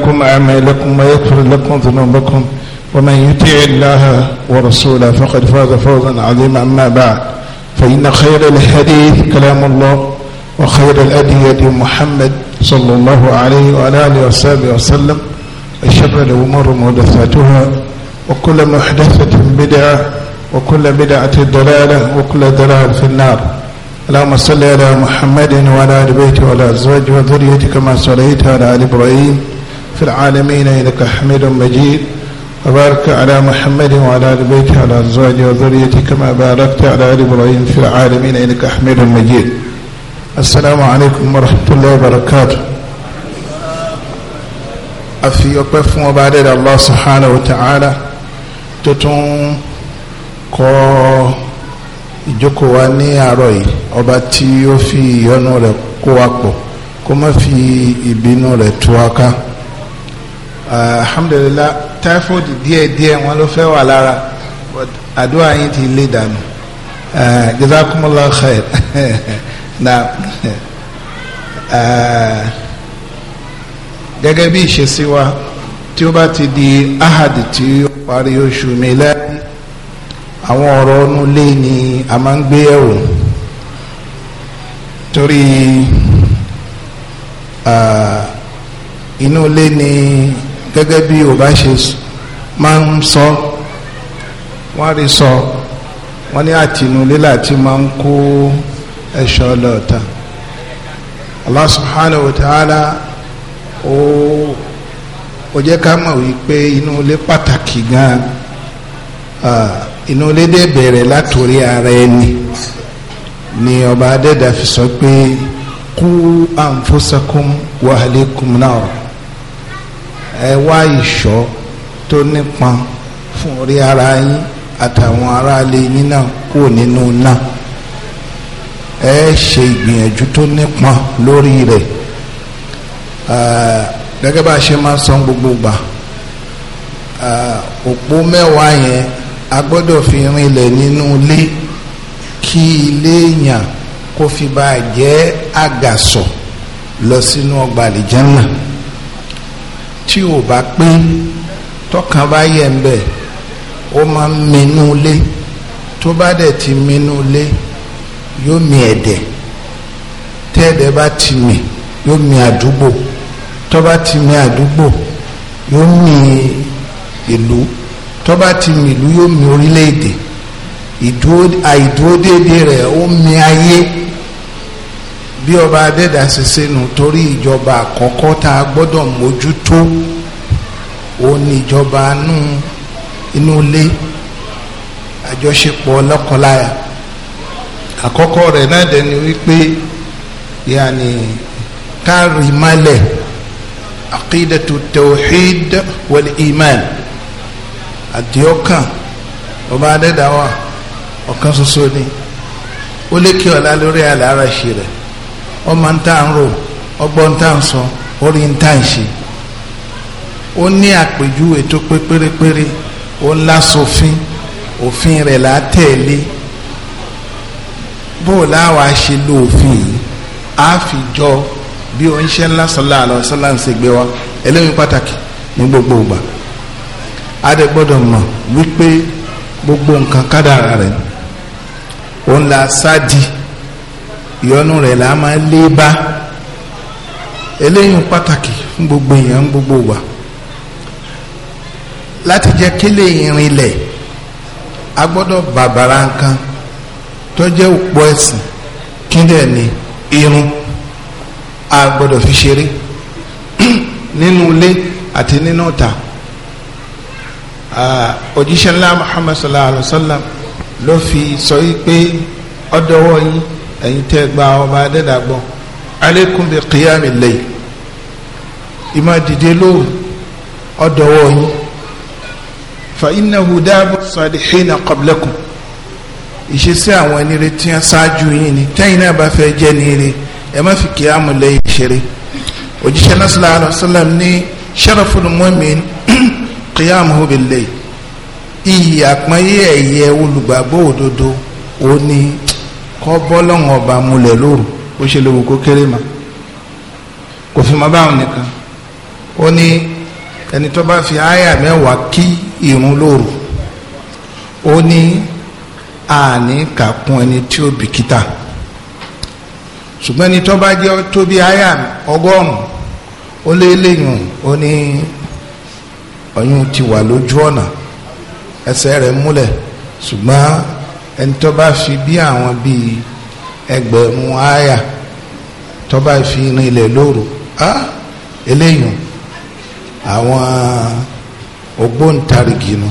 لكم أعمالكم ويغفر لكم ذنوبكم ومن يطع الله ورسوله فقد فاز فوزا عظيما أما بعد فإن خير الحديث كلام الله وخير الأدية محمد صلى الله عليه وعلى آله وصحبه وسلم الشر الأمور محدثاتها وكل محدثة بدعة وكل بدعة ضلالة وكل ضلال في النار اللهم صل على محمد وعلى آل بيته وعلى أزواجه وذريته كما صليت على آل إبراهيم في العالمين إنك حميد مجيد وبارك على محمد وعلى آل بيته وعلى أزواج وذريته كما باركت على آل إبراهيم في العالمين إنك حميد مجيد السلام عليكم ورحمة الله وبركاته أفي يقف وبعد الله سبحانه وتعالى تتون كو ìjókòó wa ní àárọ̀ yìí ọba tí ó fi ìyọ́nú rẹ̀ kó wa pọ̀ kó má fi ìbínú rẹ̀ tú wa ká. Eh, alhamdulilah typhoid díẹ̀ díẹ̀ wọn ló fẹ́ wà lára but àdúrà yín ti lé dànù eh, jazakumullah khair na eh, gẹ́gẹ́ bí ìṣesí wa tí ó bá ti di ahadi tí ó parí oṣù miladi àwọn ọ̀rọ̀ ọ̀nù lé ni a máa ń gbé ẹ̀wò torí inú ilé ni gẹ́gẹ́ bí o bá ṣe máa ń sọ wọ́n rí sọ wọ́n ní àtinúlé láti máa ń kó ẹ̀ṣọ́ lọ́ọ̀ta Allah subhanahu wa ta'ala ó ó jẹ́ ká mọ̀ wípé inú ilé pàtàkì gan inú ilé dé bẹ̀rẹ̀ látòrí ara ẹni ni ọba adẹ́dàfi sọ pé kú anfusakum wa ahlikum nar ẹ wá ìṣọ́ tó nípọn fún orí ara yín àtàwọn aráalé yín náà kúrò nínú náà ẹ ṣe ìgbìyànjú tó nípọn lórí rẹ̀ gẹ́gẹ́ bá a ṣe máa san gbogbo gbà òpó mẹ́wàá yẹn a gbọ́dọ̀ fi rinlẹ̀ nínú ilé kí ilé yàn kó fi bá a jẹ́ àgàsọ̀ lọ sínú ọgbà àlìjẹ́nà tí ò bá pé tọkàn bá yẹ ń bẹ ó máa ń minú lé tó bá dẹ̀ ti minú lé yóò mi ẹ̀dẹ̀ tẹ́ẹ̀dẹ̀ bá ti mì yóò mi àdúgbò tó bá ti mi àdúgbò yóò mi ìlú tó bá ti mi ìlú yóò mi orílẹ̀-èdè àìdúró déédéé rẹ̀ ó mi ayé bí ọba adẹ́dà ṣe sẹ́nu torí ìjọba àkọ́kọ́ tá a gbọ́dọ̀ mójútó òun ni ìjọba inú ilé àjọṣepọ̀ lọ́kọláya àkọ́kọ́ rẹ̀ náà dẹ̀ ni wípé yàní káàrí malẹ̀ àkídàtú tawhid wal iman àdìọ́kàn ọba adẹ́dà wà ọ̀kan ṣoṣo ni ó lékè ọ̀la lórí àlàáràṣì rẹ̀ ọmọ ń tà ń rò ọgbọ́n ń tà ń sọ orí ń tà ń ṣe ó ní àpèjúwe tó pé pérépéré ó ńlá sófin òfin rẹ̀ là á tẹ̀lé bó o láwa ṣe lo òfin yìí á fi jọ bí o ń ṣe ńlá sọlá àlọ́ sọlá ń ṣègbè wa ẹlẹ́yìn pàtàkì ní gbogbo ìgbà adé gbọ́dọ̀ mọ̀ wípé gbogbo nǹkan kádàrà rẹ̀ òun la sáà ìyọnu rẹ̀ là máa lé bá eléyìí pàtàkì fún gbogbo èèyàn gbogbo wa láti jẹ́ kílè ìrìnlẹ̀ a gbọ́dọ̀ bàbàrà nǹkan tó jẹ́ òpó ẹ̀sìn kí ni irun a gbọ́dọ̀ fi ṣeré nínú ilé àti nínú ọ̀tà òjíṣẹ́ ńlá sallallahu fi sọ yìí pé ẹ̀yin tẹ́ gba ọba adẹ́dàgbọ́ alaykum bi qiyam al-layl ìmọ̀ dìde lóru ọ̀dọ̀wọ́ yín fa innahu daabu salihina qablakum ìṣesí àwọn ẹni retí ẹ ṣáájú yín ni tẹ́yìn náà bá fẹ́ jẹ́ ní ẹ má fi qiyam al ṣeré òjíṣẹ́ náà sallallahu alayhi wa sallam ní sharaful mu'min iyì àpọ́nyé ẹ̀yẹ olùgbàgbọ́ òdodo òní kọ́ bọ́lọ́hún ọba múlẹ̀ lóru ó ṣe lówó kó kéré ma kò fi mọ́ báwọn nìkan ó ní ẹni tó bá fi àyà mẹ́wàá kí irun lóru ó ní àní kàkún ẹni tí ó bìkítà ṣùgbọ́n ẹni tó bá jẹ́ tó àyà ọgọ́rùn ó lé léyìn ó ní ọyún ti wà lójú ọ̀nà ẹsẹ̀ rẹ̀ múlẹ̀ ṣùgbọ́n ẹni tó bá fi bí àwọn bíi ẹgbẹ̀rún àyà tó bá fi rin ilẹ̀ lóru á eléyìí àwọn ògbóǹtarìgì nu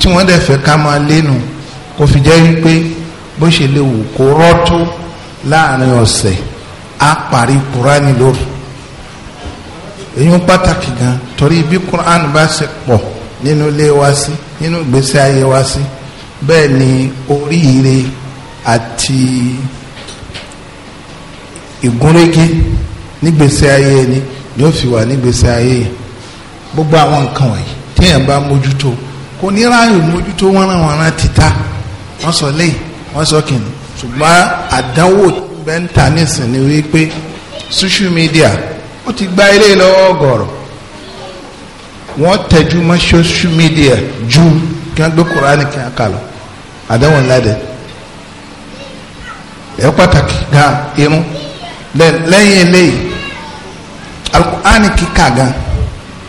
tí wọ́n dẹ̀ fẹ́ ká máa lénu kò fi jẹ́ wípé bó ṣe lè wù kó rọ́tó láàrin ọ̀sẹ̀ á parí kúránì lóru èyí pàtàkì gan torí bí kúránì bá ṣe pọ̀ nínú ilé wa sí nínú ìgbésí ayé wa sí. Si bẹ́ẹ̀ ni oríire àti ìgúnrégé nígbèsè ayé ni yóò fi wà nígbèsè ayé yẹn gbogbo àwọn nǹkan wọ̀nyí téèyàn bá mójútó kò ní ráàyè mójútó wọn ràn wọn rán títà wọn sọ léyìí wọn sọ kìnnì ṣùgbọ́n àdánwò bẹ́ẹ̀ ń ta nísìn ni wípé social media ó ti gba ilé lọ́wọ́ gọ̀rọ̀ wọ́n tẹjú mọ́ social media ju kí wọ́n gbé kuraani kí wọ́n kà lọ àdéhùn ńlá dẹ ẹ pàtàkì gan irun lẹ́yìn eléyìí alukurani kíkà gan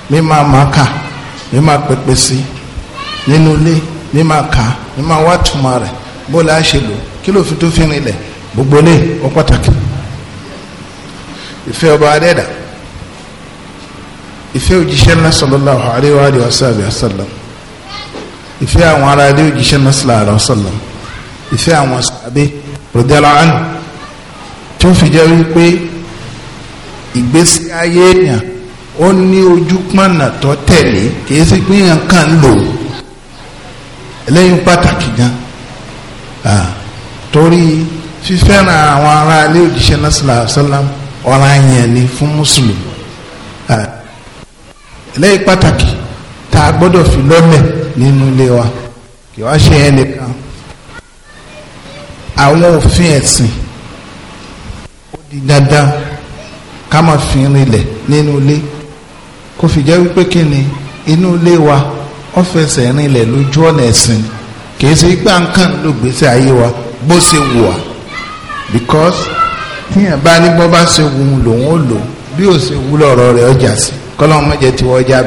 mi máa máa kà mi máa pèpè sí nínú ilé mi máa kà mi máa wá tuma rẹ̀ bó la ṣe lò kí ló fi tó fi rin lẹ̀ gbogbo lè ó pàtàkì ìfẹ́ ọba adẹ́dà ìfẹ́ òjíṣẹ́ ńlá sallallahu alaihi wa alihi wa sallam ìfẹ́ àwọn ará ilé òjíṣẹ́ náà sílá àrà ọ̀sọ̀lọ̀ ìfẹ́ àwọn sàbẹ̀ rọ̀dẹ́lá àánú tó fi jẹ́ wípé ìgbésí ayé èèyàn ó ní ojú pọ̀nà tó tẹ̀lé kì í sì pé èèyàn kàn lò lẹ́yìn pàtàkì gan torí fífẹ́ràn àwọn ará ilé òjíṣẹ́ náà sílá àrà yẹn ni fún mùsùlùmí lẹ́yìn pàtàkì tá a gbọ́dọ̀ fi lọ́lẹ̀ nínú ilé wa kì wá ṣe ẹnìkan àwọn òfin ẹ̀sìn ó di dandan ká máa fi rinlẹ̀ nínú ilé kó fi jẹ́ wípé kí ni inú ilé wa ó fẹsẹ̀ rinlẹ̀ lójú ọ̀nà ẹ̀sìn kì í ṣe gbà ló gbèsè ayé wa bó ṣe wù wá because tíyàn bá ní bọ́ bá ṣe wù ú lòun ó lò bí ó ṣe wù lọ́rọ̀ rẹ̀ ọjà sí kọ́lọ́mọ́jẹ tí wọ́n já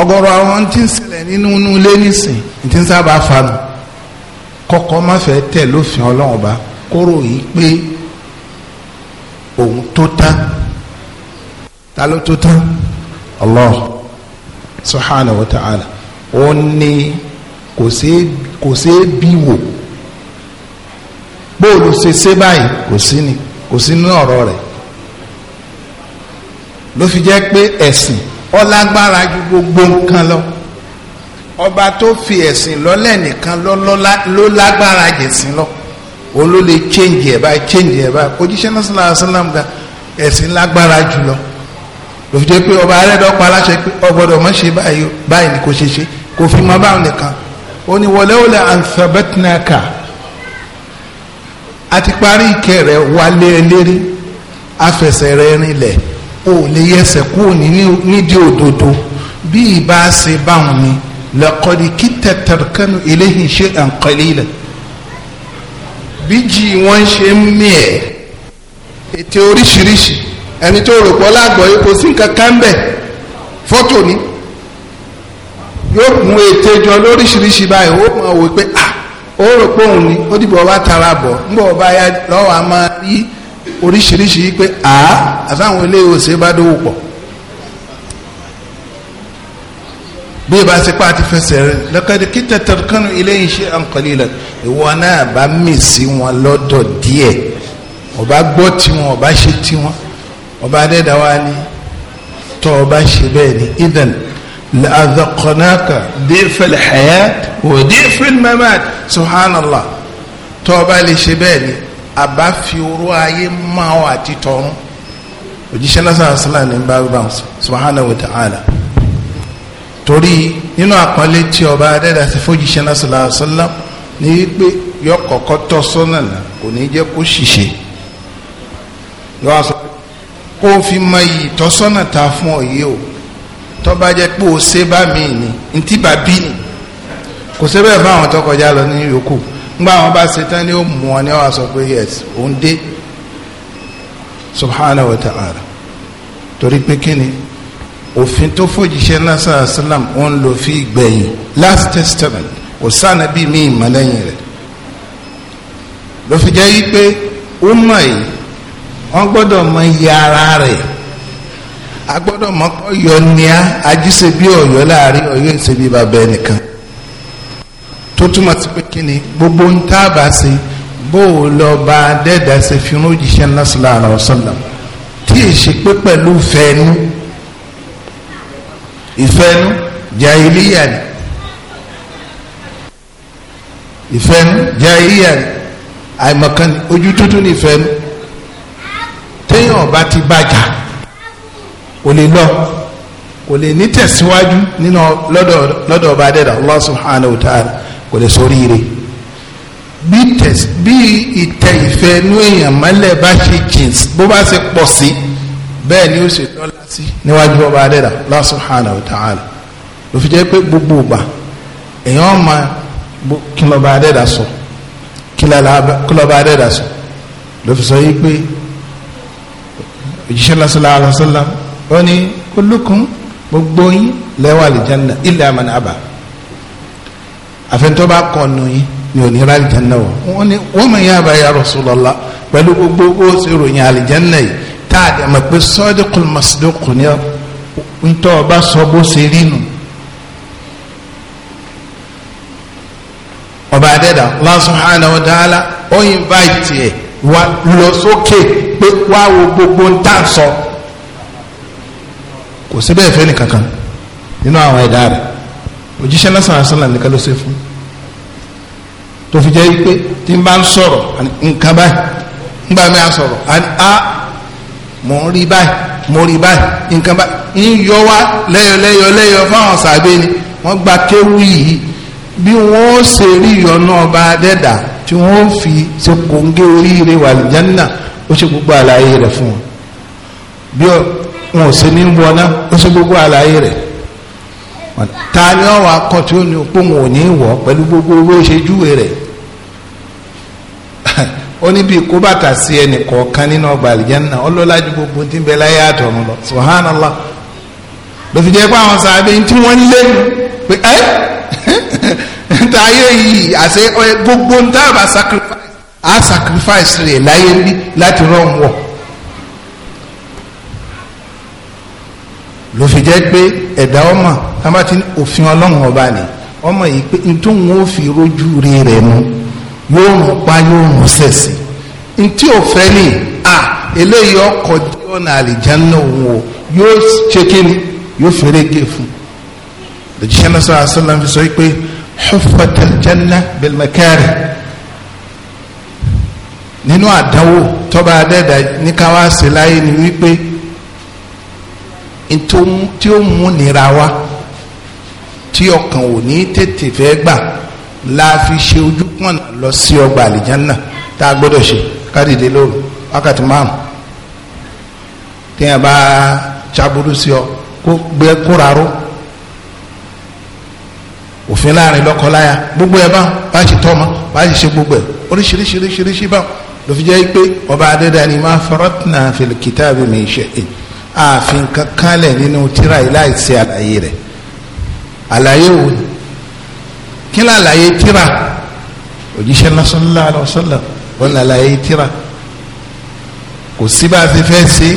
Ọgọrọ àwọn tí ń ṣẹlẹ̀ nínú inú ilé nísìn tí ń sábà fanu kọ́kọ́ má fẹ́ lófin ọba kóró yìí pé òun tó tán ta ló tó tán Allah subhanahu wa ta'ala ó ní kò sí kò sí bí wò bóòlù ṣe ṣe báyìí kò sí ni kò sí ọlágbára ju gbogbo nǹkan lọ ọba tó fi ẹ̀sìn lọ́lẹ̀ nìkan ló lágbára jẹ̀sìn lọ òun ló lè change ẹ̀ báyìí change ẹ̀ báyìí òjíṣẹ́ náà sọ̀rọ̀ àṣàlám ga ẹ̀sìn lágbára jù lọ lòfi jẹ́ pé ọba arẹ́dọ́ pa aláṣẹ pé ọgbọ́dọ̀ mọ̀ ṣe báyìí báyìí ni kò ṣe ṣe kò fi mọ báwọn nìkan ó ní wọlé wọlé ansabetinaka àti parí ìkẹrẹ wálé eléré afẹsẹ̀rẹ̀ rinlẹ̀ o lè yẹsẹ̀ kúrò nídìí òdodo bí ìbá ṣe báwọn ni lẹ́kọ̀ọ́dì kí tẹ̀tẹ̀rẹ̀kẹ́nu eléyìí ṣe àǹkọ́lé ilẹ̀ bí jì wọ́n ṣe ń mí ẹ̀ ètè oríṣiríṣi ẹni tó rò pọ́ lágbọ̀ọ́yé kò sí nǹkan kan bẹ̀ fọ́tò ni yóò mú ètè jọ lóríṣiríṣi báyìí ó mọ̀ wò ah ó rò pé òun ni ó dìbò ọba tara bọ̀ ńbọ̀ ọba ya lọ́wọ́ a máa oríṣiríṣi pé a àtàwọn ilé ìwòsàn bá dówó pọ̀ bí ìbá ti pa àti fẹsẹ̀ rẹ lọ́kàdé kí tẹ̀tẹ̀rẹ̀ kánú ilé iṣẹ́ àǹkọ́lé lọ ìwọ náà bá mì sí wọn lọ́dọ̀ díẹ̀ ọba gbọ́ tiwọn ọba ṣe tiwọn ọba adẹ́dáwá ni tọ́ ọba ṣe bẹ́ẹ̀ ni idan la'azaqnaka difil hayat wa difil subhanallah tọ́ ọba lè ṣe bẹ́ẹ̀ ni àbá fi oró ayé máa ọ àti tọrún òjíṣẹ́ lásán asálàn ní bá bá subhanahu wa ta'ala torí nínú àpọ́nlé tí ọba adẹ́dà ti fòjíṣẹ́ lásán asálàn ní wípé yọ kọ̀kọ́ tọ́ sọ́nà náà kò ní jẹ́ kó ṣìṣe yọ àṣọ kó o fi mọ iyì tọ́sọ́nà ta fún ọ yìí o tọ́ba jẹ́ pé o ṣe bá mi ni ntí bá bí ni kò ṣe bẹ́ẹ̀ fáwọn tó lọ ní yòókù ngbà wọn bá ṣe tán ni ó mú wọn ni wọn sọ pé yes òun dé subhanahu wa ta'ala torí pé kíni òfin tó fòjíṣẹ́ lásán asalam ó ń lò fi gbẹ̀yìn last testament kò sáànà bíi mí ìmọ̀lẹ́yìn rẹ̀ ló fi jẹ́ yí pé ó mọ̀ yìí wọ́n gbọ́dọ̀ mọ iye ara rẹ̀ a gbọ́dọ̀ mọ ọyọ ní a ajíṣe bí ọyọ láàrin ọyọ ìṣe bí babẹ nìkan tó túmọ̀ sí pé kíni gbogbo ń tá a bá ṣe bó o lọ bá a dẹ́ẹ̀dá ṣe fi ń òjíṣẹ́ ńlá sallallahu alaihi wasallam tí ì ṣe pé pẹ̀lú ìfẹ́nu ìfẹ́nu jahiliya ni ìfẹ́nu jahiliya ni àìmọ̀kan ni ojú tútù ni ìfẹ́nu téèyàn bá ti bàjá kò lè lọ kò lè ní tẹ̀síwájú nínú lọ́dọ̀ lọ́dọ̀ ọba adẹ́dà Allah subhanahu wa ta'ala kò lè soríire bí tẹs bí ìtẹ ìfẹ́ inú èèyàn mọ́lẹ̀ bá ṣe jìn bó bá ṣe pọ̀ sí bẹ́ẹ̀ ni ó ṣe dọ́là sí níwájú ọba adẹ́dà Allah subhanahu wa ta'ala ló fi jẹ́ pé gbogbo ìgbà èèyàn ọmọ kí lọ́ba adẹ́dà sọ kí lọ́ba sọ ló fi sọ yí pé òjíṣẹ́ lọ́sọ̀lá àlọ́sọ̀lá ó ní kullukum gbogbo yín lẹ́wà lè jẹ́ illa man aba àfẹnitọ́ bá kọnu yín ni ò ní ra àlìjánná wọ̀ wọ́n ní wọ́n mọ̀ yín àbáyá Rasulullah pẹ̀lú gbogbo ó ṣe ròyìn àlìjánná yìí tá a dẹ̀ mọ̀ pé sadiqul masduq kò ní ntọ́ ọba sọ bó ṣe rí nù. ọba adẹ́dà Allah subhanahu wa ta'ala invite ẹ̀ wá lọ sókè pé wá wo gbogbo ń tà sọ kò síbẹ̀ ìfẹ́ nìkankan nínú àwọn ẹ̀dá rẹ̀ òjíṣẹ́ lásán àṣàlà nìkan ló ṣe fún tó fi jẹ́ pé tí n bá ń sọ̀rọ̀ nǹkan báyìí nígbà mi à sọ̀rọ̀ a mọ̀ ń rí báyìí mọ̀ ń rí báyìí nǹkan báyìí ń yọ wá lẹ́yọ lẹ́yọ lẹ́yọ fáwọn sàbẹ̀ ni wọ́n gba kéwù yìí bí wọ́n ṣe rí ìyọnu ọba adẹ́dà tí wọ́n fi ṣe kòńgé oríire wà lìjánná ó ṣe gbogbo àlàyé rẹ̀ fún wọn bí wọn ò ṣe ní wọná ó ṣe gbogbo àlàyé rẹ̀ ta ni ọ wà kọ tí ó ní pòun ò ní wọ pẹ̀lú gbogbo owó ìṣèjúwe rẹ̀ ó ní bíi kó bàtà sí ẹnì kọ̀ọ̀kan nínú ọgbà àlìjánná ọlọ́lá ju gbogbo tí ń bẹ láyé àtọ̀run lọ subhanallah ló fi jẹ́ pé àwọn sàbẹ̀ tí wọ́n lé pé ẹ́ níta ayé yìí àṣẹ gbogbo ń dábàá sacrifice á sacrifice rẹ̀ láyé rí láti rán wọ̀. ló fi jẹ́ pé ẹ̀dá ọmọ tábà ti ní òfin ọlọ́run ọba ni ọmọ yìí pé n tó ń wọ́n fi rojú rí rẹ̀ mu yóò rùn pa yóò rùn sẹ̀sì n tí ò fẹ́ ni à eléyìí ọkọ̀ ọ̀nà àlìjáná òun o yóò ṣe ni yóò fẹ́rẹ́ gé fún un lójúṣẹ́ náà sọ àṣọlá fi sọ pé huffatal janna bil nínú àdánwò tọ́ba adẹ́dà ní káwá sí láyé ni wípé tí ó mú nira wá tí ọkàn ò ní tètè fẹ́ gbà la fi ṣe ojú pọ̀n lọ sí ọgbà àlìjánná tá a gbọ́dọ̀ ṣe kádìdé lóru wákàtí márùn téèyàn bá ṣàbùrú sí ọ kó gbé kóra ró òfin láàrin lọ́kọláya gbogbo ẹ báwọn bá ṣe tọ́mọ bá ṣe ṣe gbogbo ẹ oríṣiríṣiríṣiríṣi báwọn ló pé ọba adédáni máa faratna fil kitabi min shay'in ààfin kankan lẹ̀ nínú tíra yìí láì ṣe àlàyé rẹ̀ àlàyé wo ni kí ni àlàyé tíra òjíṣẹ́ sallallahu alaihi wasallam wọn ni àlàyé tíra kò sí bá a ti fẹ́ ṣe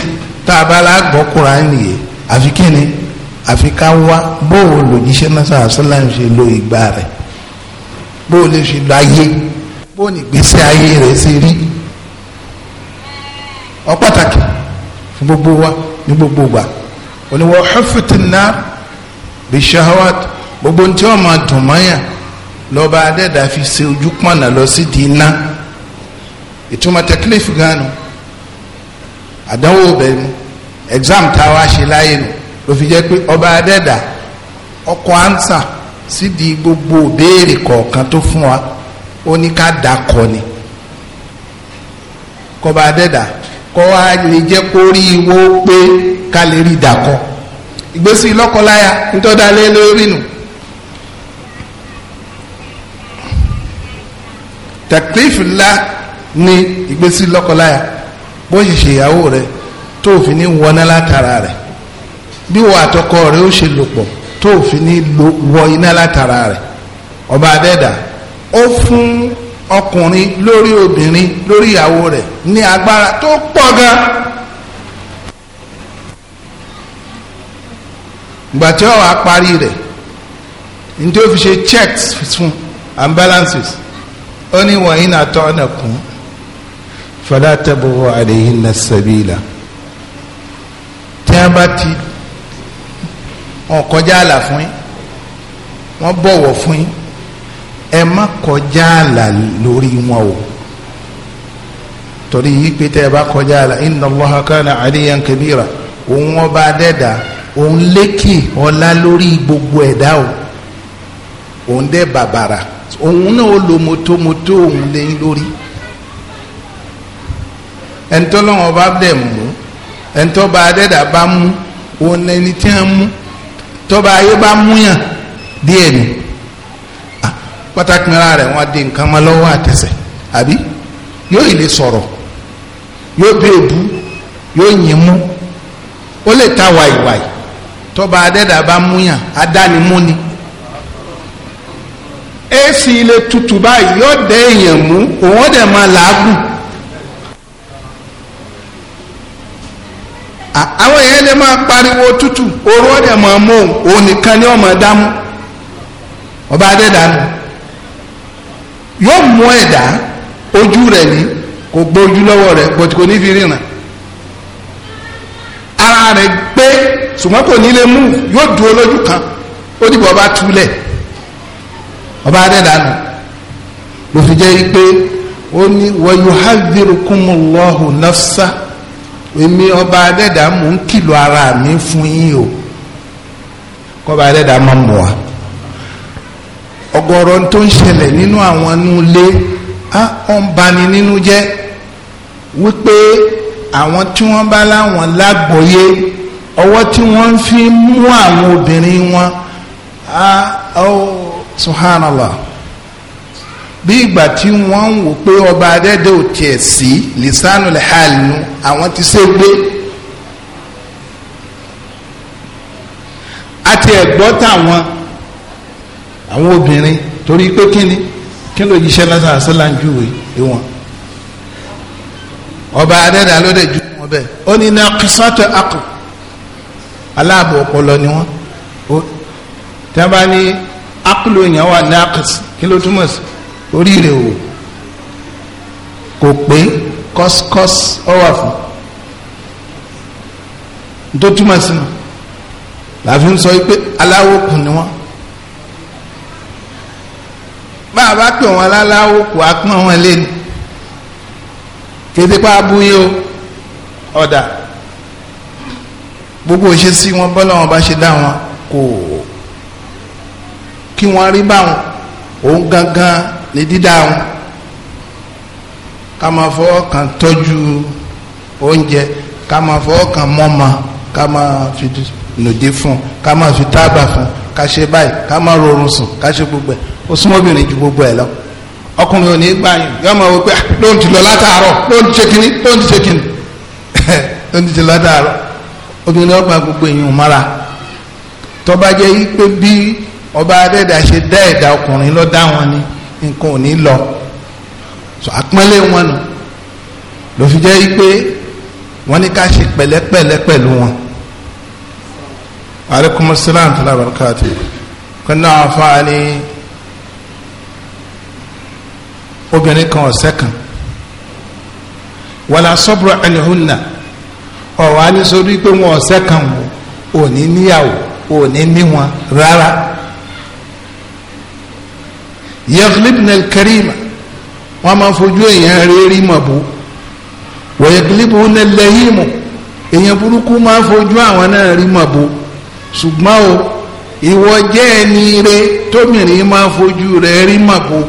tá a bá la gbọ́ Kùránì yìí àfi kí ni àfi ká wá bóòwò lòjíṣẹ́ sallallahu alaihi wasallam ṣe lo ìgbà rẹ̀ bóòwò lè ṣe lo ayé bóòwò ní ìgbésí ayé rẹ̀ ṣe rí ọ pàtàkì gbogbo wa ní gbogbo gbà oníwọ̀ ọ̀fìtìnnà bí shahawat gbogbo ní tí wọ́n máa dùn mọ́yà lọ́ba adẹ́dà fi ṣe ojú pọ̀nà lọ sí di iná ìtumọ̀ tẹkílífù ganu àdánwò bẹ́ẹ̀ mu exam tá a wá ṣe láyé nu ló fi jẹ́ pé ọba adẹ́dà ọkọ̀ ansa sídìí gbogbo béèrè kọ̀ọ̀kan tó fún wa ó ní ká dà kọ́ ni kọba adẹ́dà kọ́ wa lè jẹ́ kó rí iwó pé ká lè rí dàkọ́ ìgbésí lọ́kọláya nítọ́dá lórí nù. ńlá ni ìgbésí lọ́kọláya bó ṣe ṣe ìyàwó rẹ tó fi ní wọná látara rẹ bí wọ́n àtọkọ rẹ ó ṣe lò pọ̀ tó fi ní wọ iná látara rẹ ọba adẹ́dà ó fún ọkùnrin lórí obìnrin lórí ìyàwó rẹ̀ ní agbára tó pọ̀ gan. ìgbà tí ó wá parí rẹ̀ ní tí ó fi ṣe checks fún and balances ó ní wọ̀nyí náà tọ́ ọ̀nà kún fala tabu alayhinna sabila tí a bá ti wọn kọjá àlà fún yín wọn bọ̀wọ̀ fún yín ẹ má kọjá àlà lórí wọn o torí wípé tẹ́ ẹ bá kọjá àlà inna Allaha kana aliyan kabira òun ọba adẹ́dà òun lékè ọlá lórí gbogbo ẹ̀dá o òun dẹ́ bàbàrà òun náà ó lo motomoto òun lé lórí ẹ̀ńtọ́lọ́wọ́n bá dẹ̀ mú ẹ̀ńtọ́ba adẹ́dà bá mú òun ẹni tí wọ́n mú tọ́ba ayé bá mú yàn díẹ̀ ni. pàtàkì mìíràn rẹ̀ wọ́n á di nǹkan mọ́ lọ́wọ́ àtẹ̀sẹ̀ àbí yóò ilé sọ̀rọ̀ yóò bí èbú yóò ta wàìwàì tọba adẹ́dà bá múyàn adánimú èsì ilé tutù báyìí yóò dé èèyàn mú òun dẹ̀ máa làágùn. àwọn èèyàn lè máa pariwo tútù oró ọ̀dẹ̀ máa mú òun nìkan ni ọba adẹ́dà nù. yóò mú ẹ̀dá ojú rẹ̀ ní kò gbọ́ ojú lọ́wọ́ rẹ̀ bọ̀tí kò ní fi ara rẹ̀ gbé ṣùgbọ́n kò ní lè mú yóò dúró lójú kan ó dìbò ọba túlẹ̀ ọba adẹ́dàánù ló fi jẹ́ pé ó ní wọ́yọ̀ hádìrúkúmùlọ́hùn nafsa èmi ọba adẹ́dàá mò ń kìlọ̀ ara mi fún yín o kọ́ba adẹ́dàá máa mọ̀ ọ̀gọ̀rọ̀ tó ń ṣẹlẹ̀ nínú àwọn inú ilé ó ń bani nínú jẹ́ wípé àwọn tí wọ́n bá láwọn lágbòye ọwọ́ tí wọ́n fi mú àwọn obìnrin wọn subhanallah bí ìgbà tí wọ́n ń wò pé ọba adẹ́dẹ́ ò tiẹ̀ sí lisanu lehal nu àwọn ti ṣe gbé àti ẹ̀gbọ́ tàwọn àwọn obìnrin torí pé kíni kí ló yíṣẹ́ lásán àṣọlá ń júwe ìwọ̀n ọba adẹ́dà ló dẹ̀ ju wọn bẹ́ẹ̀ ó ní naqisatu aql aláàbò ọpọlọ ni wọn ó tí wọn bá ní aqlu èèyàn wà naqis kí ló túmọ̀ sí oríire o kò pé kọ́síkọ́sí ọ wà fún tó túmọ̀ sí nù làfi ń sọ pé aláwo kù ni wọn bá a bá pè wọn láláwo kò á pọ́n wọn lẹ́nu kété pa abúyé o ọ̀dà gbogbo ṣe sí wọn bọ́lá wọn bá ṣe dá wọn kò kí wọ́n rí báwọn òun gangan ní dídá wọn ká máa fọwọ́ kan tọ́jú oúnjẹ ká máa fọwọ́ kan mọ́ma ká máa fi nùdí fún ká máa fi tábà fún ká ṣe báyìí ká máa rọrùn sùn ká ṣe gbogbo ẹ̀ ó súnmọ́ obìnrin ju gbogbo ẹ̀ lọ ọkùnrin ò ní gbà yín yọ ọmọ wò pé ah, ló ń ti lọ látàárọ̀ ló ń ti ṣe kínní ló ń ti ṣe kínní ló ń ti ṣe látàárọ̀ obìnrin ọgbà gbogbo èèyàn mara tọ́ba jẹ́ yí pé bí ọba adẹ́dà ṣe dá ẹ̀dá ọkùnrin lọ dá wọn ni nǹkan ò ní lọ sọ àpọ́nlé wọn nù ló fi jẹ́ yí pé wọ́n ní ká ṣe pẹ̀lẹ́pẹ̀lẹ́ pẹ̀lú wọn. aleykum salaam wa rahmatulahi afaani obìnrin kan ọ̀sẹ̀ kan wàlà sọ́bùrọ̀ ẹnìhùnà ọ̀rọ̀ á ní sórí pé wọn ọ̀sẹ̀ kan wò ò ní níyàwó ò ní ní wọn rárá yaghlibna al-karima wọn máa fojú èèyàn rere mọ̀ bó wa yaglibuna al-lahim èèyàn burúkú máa fojú àwọn náà rí mọ̀ bó ṣùgbọ́n o ìwọ jẹ́ ẹni rẹ tómìnrin máa fojú rẹ rí mọ̀ bó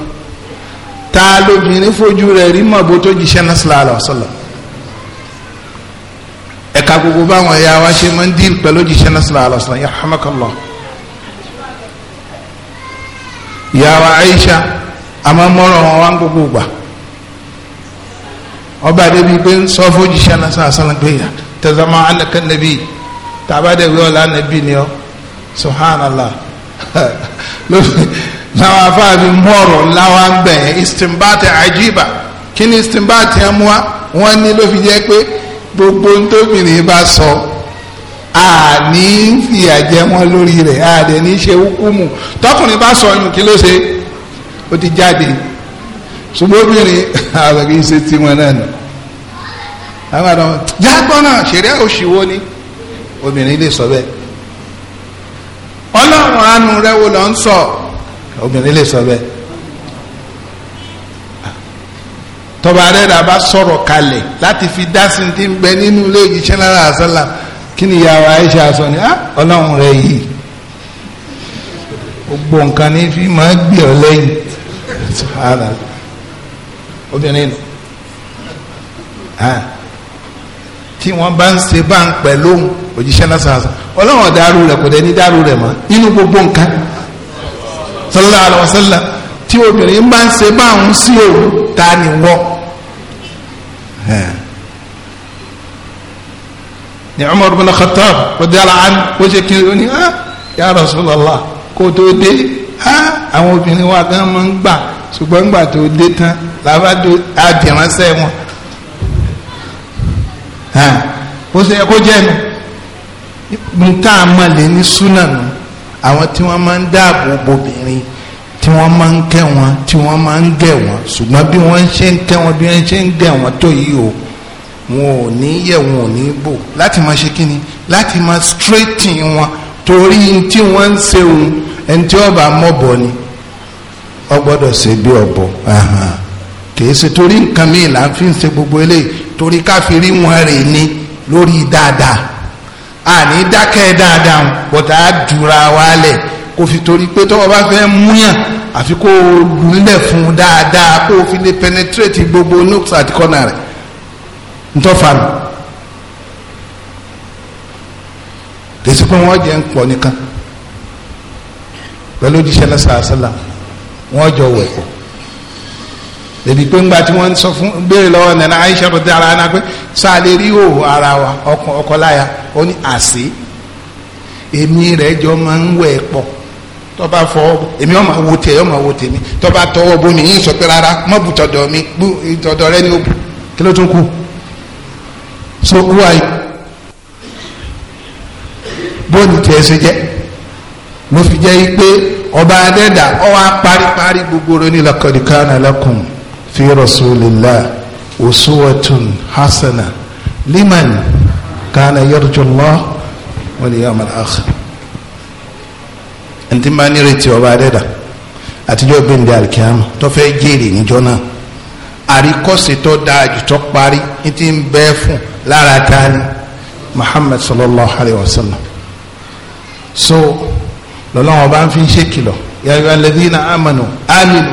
ta lóbìnrin fojú rẹ̀ rí mọ̀ bó tó jíṣẹ́ náà sílá àlọ́ sọ́lọ̀ ẹ̀ka gbogbo báwọn ẹ̀yà wa ṣe máa ń dín pẹ̀lú jíṣẹ́ náà sílá àlọ́ sọ́lọ̀ yarhamakallah ìyá wa Aisha àmọ́ mọ́rọ̀ wọn wá ń gbogbo gbà ọba débi pé ń sọ náà sílá àlọ́ pé tẹ̀sánmọ́ alẹ́kẹ́ nàbí tàbádẹ́wé ọ̀la nàbí ni ọ subhanallah làwọn afáàfin mú ọ̀rọ̀ láwa ń bẹ̀ yẹn istimbati ajiba kí ni istimbati ẹ̀ mú wa wọ́n ní ló fi jẹ́ pé gbogbo ntòmìnrin bá sọ àní fìyà jẹ wọn lórí rẹ̀ àdẹ̀ ní ṣe hukumu tọkùnrin bá sọ yùn kí ló ṣe ó ti jáde ṣùgbọ́n obìnrin àwọn kì í náà nù àwọn àdàmọ́ jágbọ́n náà ṣeré òṣìwò ni obìnrin lè sọ bẹ́ẹ̀ ọlọ́run àánú rẹ̀ wo lọ ń sọ obìnrin lè sọ bẹ́ẹ̀ tọba arẹ́dà bá sọ̀rọ̀ kalẹ̀ láti fi dá sí ti ń bẹ nínú ilé ìjíṣẹ́ lára àṣálà kí ni ìyàwó Aisha sọ ni ah, ọlọ́run rẹ yìí gbogbo nǹkan ní fi máa gbé ọ lẹ́yìn obìnrin nù tí wọ́n bá ń ṣe bá ń pẹ̀ lóhùn òjíṣẹ́ lásán ọlọ́run dàrú rẹ̀ kò dẹ̀ ní dàrú rẹ̀ mọ́ nínú gbogbo nǹkan sallallahu alaihi wasallam tí obìnrin bá ń ṣe báwọn sí òun ta ni wọ́ ni Umar bin Khattab radiyallahu anhu ó ṣe kí ni ó ní ah, ya Rasulullah kó tó dé ah, àwọn obìnrin wa gan máa ń gbà ṣùgbọ́n ń gbà tó dé tán làbádó àdìránṣẹ́ wọn bó ṣe yẹ kó jẹ́ nu nǹkan àmọ́ lè ní súnà nù àwọn tí wọ́n máa ń dáàbò bobìnrin tí wọ́n máa ń kẹ́ wọn tí wọ́n máa ń gẹ̀ wọn ṣùgbọ́n bí wọ́n ṣe ń kẹ́ wọn bí wọ́n ṣe ń gẹ̀ wọn tó yìí o wọn ò ní yẹ̀ wọn ò ní bò láti máa ṣe kíni láti máa straighten wọn torí tí wọ́n ń ṣe òun ẹni tí ọba mọ̀bọ ni ọ gbọ́dọ̀ ṣe bí ọ̀bọ kìí ṣe torí nǹkan mi là ń fi ń ṣe gbogbo eléyìí torí káfíńrí wọn rè ní lórí dáadáa àní dákẹ́ dáadáa bọ̀tà dùra wálẹ̀ kò fi torí pé tọ́wọ́ bá fẹ́ múyàn àfi kó o lulẹ̀ fún un dáadáa kó o fi lè penetrate gbogbo nooks àti corner rẹ̀ ntọ́fà mi. tẹ̀sí pé wọ́n jẹ́ ń pọ̀ nìkan pẹ̀lú òjíṣẹ́ lọ́sàásálà wọ́n jọ wẹ̀ pọ̀. ebi pé ńgbà tí wọ́n sọ fún béèrè lọ́wọ́ nana Aisha ara ẹ̀ná pé sáà lè rí òwò ara wa ó ní àṣẹ èmi rẹ̀ jọ máa ń wẹ̀ pọ̀ tọ́ba fọ èmi ọmọ wo tẹ ọmọ wo mi tọ́ba tọwọ́ bomi yín sọ pé rárá mọ́ bu tọ̀dọ̀ mi bu tọ̀dọ̀ rẹ ni o bu kí ló tún so bóòlù tiẹ̀ ṣe jẹ́ fi jẹ́ yí ọba adẹ́dà ọ wá parí parí gbogbo rẹ ní في رسول الله أسوة حسنة لمن كان يرجو الله واليوم الآخر ẹnití máa ní retí ọba adẹ́dà àtijọ́ gbẹ̀ndẹ̀ alikiyama tó fẹ́ jèrè níjọ́ náà àríkọ́sí tó dáa jù tó parí ní ti ń bẹ́ fún lára tani Muhammad sallallahu alayhi wa sallam so lọ́lọ́wọ́n bá ń fi ṣèkìlọ̀ yàrá lẹ́dínà amanu aminu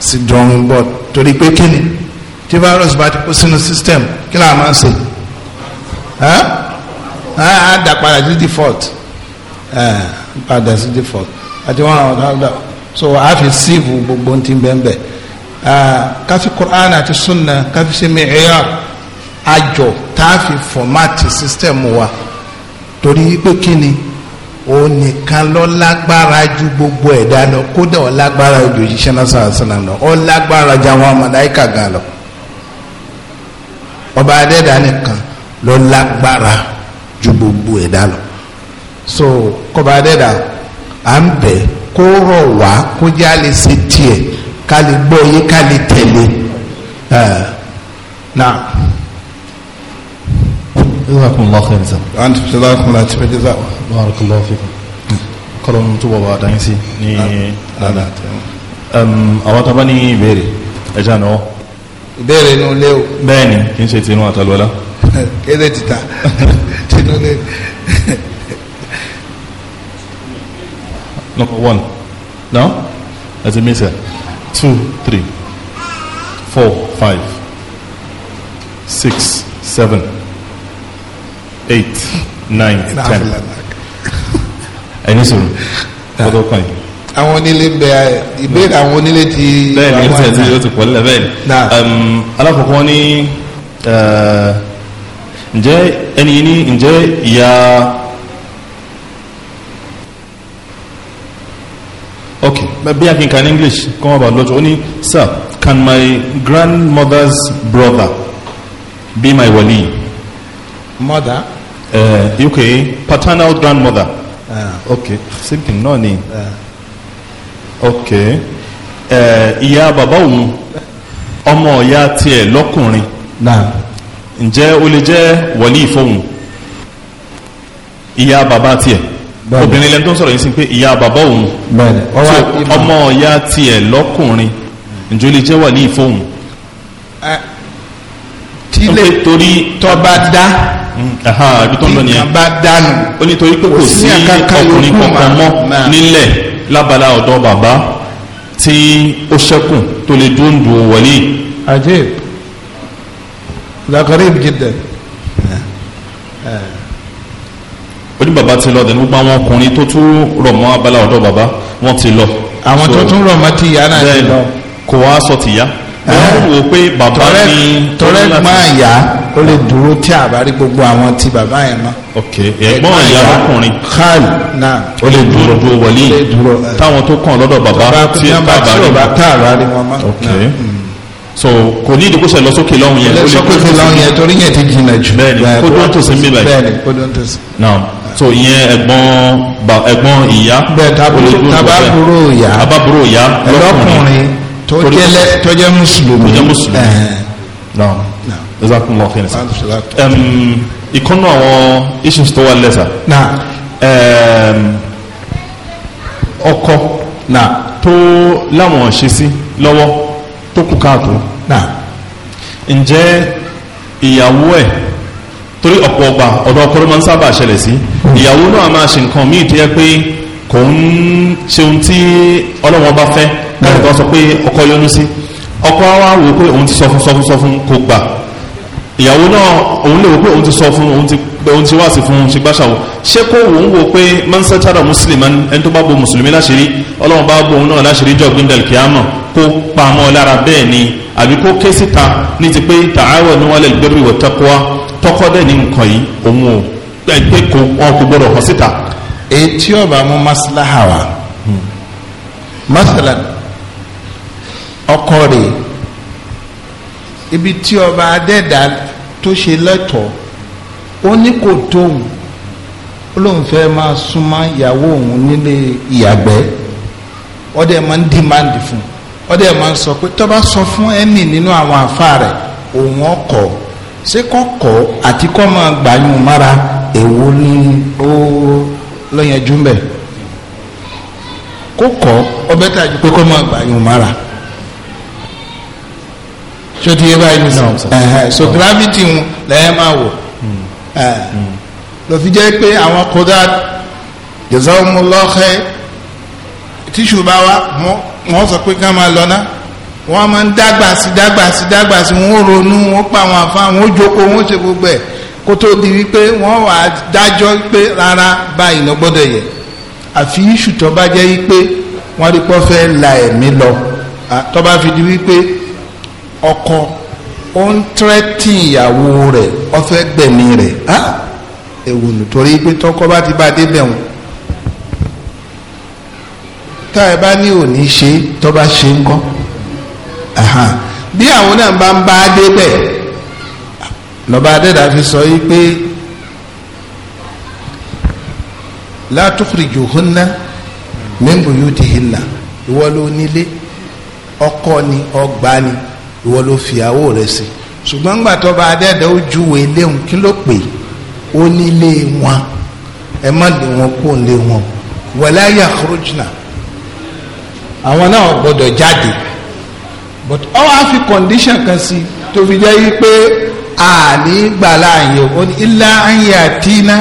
sí drawing board torí pé kí ni tí virus bá ti kó sínú system kí làá máa ṣe á dà padà sí default padà sí default àti wọn àwọn ọ̀dọ́ so a fi síìfù gbogbo ti bẹ́ẹ̀ bẹ́ẹ̀ káfí Quran àti sunna káfí ṣe mi ẹ̀yà àjọ tá a fi fọ́mátì system wa torí pé kí ni òun nìkan lọ lágbára ju gbogbo ẹ̀dá lọ kódà ọ lágbára ju òjíṣẹ́ náà sọ̀rọ̀ sọ̀rọ̀ lọ ọ lágbára ju àwọn màláíkà gan lọ ọba adẹ́dá nìkan lọ lágbára ju gbogbo ẹ̀dá lọ so kọba adẹ́dá à ń bẹ̀ kó rọ̀ wá kó jẹ́ àlè ṣe tiẹ̀ ká lè gbọ́ yé ká lè tẹ̀lé náà. جزاكم الله خير جزاكم الله خير جزاكم barakallahu الله kọlọ́run كلام wà بعد sí ní àdá àwọn tó bá ní ìbéèrè ẹja náà ìbéèrè inú ilé o bẹ́ẹ̀ni kì í ṣe tinú àtàlọ́lá kéde títà number one now as a missile two three four five six seven eight nine ten ẹni sọ̀rọ̀ ah. kótó kàn yìí. àwọn onílé bẹ ìbéèrè àwọn onílé ti. bẹ́ẹ̀ ni ìbísẹ̀ tí yóò ti pọ̀ lẹ́lẹ̀ bẹ́ẹ̀ ni. Um, alákọ̀ọ́kọ́ uh, ní ǹjẹ́ ẹni ní ìyá ok bí a kì í kan English kọ́ wọn bá lọ́jọ́ ó ní sir can my grandmother's brother be my wali. mother. Uh, okay paternal grandmother. Ah, ok same thing náà ni ah. ok eh, ìyá bàbá òun ọmọ ọ̀yá tiẹ̀ lọ́kùnrin ǹjẹ́ o lè jẹ́ wọlé ìfọ̀hún ìyá bàbá tiẹ̀ obìnrin lẹ́nu tó ń sọ̀rọ̀ yìí sí pé ìyá bàbá òun ọmọ ọ̀yá tiẹ̀ lọ́kùnrin ǹjẹ́ o lè jẹ́ wọlé ìfọ̀hún. tí lè torí tọ́ bá dá ibi tó ń lọ nìyẹn ó nítorí pé kò sí ọkùnrin kankan mọ́ nílẹ̀ lábala ọ̀dọ̀ bàbá tí ó ṣẹ́kùn tó lè dúró ń dùn wọlé. ajib lakarib jidda ó ní bàbá ti lọ dẹni gbogbo àwọn ọkùnrin tó tún rọ̀ mọ́ abala ọ̀dọ̀ bàbá wọ́n ti lọ. àwọn tó tún rọ̀ mọ́ ti yá náà ti lọ. kò wá sọ ti yá wọ́n wò pé bàbá ni tọrẹ gbọ́n àyà ó lè dúró tí a bá gbogbo àwọn ti bàbá yẹn mọ́. ok ẹ̀gbọ́n àyà ọkùnrin khal náà ó lè duro dúró wọlé táwọn tó kàn lọ́dọ̀ bàbá tí a bá rí ok hmm. so kò ní ìdíkó sẹ lọsókè lọ́hùn yẹn. lọsókè fún lọ́hùn yẹn torí yẹn ti jìnnà jù. bẹ́ẹ̀ni kó dó ń tòsí ń bí báyìí. bẹ́ẹ̀ni kó dó ń tòsí. now so ìyẹn ẹ̀gbọ́n ẹ̀gbọ́n ìyá. bẹ́ẹ̀ taburo ìyá lọ́kùnrin tọjẹlẹ tọjẹ mùsùlùmí tọjẹ mùsùlùmí naam jazakum allah khairan ẹm ìkọ́nù àwọn issues tó wà lẹ́sà ẹm ọkọ tó láwọn ṣe sí lọ́wọ́ tó kù káàtó ǹjẹ́ ìyàwó ẹ̀ torí ọ̀pọ̀ ọgbà ọ̀dọ̀ ọkọ ló máa ń sábà ṣẹlẹ̀ sí hmm. ìyàwó náà máa ṣe nǹkan míì tó yẹ pé kò ń ṣe ohun tí ọlọ́wọ́n bá fẹ́ lẹ́yìn tó sọ pé ọkọ yọnu sí ọkọ wa wò pé òun ti sọ fún sọ fún sọ fún kò gbà ìyàwó náà òun lè wò pé òun ti sọ fún òun ti pé òun ti wá sí fún ṣe gbàṣàwò ṣé kó òun wò pé man satara musliman ẹni tó bá bo mùsùlùmí láṣìírí ọlọ́run bá bo òun náà láṣìírí jọ gbẹndẹl kìámọ̀ kó pa mọ́ lára bẹ́ẹ̀ ni àbí kó ké síta ní ti pé tààwọ̀ ní wàlẹ̀ gbẹ́bí wọ̀ tẹ́kọ́wá tọkọ dẹ́ ní nǹkan yìí òun ò pé kó wọn kò gbọdọ̀ hàn síta. ètí ọba mú maslaha wa hmm. masalan ọkọ rẹ̀ ibi tí ọba adẹ́dà tó ṣe lẹ́tọ̀ọ́ ó ní kò tóun ó lóun fẹ́ máa súnmọ́ ìyàwó òun nílé ìyàgbẹ́ ọdẹ máa ń dìmáàndì fún ọdẹ máa ń sọ pé tó bá sọ fún ẹnì nínú àwọn àfa rẹ̀ òun ọkọ̀ ṣé kọ́kọ́ àti kọ́ máa gbàyàn mára èwo ni ó lọ́yẹ̀jú kó kọ́ ọbẹ̀ tàbí pé kọ́ máa gbàyàn mára ṣó ti yé báyìí nìyí so gravity wọn lẹ́yìn máa wọ̀ hmm. hmm. lọ́fi jẹ́ pé àwọn kódà jazawumulọ́kẹ́ tíṣù bá wa wọ́n sọ pé ká máa lọ ná wọ́n máa ń dàgbà sí dàgbà sí dàgbà sí wọ́n ronú wọ́n pa àwọn àfa wọ́n jókòó wọ́n ṣe gbogbo ẹ̀ kó tó di wípé wọ́n wà á dájọ́ pé rárá báyìí lọ gbọ́dọ̀ yẹ àfi iṣu bá jẹ́ wípé wọ́n rí pọ́ la ẹ̀mí lọ tó fi di wípé ọkọ ó ń tẹ́tí ìyàwó rẹ̀ ó fẹ́ gbẹ̀mí rẹ̀ nítorí pé tọkọ bá ti bá a débẹ̀ wọn tá ẹ bá ní òní ṣe tó bá ṣe ń kọ́ bí àwọn náà bá ń bá a fi sọ yìí pé la tukhrijuhunna min buyutihinna ìwọ ló nílé ọkọ ni ìwọ ló fìyàwó rẹ sí ṣùgbọ́n ńgbà tó bá adẹ́dẹ́ ó júwèé léhùn kí ló pè ó nílé wọn ẹ má lé wọn kó lé wọn wala yakhrujna àwọn náà gbọdọ̀ jáde but ọ wá fi condition kan sí tó fi jẹ́ yí pé àní gbàlá àyè ó ní illa an yatina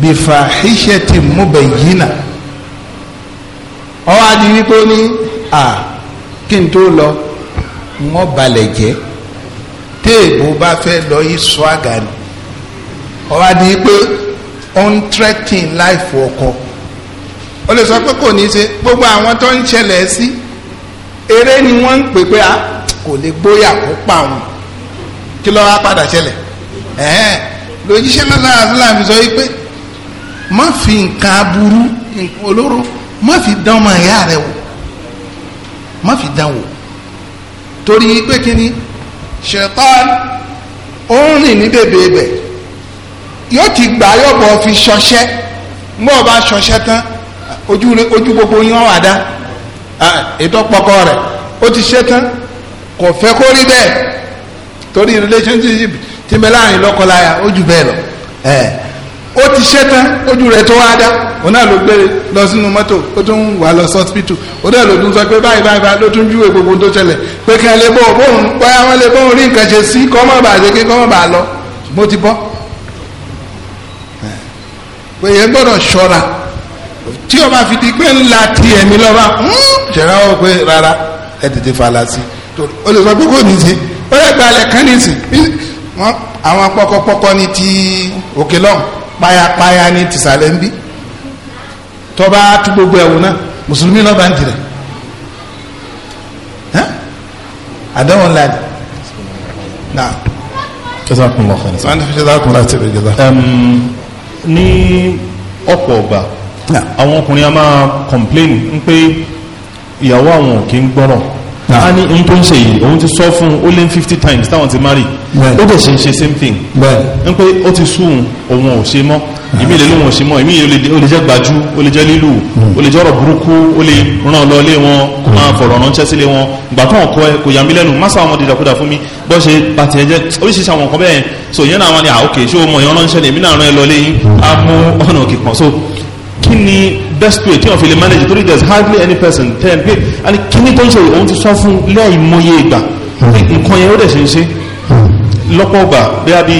bi fahishatin mubayyina ọ wá di wípé ó ní à kí n tó lọ wọ́n balẹ̀ jẹ́ téèbù bá fẹ́ lọ yí sọ ni ọba ní pé untreating life ọkọ o lè sọ pé kò ní í ṣe gbogbo àwọn tó ń ṣẹlẹ̀ sí eré ni wọ́n ń pè pé a ah, kò lè gbóyà kó pa òun kí ló wá padà ṣẹlẹ̀ ẹ̀hẹ́n lójíṣẹ́ lọ́sàrà fúlàní sọ wípé má fi nǹkan aburú olóró má fi dán ọmọ ìyá rẹ wò má fi dán wò torí pé kí ni ṣẹ̀tàn ó ń rìn ní bèbè ibẹ̀ yóò ti gbà yóò bọ̀ fi ṣọṣẹ́ mọ́ ọ bá ṣọṣẹ́ tán ojú ojú gbogbo yín wà dá ètò pọkọ rẹ̀ ó ti ṣe tán kò fẹ́ kó rí bẹ́ẹ̀ torí relationship ti mẹ́ láàrin lọ́kọláya ó jù bẹ́ẹ̀ lọ ó ti ṣẹ́ tán ojú rẹ̀ tó wá dá òun náà ló gbé lọ sínú mọ́tò ó tún wà lọ sọ́spítù òun náà ló tún sọ pé báyìí báyìí báyìí ló tún júwe gbogbo tó ṣẹlẹ̀ pé kí wọ́n lè bọ́ bóun bóyá wọ́n lè bóun rí nǹkan ṣe sí kọ́ mọ́ bàá ṣe kí kọ́ mọ́ bàá lọ mo ti bọ́ pé yẹn gbọ́dọ̀ ṣọ́ra tí o fi di pé ńlá ti ẹ̀mí lọ́ba hmm, ṣẹ̀rá o pé rárá ẹ tètè fàlà sí o àwọn pọkọpọkọ ní ti òkè lọ́hùn payapaya ní tìsàlẹ̀ ń bí tọ́ba tó gbogbo ẹ̀wò náà mùsùlùmí náà bá ń tirẹ̀ àdéhùn ńlá ni. náà. jẹ́sàkùn lọ́kàn ní sọ́kàn. jẹ́sàkùn láti rẹ̀ jẹ́sàkùn. ní ọ̀pọ̀ ọ̀gbà àwọn ọkùnrin a máa complain ń pé ìyàwó àwọn ò kí ń gbọ́ràn a ní ohun tó ń ṣe yìí òun ti sọ fún ó lé 50 times táwọn ti marry ó dẹ̀ ṣe ń ṣe same thing ń pé ó ti sún òun ò ṣe mọ́ ìmí ilé lóhun ò ṣe mọ́ ìmí ó lè jẹ́ gbajú ó lè jẹ́ lílù hmm. ó lè jẹ́ ọ̀rọ̀ burúkú ó lè ràn lọ lé wọn kó máa hmm. fọ̀rọ̀ ránṣẹ́ sílé wọn ìgbà tó ń kọ́ ẹ kò yà mí lẹ́nu má sáwọn ọmọdé dàkúdà fún mi bọ́ ṣe bàtì ẹ̀jẹ̀ oríṣiríṣi àwọn nǹkan bẹ́ẹ̀ so ìyẹn náà wọn ni à ah, ok ṣé o mọ̀ ìyẹn ránṣẹ́ lèmi náà rán ẹ lọ lẹ́yìn á mú ọ̀nà òkè kan so kí ni best way tí wọ́n fi lè manage torí there's hardly any person tell them pé and kíní tó ń ṣe òun ti sọ fún lẹ́ẹ̀mọye ìgbà nǹkan yẹn ó dẹ̀ ṣe ń ṣe lọ́pọ̀ ọgbà bí a bí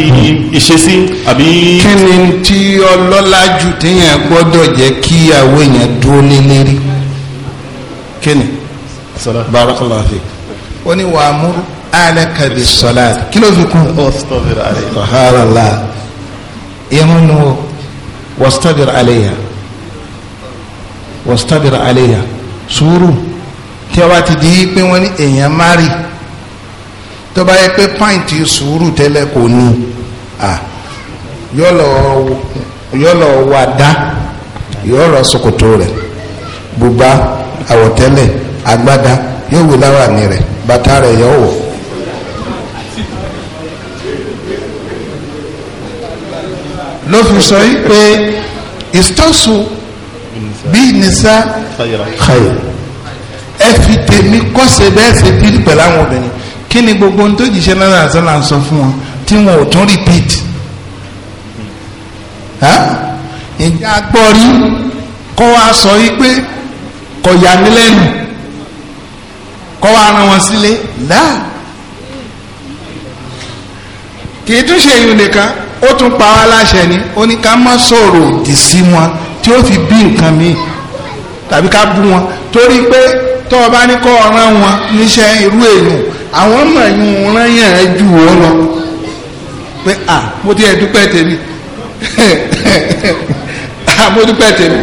ìṣesí àbí. kí ni tí ọlọ́lá jù téèyàn gbọ́dọ̀ jẹ́ kí àwọn èèyàn dúró lé lérí kí ni. sọlá barakallahu fi. ó ní wàá múrú alakabi sọlá kí ló fi kún. ọ̀sítọ́fẹ̀rẹ̀ àlẹ́ yìí. ọ̀hárà la irun nu wọ́sítọ́fẹ̀rẹ̀ àlẹ́ yìí wọ́stadìrà àlẹ́yà sùúrù tí a bá ti di pé wọ́n ní èèyàn mari tó bá yẹ pé pàǹtì sùúrù tẹ́lẹ̀ kò ní à yọ́lọ̀ wà dá yọ́lọ̀ ṣòkòtò rẹ̀ bùbá àwọ̀tẹ́lẹ̀ agbádá yóò wí láwàní rẹ̀ bàtà rẹ̀ yọ̀ wọ̀. ló fi sọ yìí pé ìsítọ́sù bí nisa xayọ ẹ fi tèmi kọ́sẹ̀ bẹ́ẹ̀ ṣe bí pẹ̀lú àwọn obìnrin kí ni gbogbo ohun tó jìṣẹ́ náà àti náà sọ fún wọn tí wọn ò tún repeat ìjà gbọ́ rí kọ́ wa sọ yí pé kọ̀ yà mí kọ́ wa rán wọn sílé láà kì í tún ṣe ìyún nìkan ó tún pa wá láṣẹ ni ó ní ká má sọ̀rọ̀ òdì sí wọn tí ó fi bí nǹkan mi tàbí ká bú wọn torí pé tó o bá ní kọ́ ọ̀ràn wọn níṣẹ́ irú èèyàn àwọn mọ̀nyún rán yẹn jù ó lọ pé à mo ti ẹ̀ tèmi mo dúpẹ́ tèmi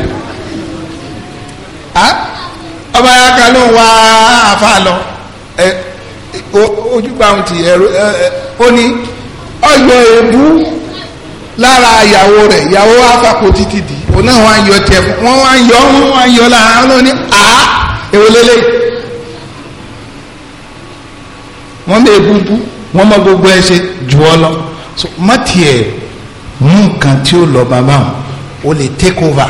ọba ya kan ló wá àfa lọ ojúgbà ohun ti ẹ̀rọ ẹ ó ní ọyọ èébú lára ìyàwó rẹ̀ ìyàwó afakò títí dì òun náà wọ́n á yọ tiẹ̀ wọ́n wá yọ wọ́n wá yọ lára wọn ní a èwo lélẹ̀ wọ́n bẹ búbú wọ́n mọ gbogbo ẹ ṣe jù ọ lọ so mọ́tìẹ̀ mú nǹkan tí ó lọ bàbá wọn o lè take over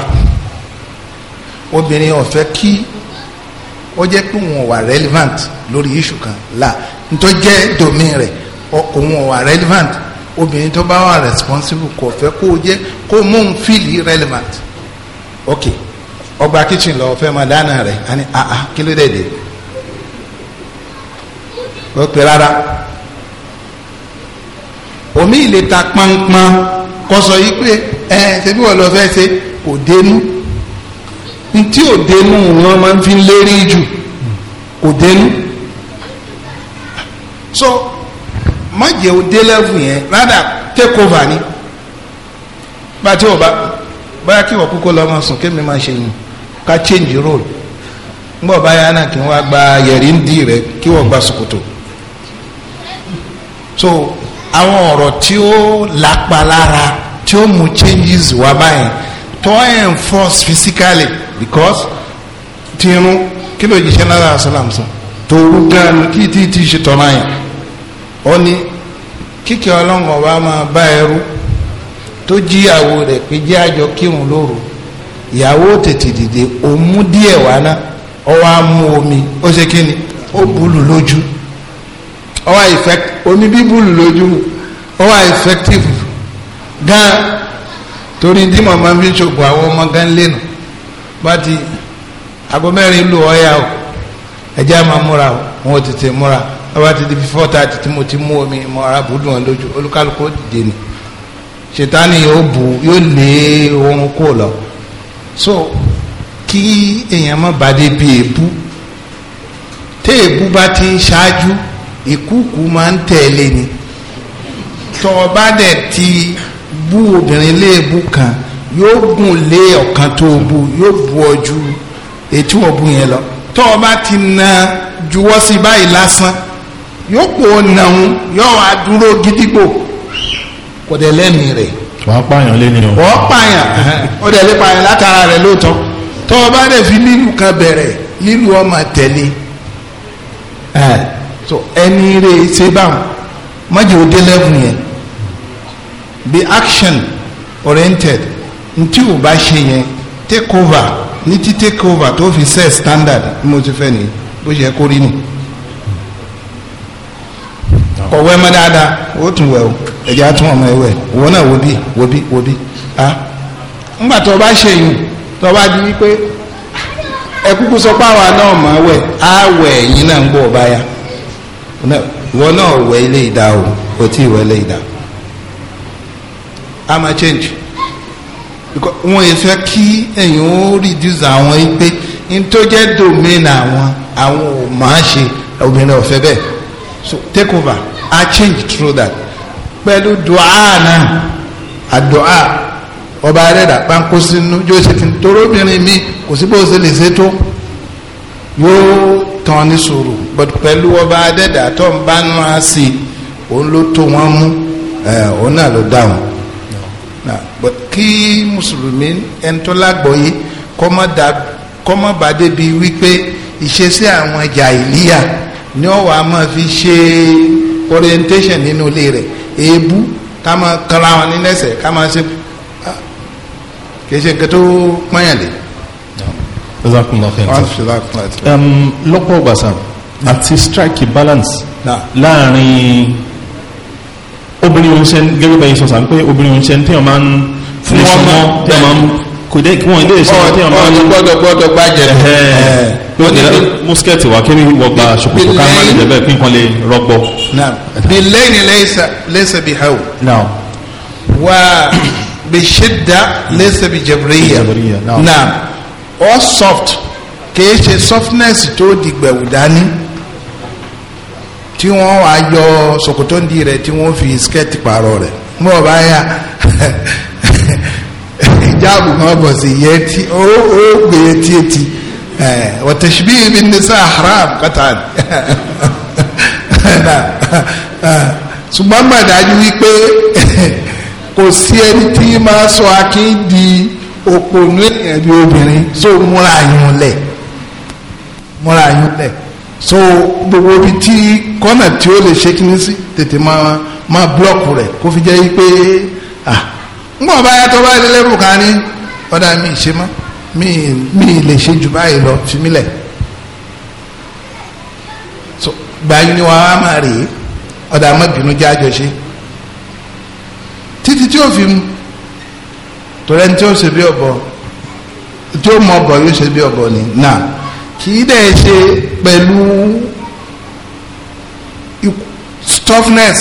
obìnrin ọ̀fẹ́ kí ó jẹ́ pé òun wà relevant lórí issue kan là ntọ́ jẹ́ domain rẹ̀ òun wà relevant obìnrin tó bá wà responsible kò fẹ́ kó o jẹ́ kó o mú un feel relevant ok ọgbà kitchen lọ fẹ́ máa dáná rẹ̀ á ní àá ah, ah, kí ló dé dé ó pe rárá omi ìlè ta pánpán kọ sọ yìí pé ẹ ṣebí wọ́n lọ fẹ́ ṣe kò dénú ntí ò dénú wọn máa ń fi lérí jù kò dénú so má jẹ́ o dé level yẹn rather take over ni bàtí o bá báyà kí wọ́n kúkú lọ́mọ sùn kémi máa ṣe yìí ká change role ngbọ́ báyà náà kí wọ́n gba yẹ̀rí ń di rẹ̀ kí wọ́n gba ṣòkòtò so àwọn ọ̀rọ̀ tí ó lápa lára tí ó mú changes wá báyìí tó enforce physically because tirun kí ló jíṣẹ́ náírà sọ́làmùsùn tó rú gan kí tí ṣe tọ́ náà yẹn. ó ní kíkẹ́ ọlọ́run ọba máa bá ẹrú tó jíyàwó rẹ̀ pé jẹ́ àjọ kírun lóru ìyàwó tètè dìde òmú díẹ̀ wá ná ọwọ́ omi ó ṣe kí ni ó búlù lójú ọwọ́ ìfẹ́ omi búlù lójú ọwọ́ effective gan torí tí màmá fi ń àwọn ọmọ gan lẹ́nu bá ti mẹ́rin ọ́ yà ẹ̀jẹ̀ àwa ti di four thirty tí mo ti mú omi mọ arábò dùn wọn lójú olúkálùkù dìde ni ṣètánì yóò bu yóò lé oorun kó lọ so kí èèyàn má bàdé bí èébú téèbú bá ti ń ṣáájú ìkúùkù máa ń tẹ̀lé ni tọ́ ọ bá dẹ̀ ti bú obìnrin léèbú kan yóò gùn lé ọ̀kan tó bu yóò bu ọ ju ètò ọ̀bù yẹn lọ tọ́ ọ bá ti na juwọ́ sí báyìí lásán yóò pò nàún yóò wá dúró gidigbo kò dẹ̀ lẹ́mìí rẹ̀. wọ́n pààyàn lé ní o. wọ́n pààyàn ó dẹ̀ lé pààyàn látara rẹ̀ lóòótọ́ tó o bá dẹ̀ fi kan bẹ̀rẹ̀ ọmọ tẹ̀lé so ẹni rẹ̀ ṣe báwọn mọ́jì ó lẹ́fún yẹn be action oriented ntí o bá ṣe yẹn take over ní ti take over tó fi set standard mo ni bó ṣe kórìí kọ̀ wẹ́ mọ́ dáadáa ó tún wẹ̀ o ẹ̀jẹ̀ ọmọ náà a tó o bá ṣe yìí tó o bá di wípé ẹ sọ pé àwa náà mọ̀ wẹ̀ á wẹ̀ náà ń o kò tí ì ilé ìdá a máa change wọn yìí fẹ́ kí ẹ̀yin ó reduce àwọn ipe domain àwọn àwọn ò máa ṣe so take I change through that pẹ̀lú dùá náà àdùá ọba adẹ́dà pankó sínú yóò ṣe ti toróbìnrin mi kò sí bó ṣe lè ṣe tó yóò tán ní sùúrù but pẹ̀lú ọba adẹ́dà tó ń bá nu àṣì òun ló tó wọn mú òun náà ló dáhùn but kí mùsùlùmí ẹni tó lágbọ̀ọ́yé kọ́ mọ́ bá débi wípé ìṣesí àwọn jàìlíyà ni ó wàá máa fi ṣe é orientation nínú ilé rẹ̀ èébú ká máa kanra wọn ní lẹ́sẹ̀ ká máa ṣe ah, kì í ṣe nǹkan tó pọ́nyàn lé. Um, lọ́pọ̀ gbàsà àti strike balance láàrin obìnrin oníṣẹ́ gẹ́gẹ́ bẹ́ẹ̀ sọ̀sà pé obìnrin oníṣẹ́ tí wọ́n máa ń fún wọn mọ́ tí wọ́n máa ń kò dé kí wọ́n ilé ìṣẹ́ tí wọ́n máa ń. ọ̀ọ́ gbọ́dọ̀ gbọ́dọ̀ gbàjẹ́ musketi wa kí wọ́n gba ṣòkòtò ká má lè jẹ́bẹ̀ kí nǹkan lè rọgbọ. bí lẹ́yìn lẹ́sẹ̀ bí hàù. wà bí ṣẹ́dá lẹ́sẹ̀ bí jẹ̀bìrìyà. naam all soft kìí ṣe softness tó dìgbẹ̀wù dání tí wọ́n wá yọ ṣòkòtò ń di rẹ̀ tí wọ́n fi skẹ́ẹ̀tì pààrọ̀ rẹ̀ mú ọ bá yà ìjáàbù kan bọ̀ sí yẹtí ó ó gbé yẹtí yẹtí. والتشبيه بالنساء حرام قطعا ṣùgbọ́n mọ̀dájú wípé so mi mi lè ṣe jù báyìí lọ fi mí lẹ̀ so gbàyìn ni wàá máa rèé ọ̀dà mọ́bìnú jẹ́ àjọṣe títí tí ó fi mu tòrẹ́ ní tí ó ṣe bí ọ̀bọ tí ó mọ ọ̀bọ yóò ṣe bí ọ̀bọ ni náà kì í dẹ̀ ṣe pẹ̀lú toughness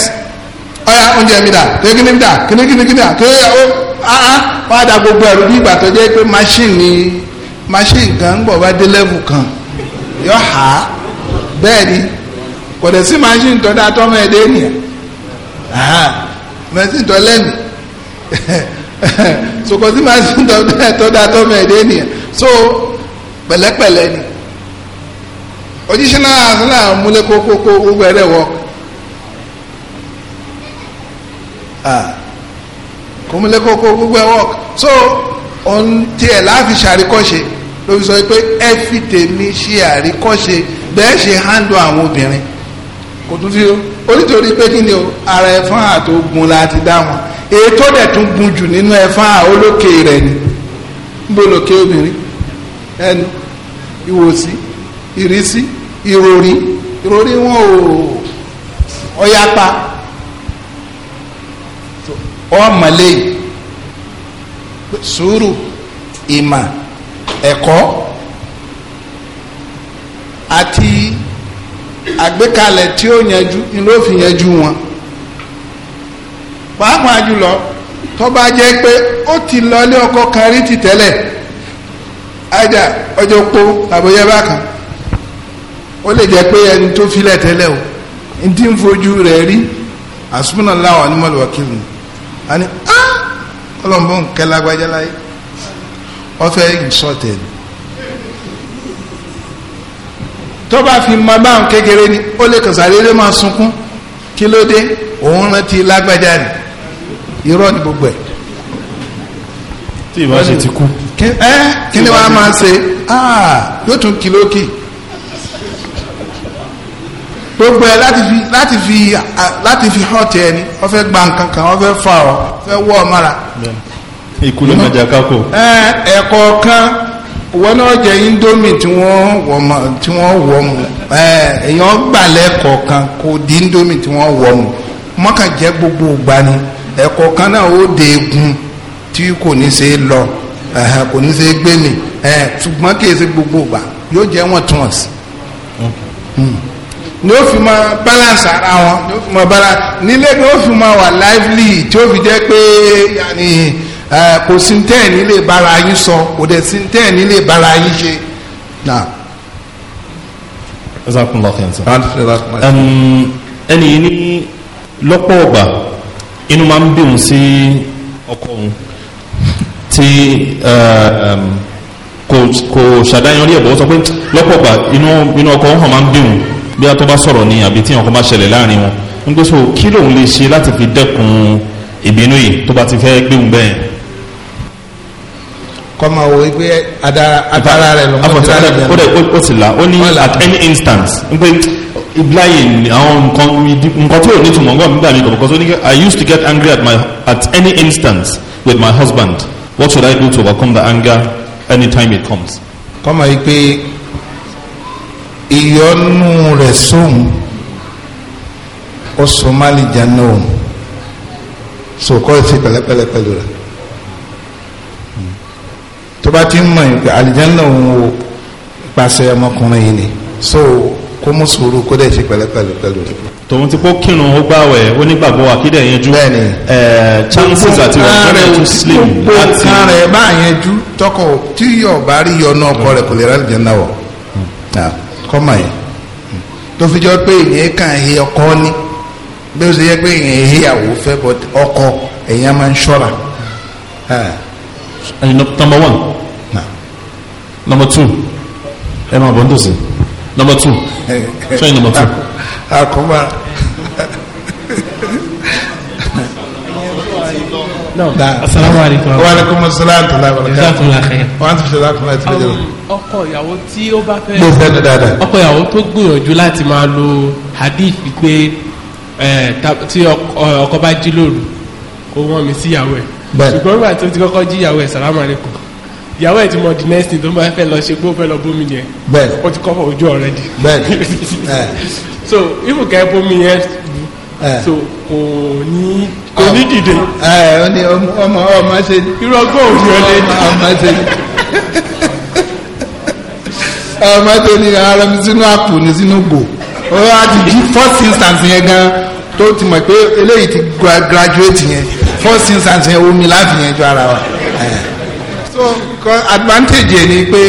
ọ̀yà oúnjẹ mi dà kíni mi dà kíni kíni kíni ah, ah, dà gbogbo bí ìgbà tó pé kan bọ̀ kan yọ ni kò dẹ̀ sí machine tó dá tọ́mọ ẹ̀ dé nìyẹn machine tó lẹ́nu so kò sí machine tó so pẹ̀lẹ́pẹ̀lẹ́ ni náà àti náà kókó Ah. kòmílẹ̀ kókó gbogbo ẹ̀ work so ohun tiẹ̀ láàfin ṣàríkọ́ṣe ló fi sọ pé ẹ fi tèmi ṣe àríkọ́ṣe bẹ́ẹ̀ ṣe handle àwọn obìnrin kò tún fi onítorí pé kí ni o ara ẹ̀fọn àti ogun la ti dá wọn èyí tó dẹ̀ tún gun jù nínú ẹ̀fọn olókè rẹ̀ ni gbólókè obìnrin ẹnu ìwòsí ìrísí ìròrí ìròrí wọn ò ọ̀yapa ọmọlẹ́yìn sùúrù ìmọ̀ ẹ̀kọ́ àti àgbékalẹ̀ tí ó yanjú ló fi yanjú wọn pàápàá jùlọ tó bá jẹ́ pé ó ti ọkọ kan rí ti tẹ́lẹ̀ ajá ọjọ́ pó ó lè jẹ́ pé ẹni tó filẹ̀ tẹ́lẹ̀ o ní ń fojú rẹ̀ rí àsùnmọ́nà láwọn onímọ̀lùwọ̀kì a ah ọlọ́mbọ́n nǹkan lágbájá láyé ọfẹ́ ìsọ̀tẹ̀ ni tó bá fi máa bá àwọn kékeré ni ó lè kàn sáré lé máa sunkún kí ló dé òun rántí lágbájá irọ́ ni gbogbo ẹ̀. tí ìbá ti kú. kí ni wàá máa ṣe yóò tún kìlókì. gbogbo ẹ láti fi láti fi láti fi hàn tẹ ẹni wọ́n fẹ gba nǹkan kan fà ọ mára. ikú ló mẹjà kákò. ẹ̀kọ́ kan wọn jẹ indomie tí wọ tí kò di indomie tí wọ́n wọ mọ̀ mọ́kàn jẹ́ gbogbo ẹ̀kọ́ kan náà ó de egun tí kò ní ṣe lọ kò ní ṣe gbogbo ìgbà yóò jẹ́ wọ́n tún hmm. ni ó fi mọ balance ara wọn ni ó fi mọ balance nílé ni ó fi mọ wà lively tí ó fi jẹ́ pé yanni kò sí tẹ́ ẹ̀ nílé bára yín sọ kò dẹ̀ sí tẹ́ ẹ̀ nílé bára yín ṣe. ẹni yìí ní lọ́pọ̀ ọ̀gbà inú máa ń bí òun sí ọkọ òun tí kò ṣàdáyan rí ẹ̀bọ̀ sọ pé lọ́pọ̀ ọ̀gbà inú ọkọ òun hàn máa ń bí òun bí a tó bá sọ̀rọ̀ ni àbí tí nǹkan bá ṣẹlẹ̀ láàrin wọn ń gbé so kí lòun lè ṣe láti fi dẹ́kun ìbínú yìí tó bá ti fẹ́ gbéhùn bẹ́ẹ̀. kọ́mọ wo pé adara rẹ̀ ló ń bọ́ sílẹ̀ lẹ́nu. ó dẹ̀ ó ti ó ní at any instance ń pé ibláyè àwọn nǹkan nǹkan tí ò ní tùmọ̀ nǹkan nígbà mi kọ̀ because I used to get angry at my at any instance with my husband what should I do to overcome the anger anytime it comes. kọ́mọ yìí pé ìyọnu rẹ̀ sóhun ó sọ má lè jáná òun so kọ́ ẹ fi pẹ̀lẹ́pẹ̀lẹ́ pẹ̀lú rẹ̀ tó bá ti ń mọ̀ ìpè àlìjáná òun o pàṣẹ ọmọkùnrin yìí ni so kó mú sùúrù kó dẹ̀ fi pẹ̀lẹ́pẹ̀lẹ́ pẹ̀lú rẹ̀. tòun ti kó kírun ó gbàwẹ̀ ó nígbàgbọ́ àkídẹ̀ yẹn jú chances àti ọ̀gbẹ́rẹ́ tún slim láti. gbogbo kan rẹ̀ bá yẹn jú tọkọ tí yóò bá rí yọ náà kọ́ kò lè rálìjáná wọ̀. Hmm kọ́mọ̀ yẹn tó fi jọ pé ìyẹn kàn he ọkọ ní bí ó ṣe yẹ pé ìyẹn he àwò fẹ́ bọ́ ọkọ ẹ̀yìn máa ń ṣọ́ra. number one nah. number two ẹ máa bọ̀ ń dòsí number two sọ́yìn number two. àkọ́mọ́. asalaamualeykum. wa aleykum asalaam tó lábàlá ká. ìjọba tó la xẹ. wa an ti fi ṣẹlá kúnlá ti fi jẹun. ọkọ ìyàwó tí ó bá fẹ́. mo fẹ́ ní dáadáa. ọkọ ìyàwó tó gbìyànjú láti máa lo hadith pé tí ọkọ bá jí lóru kó wọ́n mi sí ìyàwó ẹ̀. bẹ́ẹ̀ ṣùgbọ́n nígbà tó ti kọ́kọ́ jí ìyàwó ẹ̀ salaamualeykum ìyàwó ẹ̀ ti mọ the next thing tó ń bá fẹ́ lọ ṣe gbó fẹ́ lọ bómi yẹn bẹ́ẹ̀ ó ti kọ́ fọ ojú already. bẹ́ẹ̀ so ibùkẹ́ bómi yẹn Eh. so kò ní kò ní dìde. Eh, ọmọ ọmọ ṣe ni. irọ́gbọ́n ò ní ọlẹ́ ní. ọmọ ṣe ni. ọmọ ṣe ni ara mi sínú àpò ní sínú gbò ó wá ti jí first instance yẹn gan tó ti mọ̀ pé eléyìí ti graduate yẹn first instance yẹn omi láti yẹn ju ara wa. Eh. so advantage yẹn ni pé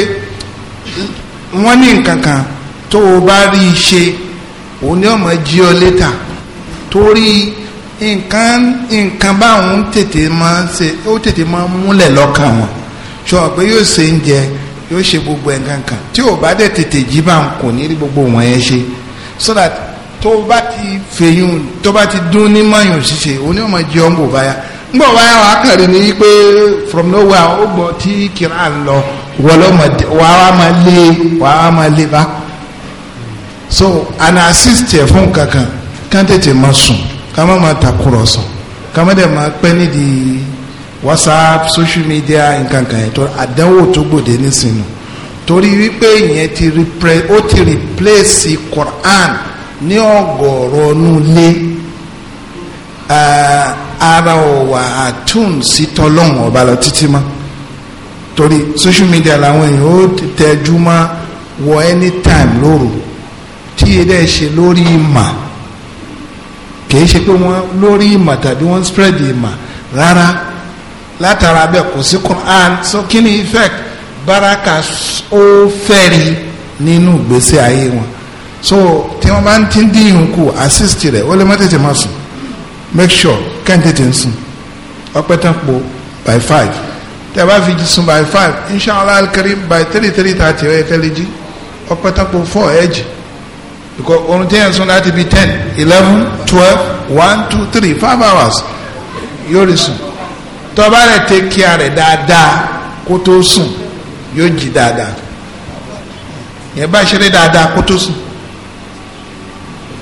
wọ́n ní nǹkan kan tó o bá rí i ṣe òun ni ọmọ jí ọ létà torí nǹkan nǹkan báwọn tètè máa ń ṣe ó tètè máa ń múlẹ̀ lọ́kàn wọn sọ pé yóò ṣe ń jẹ yóò ṣe gbogbo ẹ̀ kankan tí ò bá dẹ̀ tètè jí bá ń kò ní gbogbo wọn yẹn ṣe so that tó bá ti fèyún tó bá ti dún ní mọ̀yàn ṣiṣẹ́ òní ọmọ jẹun bò báyà ngbọ wáyà wà á kàn rí ni pé from nowhere ó gbọ́ tí kìrà ń lọ wọlọmọdé wà á máa lé wà á máa lé bá so and assist ẹ fún kankan ká tètè máa sùn ká má máa tàkúrọ̀sọ ká má dẹ̀ máa pẹ́ nídìí whatsapp social media nǹkan kan yẹn tó àdánwò tó gbòde nísìnyí torí wípé ìyẹn ti repre ó ti replace Quran ní ọgọ́rọ̀ nulẹ̀ ara ọ̀wà àtún sí tọ́lọ́hún ọba lọ títí mọ́ torí social media làwọn èèyàn ó tẹjú mọ́ wọ anytime lóru tí èdè ṣe lórí ìmọ̀ kìí ṣe pé wọ́n lórí ìmọ̀ tàbí wọ́n spread ìmọ̀ rárá látara bẹ́ẹ̀ kò sí Quran so kí effect baraka ó fẹ́ri nínú ìgbésí ayé wọn so tí wọ́n bá ń ti dín kù assist rẹ̀ ó lè má tètè má sùn make sure kẹ́ ń tètè ń sùn ọpẹ́ tán po by five tí a bá fi sùn by five inshallah al by three three thirty ẹ̀ fẹ́ lè jí ọpẹ́ tán po four ẹ̀ because only ten, yẹn sùn láti be ten eleven twelve one two three five hours yóò rí sùn tọ́ba rẹ̀ take care rẹ̀ dáadáa kó tó sùn yóò jí dáadáa yẹn bá ṣeré dáadáa kó tó sùn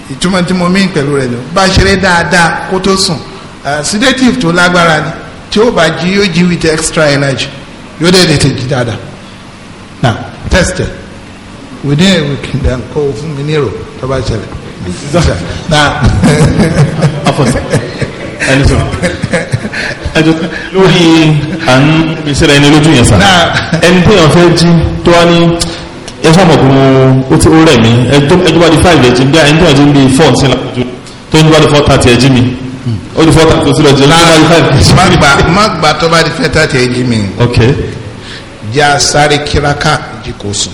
ìtumọ̀ tí mo mí pẹ̀lú rẹ̀ lọ bá ṣeré dáadáa kó tó sùn eh, sedative tó lágbára ni tí ó bá jí yóò jí with extra energy yóò dẹ̀ tètè jí dáadáa now test it within a week then kó o fún mi ní èrò tó bá ṣẹlẹ̀. lórí à ń bisẹ́ra ẹni lójú yẹn sá ẹni tó yàn fẹ́ jí tó wá ní ẹ fọmọ ó ti ó rẹ̀ mí ẹjọ́ di five ẹ̀jẹ̀ bí ẹni tó yàn jí ń bi four sí làkújú tó ń bá di four thirty ẹ̀jí mi ó di four thirty ó sì lọ jẹ ní bá di five ẹ̀jí mi. má gbà tó bá di five thirty ẹ̀jí mi. ok. jẹ́ àsáré kíráká jí kò sùn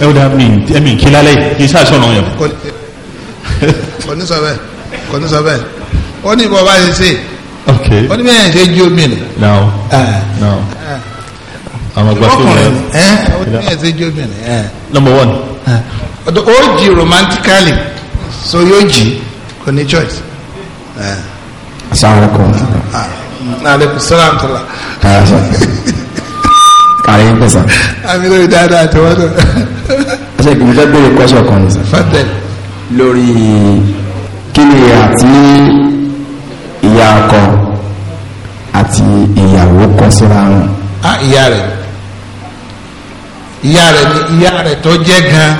ẹ ó dá mi kí lálẹ́ yìí yẹn. kò ní sọ bẹ́ẹ̀ kò ní sọ bẹ́ẹ̀ ó ní bọ́ bá ṣe ṣe ó ní bẹ́ẹ̀ ṣe jí omi rẹ̀. now now àwọn àgbà tó lẹ. ó ní bẹ́ẹ̀ ṣe jí omi rẹ̀. number one. ó jí romantically so yóò jí kò ní choice. asalaamualeykum. maaleykum ah, salaam tala kàrí ń pèsè. àmì lórí dáadáa àtọwọ́ náà. ọ̀sẹ̀ kìí fẹ́ bèrè kọ́sọ̀ kan ní sà. lórí kí ni àti ìyá ọkọ àti ìyàwó kọ síra wọn. a ìyá rẹ̀ ìyá rẹ̀ ni ìyá rẹ̀ tó jẹ́ gan-an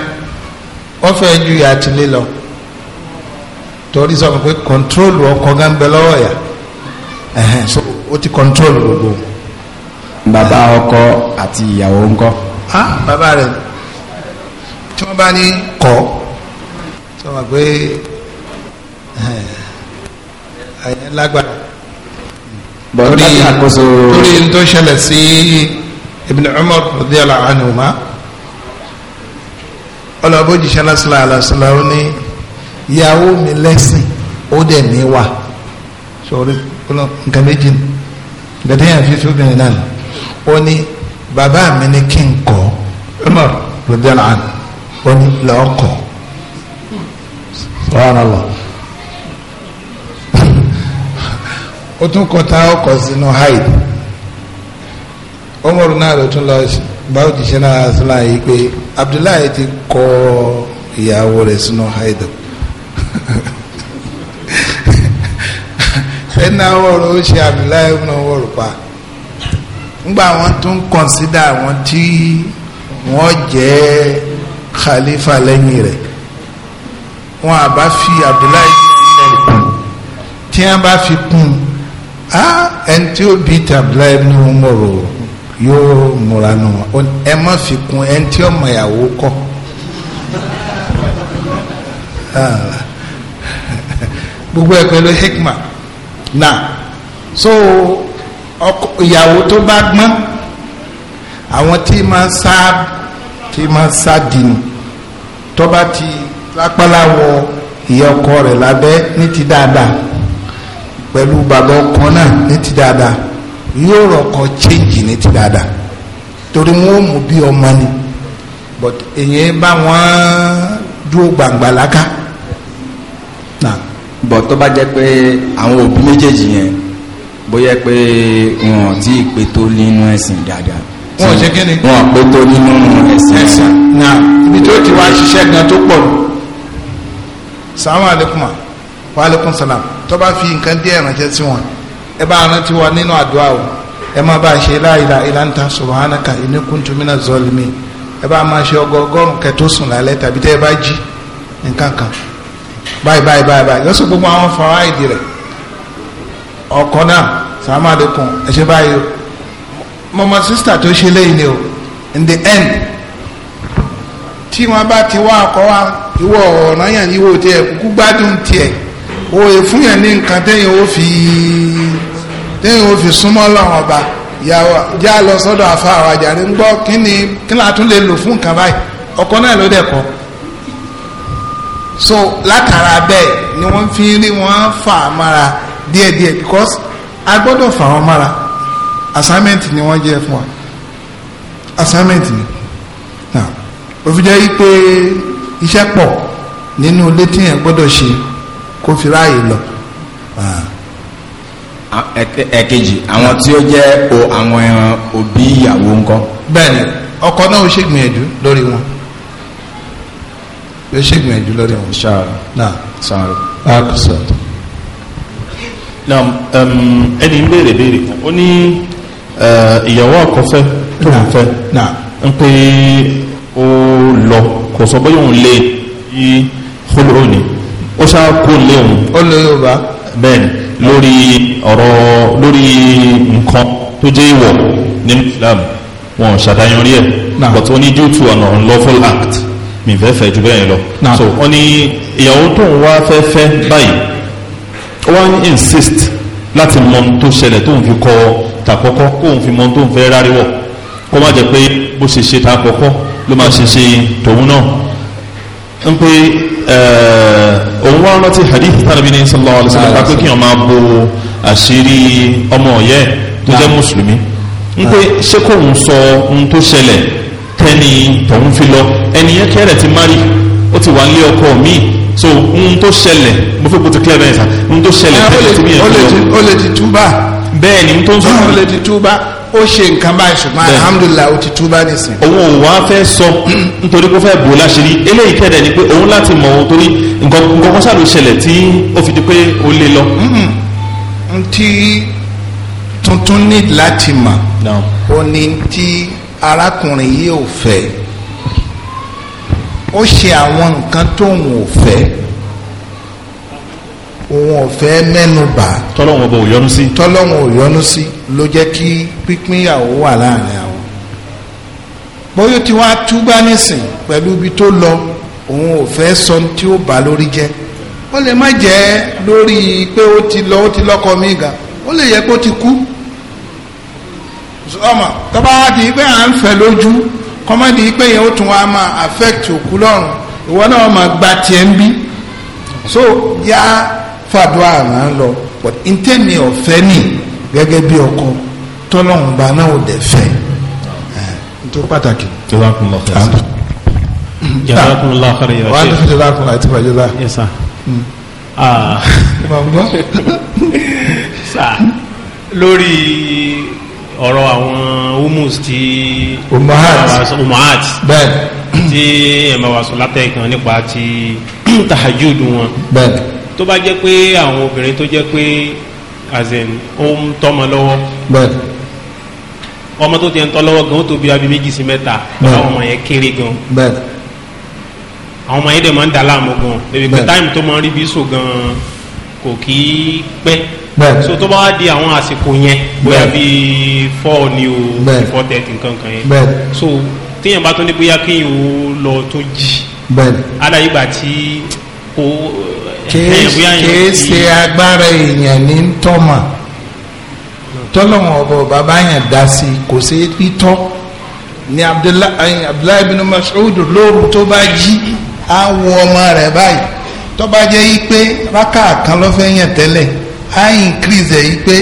ó fẹ́ ju ìyá àtìlẹ́ lọ torí sọ fún pé kọ́ńtrólù ọkọ gan bẹ lọ́wọ́ yà so ó ti kọ́ńtrólù gbogbo bàbá ọkọ àti ìyàwó ńkọ́. a bàbá rẹ tí wọn bá ní kọ sọ ma pé àyẹn lágbára. bọ́dí àkóso. torí n tó ṣẹlẹ̀ sí Ibn Umar radiyallahu anhuma ọlọ́bọ̀jì ṣẹlẹ́sílẹ̀ àlàsílẹ̀ ó ní ìyàwó mi lẹ́sìn ó dẹ̀ ní wà sọ̀rọ̀ nǹkan méjì ní gàdéyàn fífi obìnrin náà ó ní bàbá mi ní kí n kọ́ Umar radiyallahu anhu ó ní lọ́ọ̀kọ́ subhanallah ó tún kọ́ tá ọkọ̀ sínú haid Umar náà ló tún lọ báwo ti ṣe náà sílá yìí Abdullahi ti kọ́ ìyàwó rẹ̀ sínú haid ẹ̀ náà wọ́n ló Abdullahi náà wọ́n pa ngba wọn tún kọnsida wọn tí wọn jẹ khalifa lẹ́yìn rẹ̀ wọn àbá fi abdullahi ibn umar kún tí wọn bá fi kún a ẹni tí ó bí ti abdullahi ibn umar o yóò múra nù wọn ẹ má fi kún ẹni tí ó mọ ìyàwó kọ gbogbo ẹ pẹ̀lú hikma na so ọkọ ìyàwó tó bá gbọ́n àwọn tí máa sá tí máa sá dìnnú tó bá ti lápáláwọ ìyá ọkọ rẹ̀ lábẹ́ ní ti dáadáa pẹ̀lú bàbá ọkọ náà ní ti dáadáa yóò rọkọ chéǹjì ní ti dáadáa torí wọn ò mú bí ọmọ ni but èyàn bá wọn dúró gbàngbà láká. but tó bá jẹ́ pé àwọn òbí méjèèjì yẹn bóyá pé wọn ò tí ì pé tó nínú ẹ̀sìn dáadáa. wọn ò jẹ́ kí ni. wọn ò pé tó nínú ẹ̀sìn. ẹ̀sìn na ibi tó ti wá ṣiṣẹ́ gan tó pọ̀ lù. sàmú aleykum wa aleykum salam tó bá fi nǹkan díẹ̀ ránṣẹ́ sí wọn ẹ bá rántí wa nínú àdúrà o ẹ má bá ṣe la ilaha illa anta subhanaka inni kuntu minaz zalimin ẹ bá máa ṣe ọgọgọrùn kẹtó sùn lálẹ́ tàbí tẹ́ ẹ bá jí nǹkan kan báyìí báyìí báyìí báyìí lọ́sọ̀ ọkọ náà sàmàdékun ẹ ṣe báyìí o mọmọ sísítà tó ṣe lẹ́yìn ni o in the end tí wọn bá ti wá ọkọ wa ìwọ ọ̀ràn yàn ní ìwò kúkú gbádùn tiẹ̀ òye fún yàn ní nǹkan téèyàn ó fi téèyàn ó fi súnmọ́ lọ́wọ́ ọba ìyàwó já lọ sọ́dọ̀ àfa àwọn àjàre ń gbọ́ kí ni kí ni a tún lè lò fún nǹkan báyìí ọkọ náà ló dẹ̀ kọ́ so látara bẹ́ẹ̀ ni wọ́n fi rí wọ́n fà á mára díẹ̀díẹ̀ because a gbọ́dọ̀ fà wọ́n mára assignment ni wọ́n jẹ́ fún wa assignment ni now òfin jẹ́ wípé iṣẹ́ pọ̀ nínú ilé tí yẹn gbọ́dọ̀ ṣe kó fi ráàyè lọ. ẹ̀kejì àwọn tí ó jẹ́ àwọn òbí ìyàwó ńkọ́. bẹ́ẹ̀ni ọkọ náà ó ṣègbìyànjú lórí wọn ó ṣègbìyànjú lórí wọn. ṣáà ṣáà. a kò sọ̀tọ̀ na ẹni ń béèrè béèrè kan ó ní ìyàwó àkọ́fẹ́ tó ń fẹ́ ń pé ó lọ kò sọ bóyá òun lé yí kóló òní ó ṣáà kó lé òun. ó lè yóò bá. bẹ́ẹ̀ni lórí ọ̀rọ̀ lórí nǹkan tó jẹ́ ìwọ̀ ní Islam wọn ṣàdáyan rí ẹ̀ but ó ní due to an unlawful act mi fẹ́ fẹ́ ju bẹ́ẹ̀ lọ so ó ní ìyàwó tó ń wá fẹ́ fẹ́ báyìí wọ́n insist láti mọ ohun tó ṣẹlẹ̀ tóun fi kọ tàkọ́kọ́ kóun fi mọ ohun tóun fẹ́ rárí wọ̀ kó má jẹ́ pé bó ṣe ṣe tàkọ́kọ́ ló máa ṣe ṣe tòun náà ń pé òun wá rántí hadith tàbí ní sallallahu alaihi wasallam pé kí wọ́n máa bo àṣírí ọmọ ọ̀yẹ́ tó jẹ́ mùsùlùmí ń pé ṣé kóun sọ ohun tó ṣẹlẹ̀ tẹ́ni tòun fi lọ ẹni kẹ́rẹ̀ ti mari ó ti wà nílé ọkọ míì so ohun tó ṣẹlẹ̀ mo fẹ́ kó ti clear bẹ́ẹ̀ sá ohun tó ṣẹlẹ̀ ah, tẹ́lẹ̀ tí mi yẹn fún ọ. o lè ti túbà. bẹ́ẹ̀ ni tó ń sọ. o lè ti túbà ó ṣe nǹkan báyìí ṣùgbọ́n alhamdulilah ó ti túbà nìsín. òun wá fẹ́ sọ nítorí pé ó fẹ́ bò láṣìírí eléyìí kẹ́dẹ̀ ni pé òun láti mọ̀ ohun torí nǹkan kan sáà ló ṣẹlẹ̀ tí ó fi di pé ó lé lọ. ntí tuntun ní láti mọ̀ ó ní tí arákùnrin yìí ò fẹ́ ó ṣe àwọn nǹkan tóun ò fẹ́ òun ò fẹ́ mẹ́nu bà tọ́lọ́wọ́n bò yọnu sí tọ́lọ́wọ́n ò yọnu sí ló jẹ́ kí pínpín ìyàwó wà láàrin àwọn bóyá tí wọ́n á túgbà nísìn pẹ̀lú ibi tó lọ òun ò fẹ́ sọ tí ó bà lórí jẹ́ ó lè má jẹ́ lórí pé ó ti lọ ó ti lọ́kọ mi ga ó lè yẹ kó ti kú ọmọ tọ́ba ti pé à ń fẹ́ lójú kọ́mọ́dé pé yẹn ó tún wá máa affect òkú lọ́rùn ìwọ náà máa gba tiẹ̀ ń bí so yá fàdúrà là ń lọ but ntẹ́ni ọ̀fẹ́ nì gẹ́gẹ́ bí ọkọ tọ́lọ́hún gba náà ò dẹ̀ fẹ́ tó pàtàkì. jazakumullahu khairan. jazakumullahu khairan yàrá. wàá dúró jazakumullahu àti bàjẹ́ bá. yẹ sá. aa. sá lórí ọ̀rọ̀ àwọn humus tí umahat tí ẹ̀mà wàsó látẹ̀kan nípa ti tahajud wọn tó bá jẹ́ pé àwọn obìnrin tó jẹ́ pé azen ó ń tọ́mọ lọ́wọ́ ọmọ tó ti ń tọ́ lọ́wọ́ gan ó tó bí abi méjì sí mẹ́ta ọ̀rọ̀ ọmọ yẹn kéré gan àwọn ọmọ yẹn dẹ̀ máa ń dà láàmú gan bèbè pé táìmù tó máa ń rí bí so gan kò kí í pẹ́ so tó bá di àwọn àsìkò yẹn bóyá bíi four ni o four thirty nkankan yẹn so téèyàn bá tó ní bóyá kéèyàn ó lọ tó jì aláyé gbà tí kò kìí eh, eh, ṣe agbára èèyàn ní tọ́mà tọ́lọ́wọ̀n ọba bàbá yẹn dá sí kò ṣe é tọ́ ni eh, abdullahi bin Mas'ud lóru tó bá jí á wo ọmọ rẹ̀ báyìí tó bá jẹ́ yí pé rákà kan ló fẹ́ yàn tẹ́lẹ̀ á increase ẹ̀ yí pé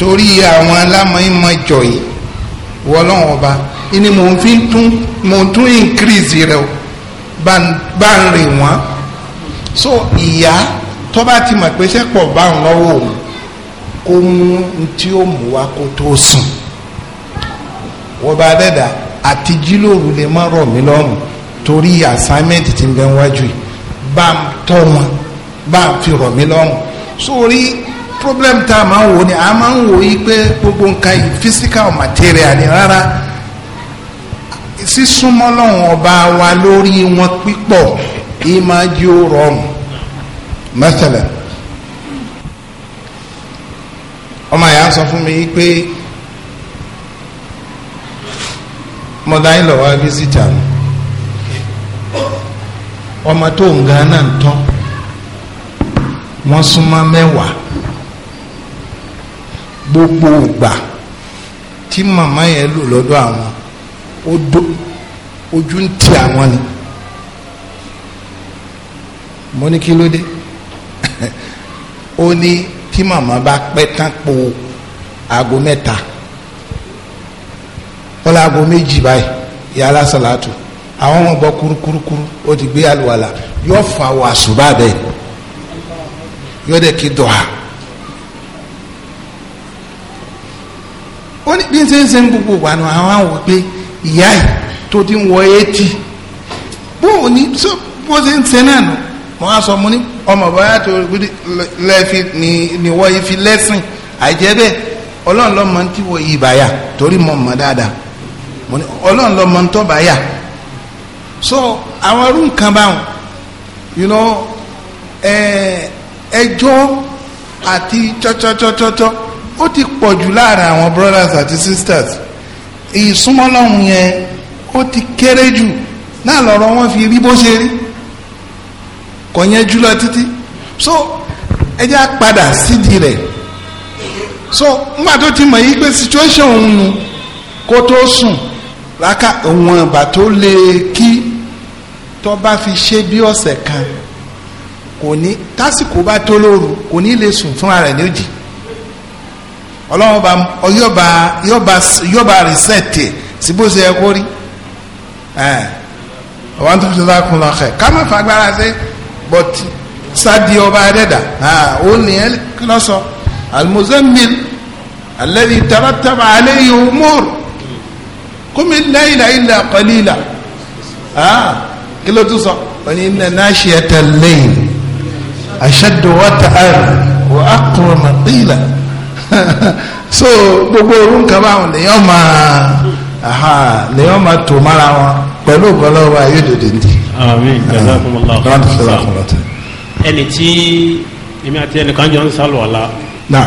torí àwọn alámọ̀ọ́mọ̀jọ yìí wọlọ́wọ́n ọba ni mò ń fi tún mò ń tún increase rẹ bá ń rìn wọ́n so ìyá tó bá ti mọ̀ pé sẹ́pọ̀ bá ń lọ́wọ́ òun kó mú tí ó mú wa kó tó sùn wọ́n bá dẹ́dà àti lè má rọ̀ mí lọ́rùn torí assignment ti ń bẹ wájú yìí bá ń tọ́ wọn bá ń fi rọ̀ mí lọ́rùn sórí problem tá a máa ń wò ni a máa ń wò yí pé gbogbo nǹkan yìí physical material ni rárá sísúnmọ́ lọ́wọ́n ọba wa lórí wọn pípọ̀ ìmájú rọrùn mẹ́tẹ̀lẹ̀ ọmọ yà sọ fún mi pé mọ̀dáyìn lọ́wọ́ abisita nù ọmọ tó ń gan náà ń tọ́ wọ́n súnmọ́ mẹ́wàá gbogbo ìgbà tí màmá yẹn lò lọ́dọ̀ àwọn ojú ń ti àwọn ni mo ní kí ló dé ó ní tí màmá bá pẹ́ tán po aago mẹ́ta ó lọ aago méjì báyìí yàrá sàlátù àwọn ọmọ bọ kurukurukuru ó ti gbé àlùwàlà yóò fa wà ṣùgbọ́n abẹ yóò dẹ̀ kí dọ̀ha. ó ní bí n ṣe ń ṣe ń gbogbo wà nù àwọn àwọn pé ìyá yìí tó ti ń wọ etí bó o ní bó ṣe ń ṣe náà nù mo á sọ mo ní ọmọ bàbá tó lẹ́ẹ̀fi ni wọ́n yìí fi lẹ́sìn àìjẹ́ bẹ́ẹ̀ ọlọ́run lọ́mọ tí wọ́n yìí bàyà torí mo mọ̀ dáadáa ọlọ́run lọ́mọ tó bàyà so àwọn irú nǹkan báwọn you know ẹjọ́ àti tọ́tọ́tọ́tọ́ ó ti pọ̀ jù láàrin àwọn brothers àti sisters ìsúnmọ́lọ́hún yẹn ó ti kéré jù náà lọ́rọ̀ wọn fi rí bó ṣe rí kò yẹn jù lọ títí so ẹjẹ́ á padà sídìí rẹ̀ so ńgbà tó ti mọ̀ yí pé situation òun nu kó tó sùn rákà òun àgbà tó lè kí tó bá fi ṣe bí ọ̀sẹ̀ kan kò ní tásìkò bá tó lóru kò ní lè sùn fúnra rẹ̀ ní òjì ọlọ́wọ́n bá yọba yọba yọba rìsẹ̀tì sí bó ṣe yẹ kó rí àwọn tó fi ṣe lákùn lọ́kẹ̀ ká má fagbára sí bọ́tì sádi ọba adẹ́dà ó nìyẹn lọ́sọ al-muzammil alladhi tarattaba alayhi umur kumi layla illa qalila ah kí ló tún sọ wọn ni inna nashiyata al-layl wa aqwamu qila so gbogbo orun kan báwọn lèyàn máa lèyàn máa tò mára wọn pẹ̀lú ọ̀gọ́lọ́wọ́ ayédèdè ní. àmín jazakumullahu khairan ẹni tí èmi àti ẹnìkan jọ ń sálọ ọ̀la. náà.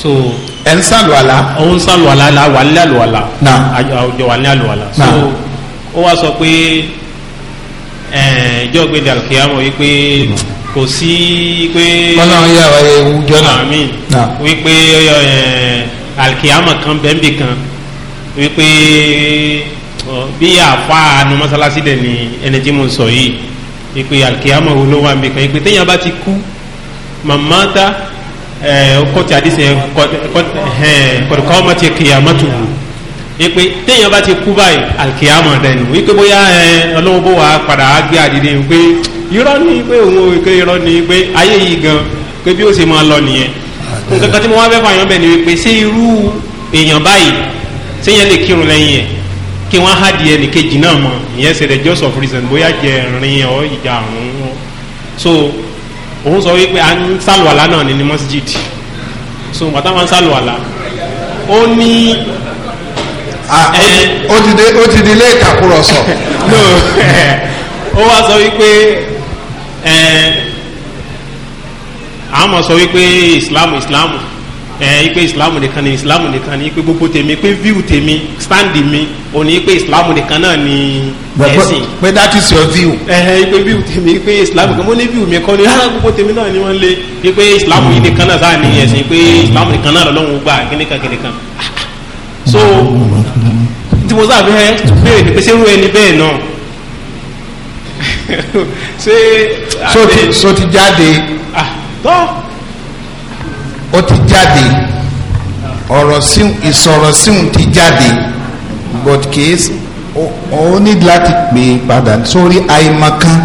so ẹ̀ ń sàlù àlá. la wà nílẹ̀ na àjọ wà nílẹ̀ na so ó wá sọ pé ìjọ gbẹdẹ àlùkìyàmọ̀ yìí pé kò sí pé. wọn náà yà wáyé wújọ náà. àmín wípé àlùkìyàmọ̀ kan bẹ́ẹ̀nbì kan wípé bí àfa àánú mọ́sálásí dẹ̀ ni ẹni tí mo sọ yìí wípé àlùkìyàmọ̀ wo ló wà níbi kan wípé téèyàn bá ti kú màmá ta kọ́tí àdísẹ́ kọ́dùkọ́mọ́ ti kìyàmọ́ tù wù ipe téèyàn bá ti kú báyìí àkìyàmọ̀ dẹnu wípé bóyá eh, ọlọ́wọ́ bó wà padà á gbé àdìdì pé irọ́ ni pé òun ò pé irọ́ ni pé ayé yìí gan pé bí ó ṣe máa lọ nìyẹn nǹkan kan tí mo wá fẹ́ fààyàn bẹ̀ ni wípé ṣé irú èèyàn báyìí ṣéyàn lè kírun lẹ́yìn ẹ̀ kí wọ́n á di ẹnìkejì náà mọ̀ ìyẹn ṣe the just of reason bóyá jẹ rin ọ ìjà àrùn so òun sọ wípé à ń sálùwàlá náà ní ní mọ́síjìd so bàtà máa ń sálùwàlá ó ní. ó ti di ó ti di ilé ìtàkùrọ̀sọ. no ó wá sọ wípé àwọn mọ̀ sọ wípé islam islam. islam ẹ islam nìkan ni islam nìkan ni ipe gbogbo tèmi ipe view tèmi stand mi òní ipe islam nìkan náà ni ẹ̀sìn. pé that is your view. ẹ view tèmi ipe islam kan mo ní view mi kọ́ ni gbogbo tèmi náà ni wọ́n lé ipe islam yìí nìkan náà sáà ni ẹ̀sìn ipe islam nìkan náà lọ́wọ́ gbà kíníkan kíníkan. so tí mo sábà fẹ́ béèrè ni pé ṣé irú ẹni bẹ́ẹ̀ náà. ṣé. so ti so ti jáde. ah tọ́ ó ti jáde ọ̀rọ̀ síhun ìsọ̀rọ̀ síhun ti jáde but kìí ó ní láti pè é padà sórí àìmọ̀kan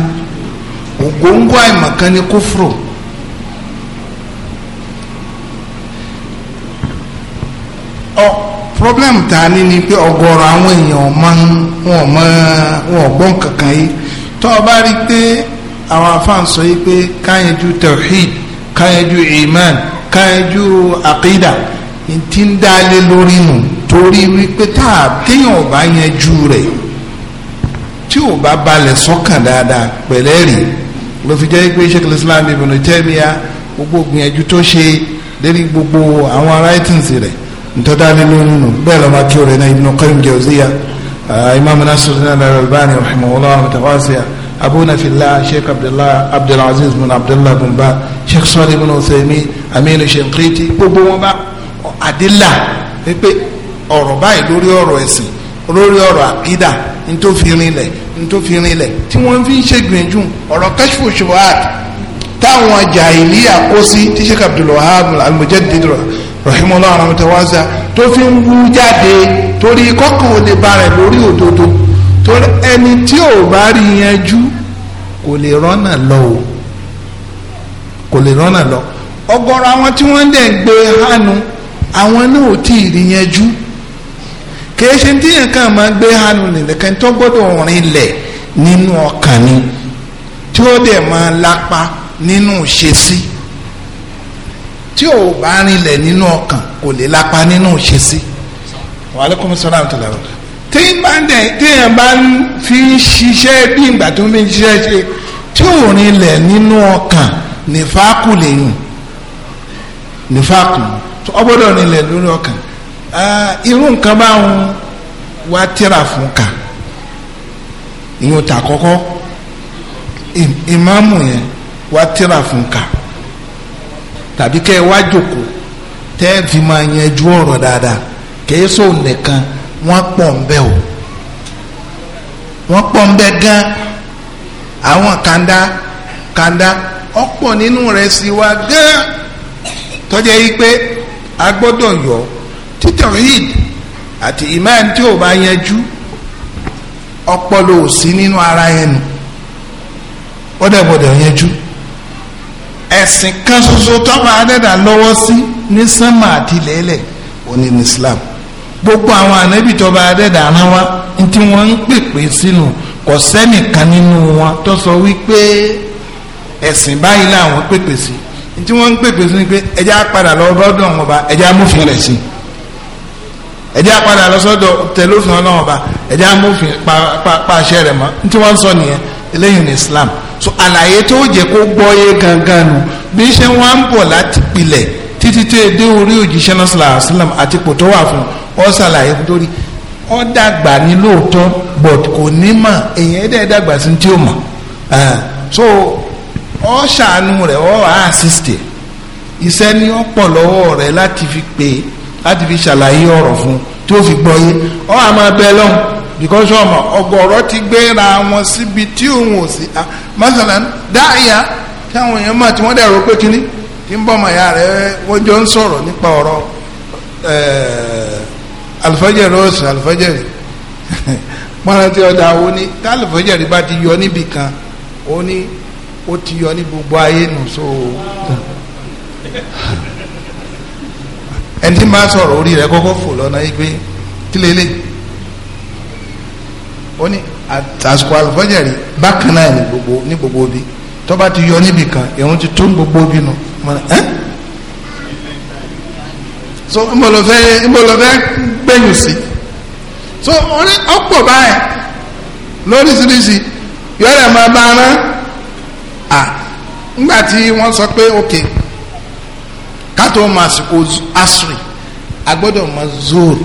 ògóńgó àìmọ̀kan ni kófòrò. problem ta ni ni pé ọ̀gọ̀rọ̀ àwọn èèyàn ọmọ wọn ọmọ wọn ọgbọ́n kankan yìí tó o bá rí i pé àwọn afáàn sọ yìí pé káyanjú tawhid káyanjú iman kanjú àkídà ti ń dálé lórí nù torí wípé tá a téèyàn ò bá yanjú rẹ̀ tí ò bá balẹ̀ sọ́kàn dáadáa pẹ̀lẹ́ rè ló fi jẹ́ pé sheikh islam ibn taymiya gbogbo gbìyànjú tó ṣe lérí gbogbo àwọn writings rẹ̀ ntọ́dálé lórí nù bẹ́ẹ̀ lọ́mọ kí o rẹ̀ náà ibn qayyim jawziya uh, imam nasiruddin al-albani rahimahullah tawasiya abuna fillah sheikh abdullah abdulaziz bin abdullah bin ba sheikh sọ́ọ́lì bin usaymin aminu ṣèǹkìrìtì gbogbo wọn bá àdìlà wípé ọ̀rọ̀ báyìí lórí ọ̀rọ̀ ẹ̀sìn lórí ọ̀rọ̀ àkídà ntòfinrinlẹ̀ ntòfinrinlẹ̀ tí wọ́n fi ń ṣe gbìyànjú ọ̀rọ̀ kashfu shubuhat táwọn jàìlíyà kó sí tíṣe abdulwahab almujaddid rahimahullah aramtawasa tó fi ń wú jáde torí kọ́kàn òde bá rẹ̀ lórí òdodo torí ẹni tí ò bá rí yanjú kò lè rọ́nà lọ o kò lè rọ́nà lọ ọ̀gọ̀rọ̀ àwọn tí wọ́n dẹ̀ ń gbé hánu àwọn náà ò tí ì rí yẹn kìí ṣe tí yẹn kàn máa gbé hánu nìkan tó gbọ́dọ̀ rinlẹ̀ nínú ọkàn ni tí ó dẹ̀ máa lápa nínú ìṣesí tí ò bá rinlẹ̀ nínú ọkàn kò lè lápa nínú ìṣesí wàhálẹ́kùn sọ́dọ̀ àwọn tòlẹ́rọ̀ tí yẹn bá fi ń ṣiṣẹ́ bí ìgbà tó ń fi ń ṣiṣẹ́ ṣe tí ò rinlẹ̀ nínú ọkàn nìfà kù lè yùn. nífàkù ọgbọ́dọ̀ nílẹ̀ lórí ọkàn irú nǹkan báwọn wa tira fún kà ìyóò tà kọ́kọ́ ìmáàmù yẹn wá tíra fún kà tàbí kẹ́ ẹ wá jòkó tẹ́ ẹ fi máa yanjú ọ̀rọ̀ dáadáa kẹ́ẹ́ sọ nìkan wọn pọ̀ ń bẹ́ o wọ́n pọ̀ ń bẹ́ gan àwọn kanda kanda ọpọ nínú rẹ̀ sì wá gan. tọ́jẹ́ yìí pé a gbọ́dọ̀ yọ títàn yìí àti iman tí ò bá yanjú ọpọlọ ò sí nínú ara yẹn nù ó dẹ̀ gbọ́dọ̀ yanjú ẹ̀sìn kan ṣoṣo tọ́ba adẹ́dà lọ́wọ́ sí ní sánmà àti lẹ́lẹ̀ òní ní Islam gbogbo àwọn ànábì tọ́ba adẹ́dà rán wa tí wọ́n ń pèpè sínú kò sẹ́nìkan nínú wọn tó sọ wípé ẹ̀sìn báyìí làwọn pèpè sí tí wọ́n ń pèpè sí ni pé ẹjẹ́ lọ bọ́dọ̀ wọn ba ẹjẹ́ amófin rẹ̀ sí ẹjẹ́ apàdà lọ sọ́dọ̀ tẹlófin ọlọ́wọ́n ọba pa amófin pàṣẹ rẹ̀ mọ́ tí wọ́n sọ nìyẹn eléyìí ní Islam so àlàyé tó jẹ kó gbọ́yé gangan nu bí ṣe ń láti títí tó dé orí náà àti kò tó ọ ọ dàgbà ní but kò ní mà èèyàn dàgbà sí so ọ ṣàánú rẹ̀ ọ wàá àsìsìtì iṣẹ́ ní ọ̀pọ̀ lọ́wọ́ rẹ̀ láti fi pè é láti fi ṣàlàyé ọ̀rọ̀ fún tí ó fi gbọ́ yé ọ àá máa bẹ lọ́hùn because ọmọ ọ̀gọ̀rọ̀ ti gbéra wọn síbi tí òun ò sí ah, masala dáìyà tí àwọn èèyàn máa tí wọ́n dẹ̀ pé kínní tí ń bọ̀ mọ̀ ya rẹ̀ wọ́n jọ ń sọ̀rọ̀ nípa ọ̀rọ̀ eh, alifajẹri ọ̀sán alifajẹri pọ́nrán tí ọjà wo ni tí alifajẹri bá ti yọ níbì kan ó ní. ó ti yọ ní gbogbo ayé nù so ẹni tí máa sọ̀rọ̀ orí rẹ̀ kọ́kọ́ fò lọ́nà yìí pé kí ó ní àsìkò bákan náà ní gbogbo ní gbogbo ti yọ níbì kan ti tún gbogbo bí nù so ìmọ̀lọ́fẹ́ ìmọ̀lọ́fẹ́ sí so báyìí máa bá a à ńgbà tí wọ́n sọ pé ok kátó mọ àsìkò asiri agbọ́dọ̀ mọ zoor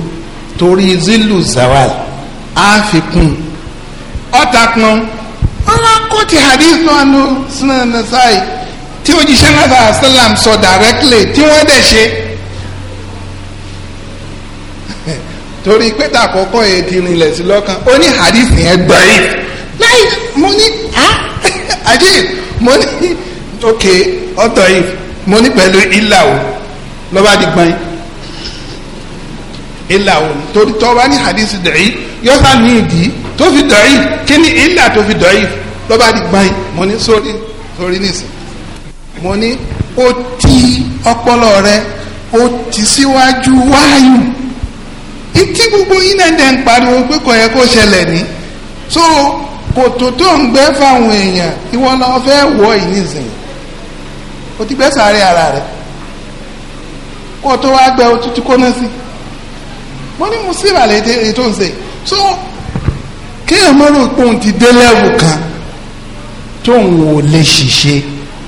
torí zilu zawal àfikún ọ̀tà pọn ọ̀rọ̀ kò ti hadith náà ló sinú nasaayi tí òjíṣẹ́ náà bá sálàm sọ directly tí wọ́n dẹ̀ ṣe torí pé tàkọ́kọ́ yẹn ti rinlẹ̀ sí lọ́kàn ó ní hadith yẹn gbọ́ yìí láì mo ní àjẹ́ ah, mo ní ok ọ̀tọ̀ yìí mo ní pẹ̀lú ilà o lọ́ba di gbọ́n ilà o torí tọ́ba ní hadith da'if yọ́sà ní ìdí tó fi da'if kí ni ilà tó fi da'if lọ́ba di gbọ́n mo ní sórí sórí nìsín mo ní ó ti ọpọlọ rẹ ó ti síwájú wáyù ìtí gbogbo yín náà dẹ̀ ń pariwo pé kò yẹ kó ṣẹlẹ̀ ní so kòtò tó ń gbẹ́ fáwọn èèyàn ìwọ lọ fẹ́ wọ ìnísìnyí o ti gbẹ́ sàárẹ̀ ara rẹ̀ kó o tó wá gbẹ́ otútù kóná sí wọ́n ní mo sí ìbàlẹ̀ ètò ń ṣe so kéèyàn mọ́ rò pé òun ti dé lẹ́wù kan tóun ò lè ṣiṣẹ́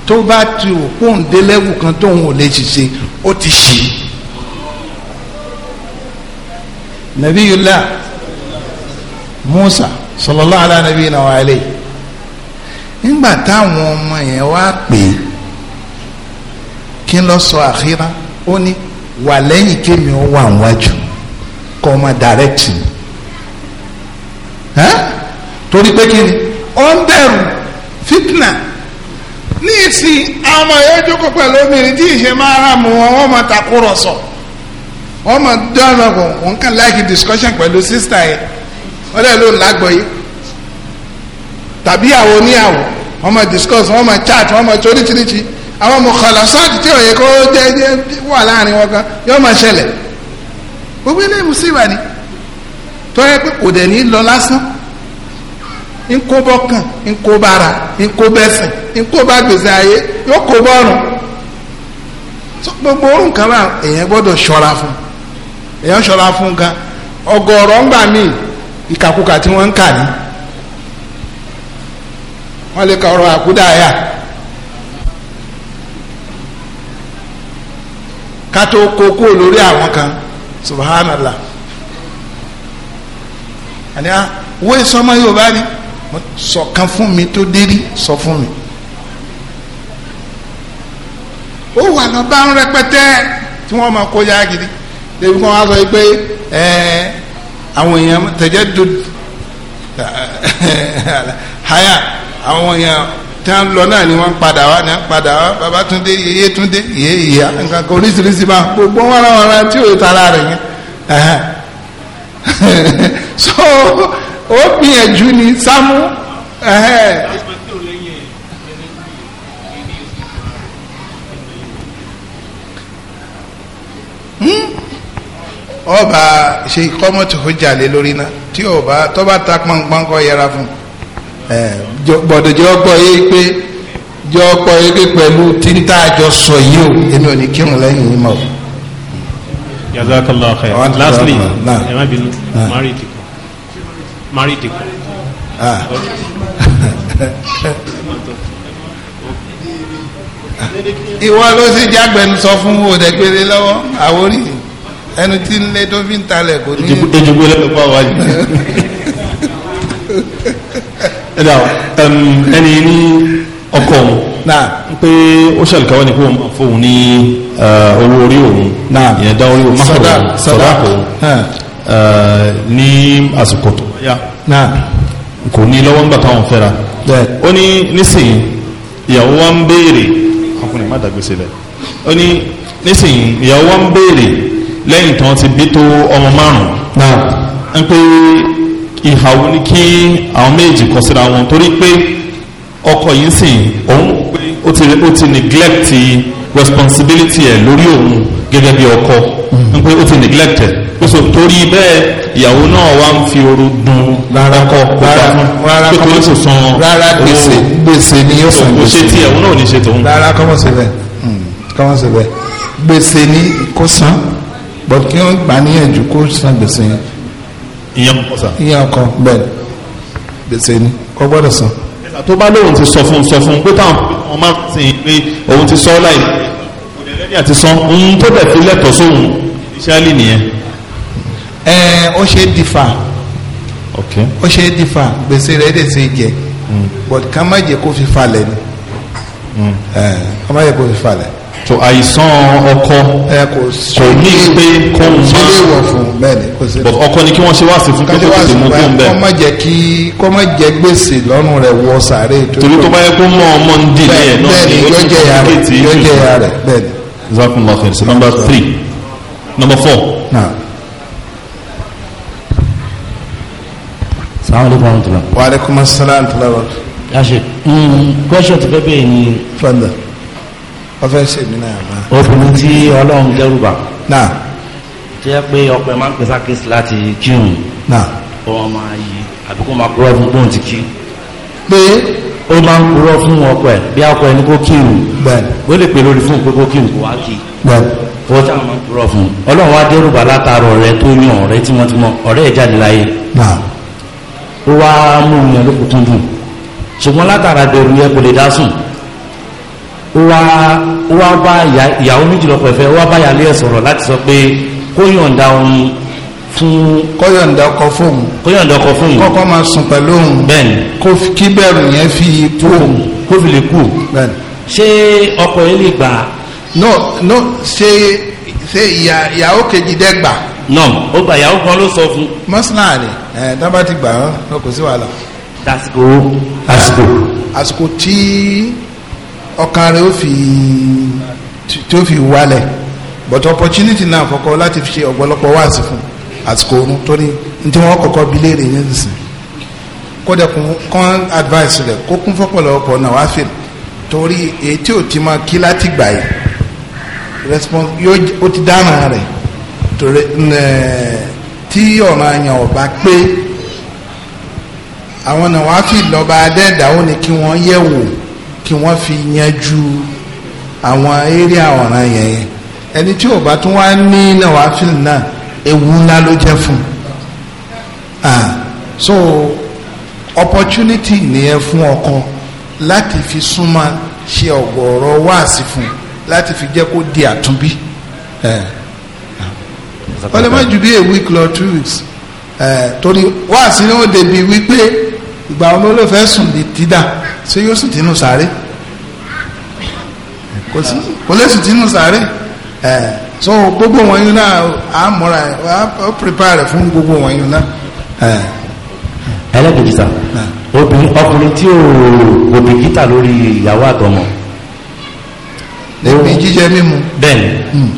tó bá ti rò pé òun dé lẹ́wù kan tóun ò lè ṣiṣẹ́ ó ti ṣì í. nàbíyulá Musa sallallahu ala nabiyina wa alayhi nígbà táwọn ọmọ yẹn wá pè é kí n lọ sọ àkírá ó ní wà lẹ́yìn kémi ó wà níwájú kọ́ ọmọ direct ni torí pé kí ni ó ń bẹ̀rù fitna ní ìsìn àwọn yẹn jókòó pẹ̀lú obìnrin tí ìṣe máa ra mu wọn wọ́n máa takùrọ̀sọ wọ́n máa dáná wọn kàn láìkì discussion pẹ̀lú sísítà yẹn ọlẹ́ ló ń lágbọ̀ọ́yé tàbí àwọn oníyàwó wọ́n máa discuss wọ́n máa chat wọ́n máa toríṣiríṣi àwọn mọ̀kànlá sáàtì tí òye kó jẹ́ wà láàrin wọn kan yóò máa ṣẹlẹ̀ gbogbo ilé ìwòsàn ìwà ni tó yẹ pé kò dẹ̀ ní lọ lásán nkó bọ́kàn nkó bára nkó bẹ́sẹ̀ nkó bá gbèsè ayé yóò kó bọ́ọ̀rùn tó gbogbo orun kan bá èèyàn gbọ́dọ̀ ṣọ́ra fún èèyàn ṣọ́ra fún gan ọgọ́rọ̀ ń gbà míì ìkàkùkà tí wọ́n ń kà ní wọ́n lè ka ọ̀rọ̀ ya ká tó kókó lórí àwọn kan subhanallah àní à wo ìsọmọ ụba ni sọ̀kan fún mi tó dérí sọ fún mi ó wà lọ bá ń rẹpẹtẹ tí wọ́n máa gidi lèmi kan wá sọ pé àwọn èèyàn tajaddud haya àwọn èèyàn tí wọ́n lọ náà ni wọ́n padà wá ni wọ́n padà wá Babátúndé Yéyétúndé yéé ìyá nǹkan kan oríṣiríṣi máa gbogbo wọn àwọn ará tí òye tara rẹ̀ yẹn so ó gbìyànjú ni sámú Hmm? ọba ṣe kọ́mọ̀tì hujja lé lórí náà tí ọba tọ́ba ta pọ́npọ́n kọ́ yẹra fún un. gbọ́dọ̀ jẹ́ ọgbọ́ yìí pé jẹ́ ọgbọ́ yìí pé pẹ̀lú tí ń tá a jọ sọ yìí o èmi ò ní kírun lẹ́yìn yìí mọ́. jazakallah lastly ẹ má bínú ah. married dikọ married dikọ. Ah. ìwọ ló sì jágbẹ́nu sọ fún òdẹ̀gbẹ́rẹ́ lọ́wọ́ àwórí ẹnu tí ń lé tó fi ń talẹ̀ kò ní. ejogbo lẹ́nu pa wá yìí. ẹ dà ẹni ní ọkọ òun pé ó ṣàlùkáwọ́ ni pé òun máa fóun ní owó orí òun ìyẹn dá orí òun máa fọwọ́ sọ̀dá kò ní àsìkò tó yá kò ní lọ́wọ́ ńgbà táwọn fẹ́ra ó ní nísìnyí ìyàwó wa ń béèrè ọkùnrin má dàgbé sílẹ̀ ó ní nísìnyí ìyàwó wa ń béèrè lẹ́yìn tí wọ́n ti bí tó ọmọ márùn-ún ń pé ìhàwó ni kí àwọn méjì kọ síra wọn torí pé ọkọ yìí sìn òun pé ó ti ó ti neglect responsibility ẹ̀ lórí òun gẹ́gẹ́ bí ọkọ ń mm. pé ó ti neglect ẹ̀ ó sọ torí bẹ́ẹ̀ ìyàwó náà wá ń fi ooru dun ọkọ rárá pé kò sì san rárá gbèsè gbèsè ni yóò san gbèsè ṣe ti ẹ̀hún náà ò ní ṣe tòun. rárá kọ́mọ̀ síbẹ̀ mm, kọ́mọ̀ síbẹ̀ gbèsè ni kò san but kí wọ́n gbà níyànjú kó san gbèsè yẹn. ìyẹn kọ́ sa. ìyẹn kọ́ bẹ́ẹ̀ gbèsè ni kọ́ gbọ́dọ̀ san. tó bá lóun ti sọ fún sọ fún pé táwọn ọmọ sì ń pé òun ti sọ láì òdẹ̀lẹ́ni àti san ohun tó dẹ̀ fi lẹ́tọ̀ọ́ sóhun ìṣáálì nìyẹn. ẹ ó ṣe é dìfà ó ṣe é dìfà gbèsè rẹ̀ dẹ̀ ṣe jẹ mm. but ká má jẹ́ kó fi falẹ̀ ni mm. ká má jẹ́ kó fi falẹ̀ tó àìsàn ọkọ kò ní pé kó ń má sílẹ̀wọ̀ fún bẹ́ẹ̀ni kò sí. but ọkọ ni kí wọ́n ṣe wá sí fún kí wọ́n tètè mú kó ń bẹ̀. kọ́ má jẹ́ kí kọ́ má jẹ́ gbèsè lọ́rùn rẹ̀ wọ sàárè. torí tó bá yẹ kó mọ ọmọ ń dì lẹ́yìn náà ni ó ti kọ́ńkéètì yìí. yọjẹ ya rẹ bẹ́ẹ̀ni. zakunla fẹrẹ sí number three number four. salaamaleykum wa rahmatulah. wa aleykum salaam wa rahmatulah. yaṣe mm, question ti fẹ́ bẹ́ẹ̀ ni. fanda ọfẹ́ ṣe mí náà bá. obìnrin tí ọlọ́run dẹ́rù bà. náà. jẹ́ pé ọpẹ máa ń pèsè àkíyèsí láti kírun. náà. ọmọ máa yí àbí kó máa kúrọ́ fún bóun ti kí. pé. ó máa ń kúrọ́ fún ọkọ ẹ̀ bí akọ ẹni kó kírun. bẹ́ẹ̀. ó lè pè lórí fún pé kó kírun kó wá kí. bẹ́ẹ̀. ó tà máa ń kúrọ́ fún. ọlọ́run wá dẹ́rù bà ọ̀rẹ́ tó yan ọ̀rẹ́ tí ọ̀rẹ́ ẹ̀ láyé. náà. ó wá mú ìyẹn lókùtúndùn ṣùgbọ́n látara dẹrù yẹn kò lè dá sùn wá wá bá ìyàwó méjì lọ pẹ̀fẹ́ wá bá yàlẹ́ ẹ̀ láti sọ pé kó òun fún. kó ọkọ fóun. kó yọ̀ǹda ọkọ fóun. kọ́kọ́ máa sùn pẹ̀lú òun. bẹ́ẹ̀ni. kó kí bẹ̀rù yẹn fi kú òun. kó fi lè kú. bẹ́ẹ̀ni. ṣé ọkọ yẹn lè gbà. no no ṣe ṣe ìyá ìyàwó kejì dẹ́ gbà. nọ ó gbà ìyàwó kan ló sọ fún. mọ́sánárì ẹ̀ dábàá ti gbà ọ́ kò sí wàhálà. àsìkò àsìkò. àsìkò tí. ọkàn rẹ̀ ó fi tí ó fi wálẹ̀ but opportunity náà kọ́kọ́ láti fi ṣe sí fún àsìkò oorun torí ní tí wọ́n kọ́kọ́ bi léèrè yẹn advice rẹ̀ kó kún fọ́pọ̀lọpọ̀ náà wá fèrè torí èyí tí ò ti máa kí láti gbà yìí response yóò ó ti dáná rẹ̀ torí tí ọ̀ràn àyàn pé àwọn náà wá kí wọ́n yẹ̀ kí wọ́n fi yanjú àwọn eré àwòrán yẹn yẹn ẹni tí ò tún wá ní nàwáfíìl náà ewu ńlá ló jẹ́ fún un so opportunity nìyẹn fún ọkọ láti fi súnmọ́ ṣe ọ̀gọ̀ọ̀rọ̀ wáàsí fún un láti fi jẹ́ kó di àtúnbí wọ́n lè má ju a week lọ two weeks torí wáàsí náà débi wípé ìgbà wọn ló fẹ́ sùn di dídà ṣé yóò sùn tínú sáré kò lè sùn tínú sáré ẹ so gbogbo wọn yìí náà á múra ẹ á prepare fún gbogbo wọn yìí náà ẹ. ẹlẹ́gbẹ̀jì sá obìnrin ọkùnrin tí ò bìkítà lórí ìyàwó àtọmọ. lẹ́bi jíjẹ mímu. bẹ́ẹ̀ni hmm.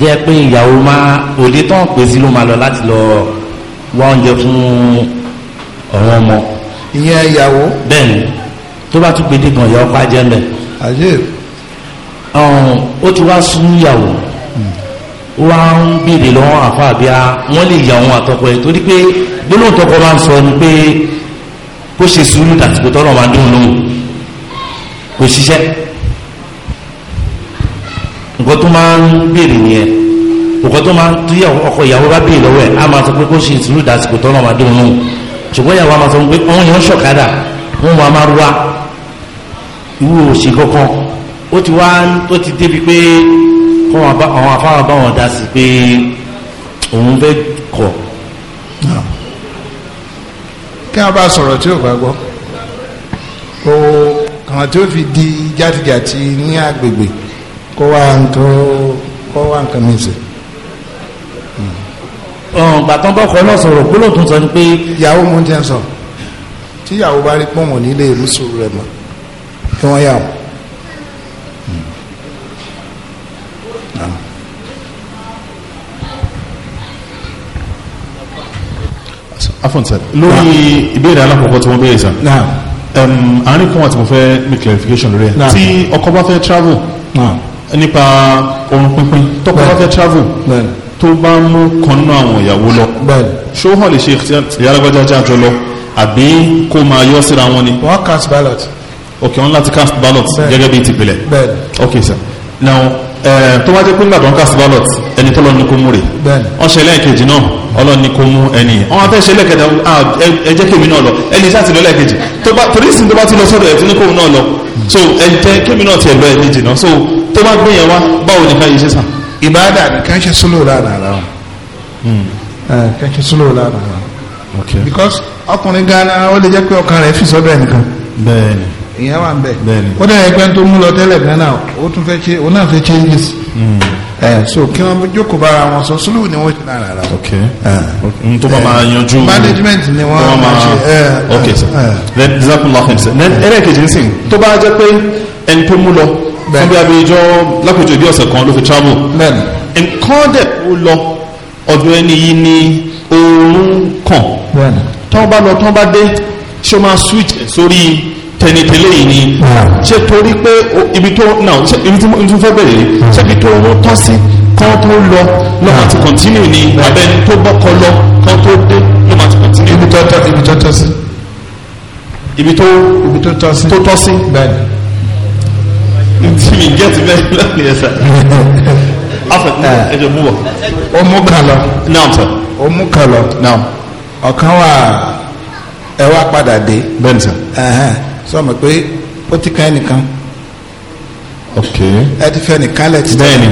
jẹ́ pé ìyàwó máa òde tán pèsè ló máa lọ láti lọ wá oúnjẹ fún ọ̀rọ̀ ọmọ ìyẹn ìyàwó. bẹ́ẹ̀ni tó bá tún gbèdé gan ìyá ọkọ ajẹ mẹ. àyè. ó ti wá sún ìyàwó ó wá ń béèrè lọ́wọ́ àfa àbíá wọ́n lè yà wọn àtọkọ ẹ̀ torí pé gbólóhùn tọkọ máa ń sọ ni pé kó ṣe sùúrù dàtìkò tọ́lọ̀ máa dùn lóhùn kò ṣiṣẹ́ nǹkan tó máa ń béèrè nìyẹn nǹkan tó máa ń tó yẹ ọkọ ìyàwó bá béèrè lọ́wọ́ ẹ̀ á máa sọ pé kó ṣe sùúrù dàtìkò tọ́lọ̀ máa dùn lóhùn ṣùgbọ́n ìyàwó àmọ́ sọ pé wọ́n yàn ṣọ̀kadà wọ́n wà máa wá irú òṣì kankan ó ti wá ó ti débi pé àwọn afárá bá wọn dá sí pé òun fẹ́ kọ̀. kí wọ́n bá sọ̀rọ̀ tí ò bá gbọ́ kó àwọn tí ó fi di játijàti ní agbègbè kó wá ń kó wá nǹkan mìíràn ọ̀gbà tó ń bọ́ kọ́ náà sọ̀rọ̀ kó lóòótọ́ sọ ni pé. ìyàwó mo ń tẹ́ sọ tí ìyàwó bá rí pọ̀wọ̀n nílé ìlú sòrò rẹ̀ mọ́ kí wọ́n yà wọ́n. Hmm. afọ̀nsẹ̀ lórí ìbéèrè alákọ̀ọ́kọ́ tí wọ́n béèrè sàn àárín kan àti mo fẹ́ mi clarification lórí ẹ̀ tí ọkọ bá fẹ́ travel nípa ohun pínpín tọkọ bá fẹ́ travel tó bá mú kanú àwọn ìyàwó lọ ṣó lè ṣe ìyálágbájájá àjọ lọ àbí kó máa yọ síra wọn ni. wọ́n cast ballot. ok wọ́n láti cast ballot gẹ́gẹ́ bí ti pilẹ̀. ok sir now tó bá jẹ́ pé nígbàdàn cast ballot ẹni tó lọ ní kó mú rè. bẹ́ẹ̀ni. wọ́n ṣe lẹ́ẹ̀kejì náà ọlọ́ni kó mú ẹni yẹn wọ́n á fẹ́ ṣe lẹ́ẹ̀kẹta ẹ jẹ́ kémi náà lọ ẹni iṣẹ́ àti lọ́lẹ́ẹ̀kejì tó bá torí tó bá ti lọ sọ́dọ̀ ẹ̀ tó ní kóun náà lọ so ẹ jẹ́ kémi náà ti ẹ̀ lọ ẹ̀ méjì náà so tó bá gbé yẹn wá báwo nìkan yìí ṣe sàn ìbáàdà ni kí wọ́n slow lára ara wọn kí wọ́n slow lára ara wọn because ọkùnrin gánà ó lè jẹ́ pé ọkàn rẹ̀ fi sọ́dọ̀ ẹnìkan bẹ́ẹ̀ni ìyẹn wà ń bẹ̀ ó dẹ̀ ẹgbẹ́ tó mú lọ tẹ́lẹ̀ gánà ó tún fẹ́ ṣe òun náà fẹ́ changes hmm. ẹ so kí wọn jókòó bára wọn sọ sùúrù ni wọn ti náà rà rà. ok n tó bá máa yanjú management ni wọn máa ṣe ok sir then zakunlá fún mi sir then ẹlẹ́ẹ̀kejì ń tó bá jẹ́ pé ẹni tó mú lọ fún bí abijọ́ lápòjò bí ọ̀sẹ̀ kan ló fi travel nǹkan dẹ̀ ó lọ ọ̀dọ̀ ẹni yìí ni oorun kàn tọ́ bá lọ tọ́ bá dé ṣé o máa switch sórí tẹnitẹlẹ yìí ni ṣé torí pé ibi tó náà ṣé ibi tí mo fẹ́ bẹ̀rẹ̀ ṣé ibi tó wọ́n tọ́ sí kan tó lọ ló ti continue ni abẹni tó bọ́kọ lọ kan tó dé ló ti continue. ibi tó tọ́ sí. ibi tó tọ́ sí. tó tọ́ sí. bẹ́ẹ̀ni tí mi gẹ́ ti bẹ́ẹ̀ lọ́nà yẹn sá afẹ́ ẹ̀jẹ̀ mú wọ̀. naam sir. ó mú naam. padà ma ti kan ẹnìkan. Ok. ẹ ti fẹ́ ní kálẹ̀ ti bẹ́ẹ̀ni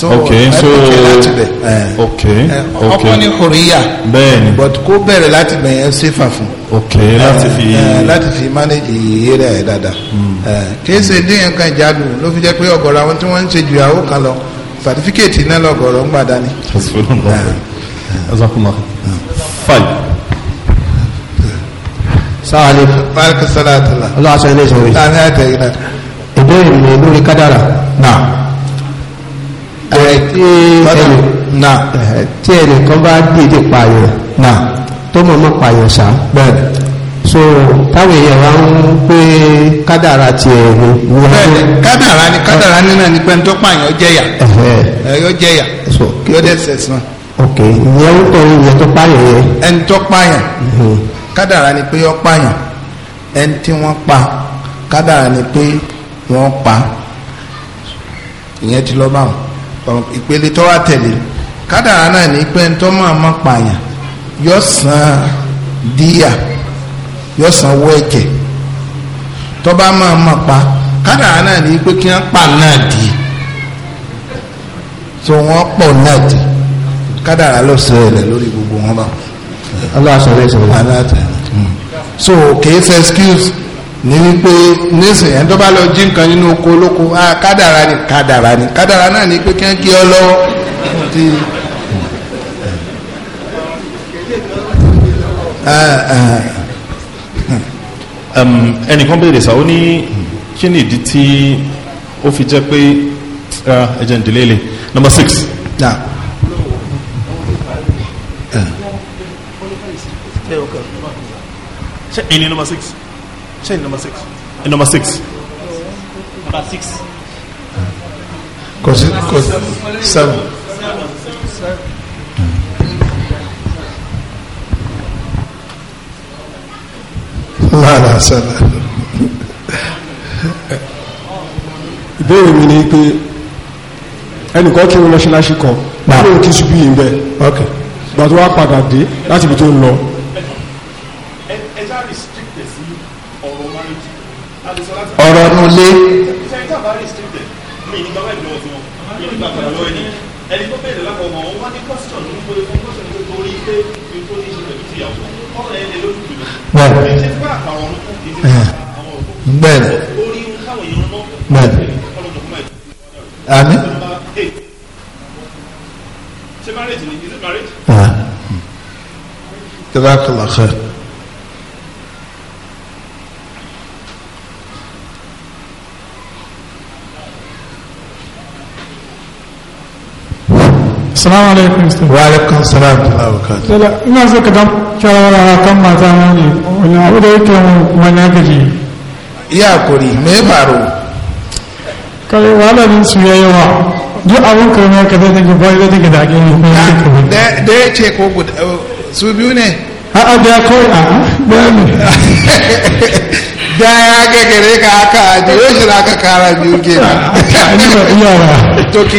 so okay so okay okay ọkọ ní horiya bẹ́ẹ̀ni but kó bẹ̀rẹ̀ láti bẹ̀yẹn sefa fún okay láti fi láti fi manage iye rẹ̀ dáadáa hmm. kéésì hmm. díyẹn kan jáde ló fi jẹ́ pé ọ̀gọ̀rọ̀ àwọn tí wọ́n ń ṣe ju ìyàwó kan lọ sàtífíkèétì náà lọ́gọ̀rọ̀ ń gbà dání. fine sáà ni. báyìí kò àtàlà. ọlọ́wà sọ ilé ìṣòro yìí. láàrin àtẹ̀yìn náà ìbéèrè mi lórí kádàrà náà tí ẹnìkan bá dìde pààyàn náà tó mọ̀mọ́ pààyàn ṣá bẹ́ẹ̀ so táwọn èèyàn wa ń pé kádàrà ti ẹ̀rọ wọ́n bẹ́ẹ̀ kádàrà ni kádàrà nínú ẹni pé tó pààyàn jẹ̀yà ẹ̀yọ́ jẹ̀yà kí ó dẹ̀ sẹ̀sán. ok ìyẹn ń tọ́ ìyẹn tó pààyàn yẹn. ẹni tó pààyàn mhm. kádàrà ni pé ó pààyàn ẹni tí wọ́n pa kádàrà ni pé wọ́n pa ìyẹn ti lọ bá wọn ìpele tó wà tẹ̀lé kádàrá náà ní pé ń tọ́ máa má pààyàn yọ san díyà yọ san owó ẹ̀jẹ̀ tó bá máa má pa kádàrá náà ní pé kí wọ́n pa náà di tó wọ́n pọ̀ náà di kádàrá ló sọ ẹ̀rẹ̀ lórí gbogbo wọn bá. aláṣọ rẹ̀ sọ̀rọ̀ aláṣọ rẹ̀ so kì í ṣe excuse ní wípé nísìnyí ẹni tó bá lọ jí nǹkan nínú oko olóko ah kádàrá ni kádàrá ni kádàrá náà ni pé kí wọ́n gé ọ lọ́wọ́ ti. ẹnìkan béèrè sáà ó ní kí ni ìdí tí ó fi jẹ́ pé ẹjẹ̀ ń délé le number six. Yeah. Uh. Uh. Uh. Uh. Uh. Uh. Uh. Uh ṣe ní number six. ní number six. number six. kò sí kò sí seven. lára sẹ́lẹ̀. ìbéèrè mi ni pé ẹnìkan kí wọn mọ́ṣáláṣí kan lóòrùn kí ṣubú yìí ń bẹ̀ gbàtọ́ wá padà dé láti ibi tó ń lọ ọ̀rọ̀ nulé ẹni tó bẹ̀rẹ̀ lápò ọmọ Assalamu alaikum. Wa alaikum salam da labuka. Ina so ka dan shawara kan mata na ne wani abu da yake wani gaji. Iya kuri me faru? Kare walamin su ya yawa. Duk abin kai ne ka zai daga bai zai daga dage ne. Da ya ce ko guda su biyu ne? A'a da kawai a da ne. da ya gagare ka haka a shi na ka kara biyu kenan. To ki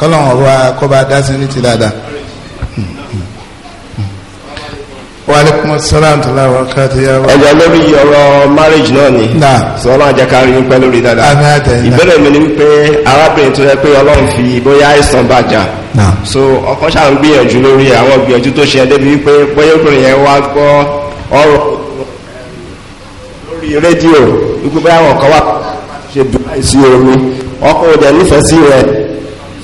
kọ́lọ́wọ́n ọba kọ́ bá dá sí ní ti dáadáa. wàlẹ́kùn sọ́làǹtì láwọn káàtì yà wá. lórí ọ̀rọ̀ marriage náà ni. na sọ́lá àjàkárí ń pẹ́ lórí dáadáa. àmì àtẹ̀yìn. ìbéèrè mi ni wípé arábìnrin tó yẹ pé ọlọ́run fi bóyá àìsàn bàjá. na so ọkọ ṣáà ń gbìyànjú lórí àwọn gbìyànjú tó ṣe débi wípé bóyá obìnrin yẹn wá gbọ́ ọ̀rọ̀ lórí rédíò wípé bóyá àwọn kan wà ṣe dùn láìsí omi ọkọ òdẹ nífẹ̀ẹ́ sí rẹ̀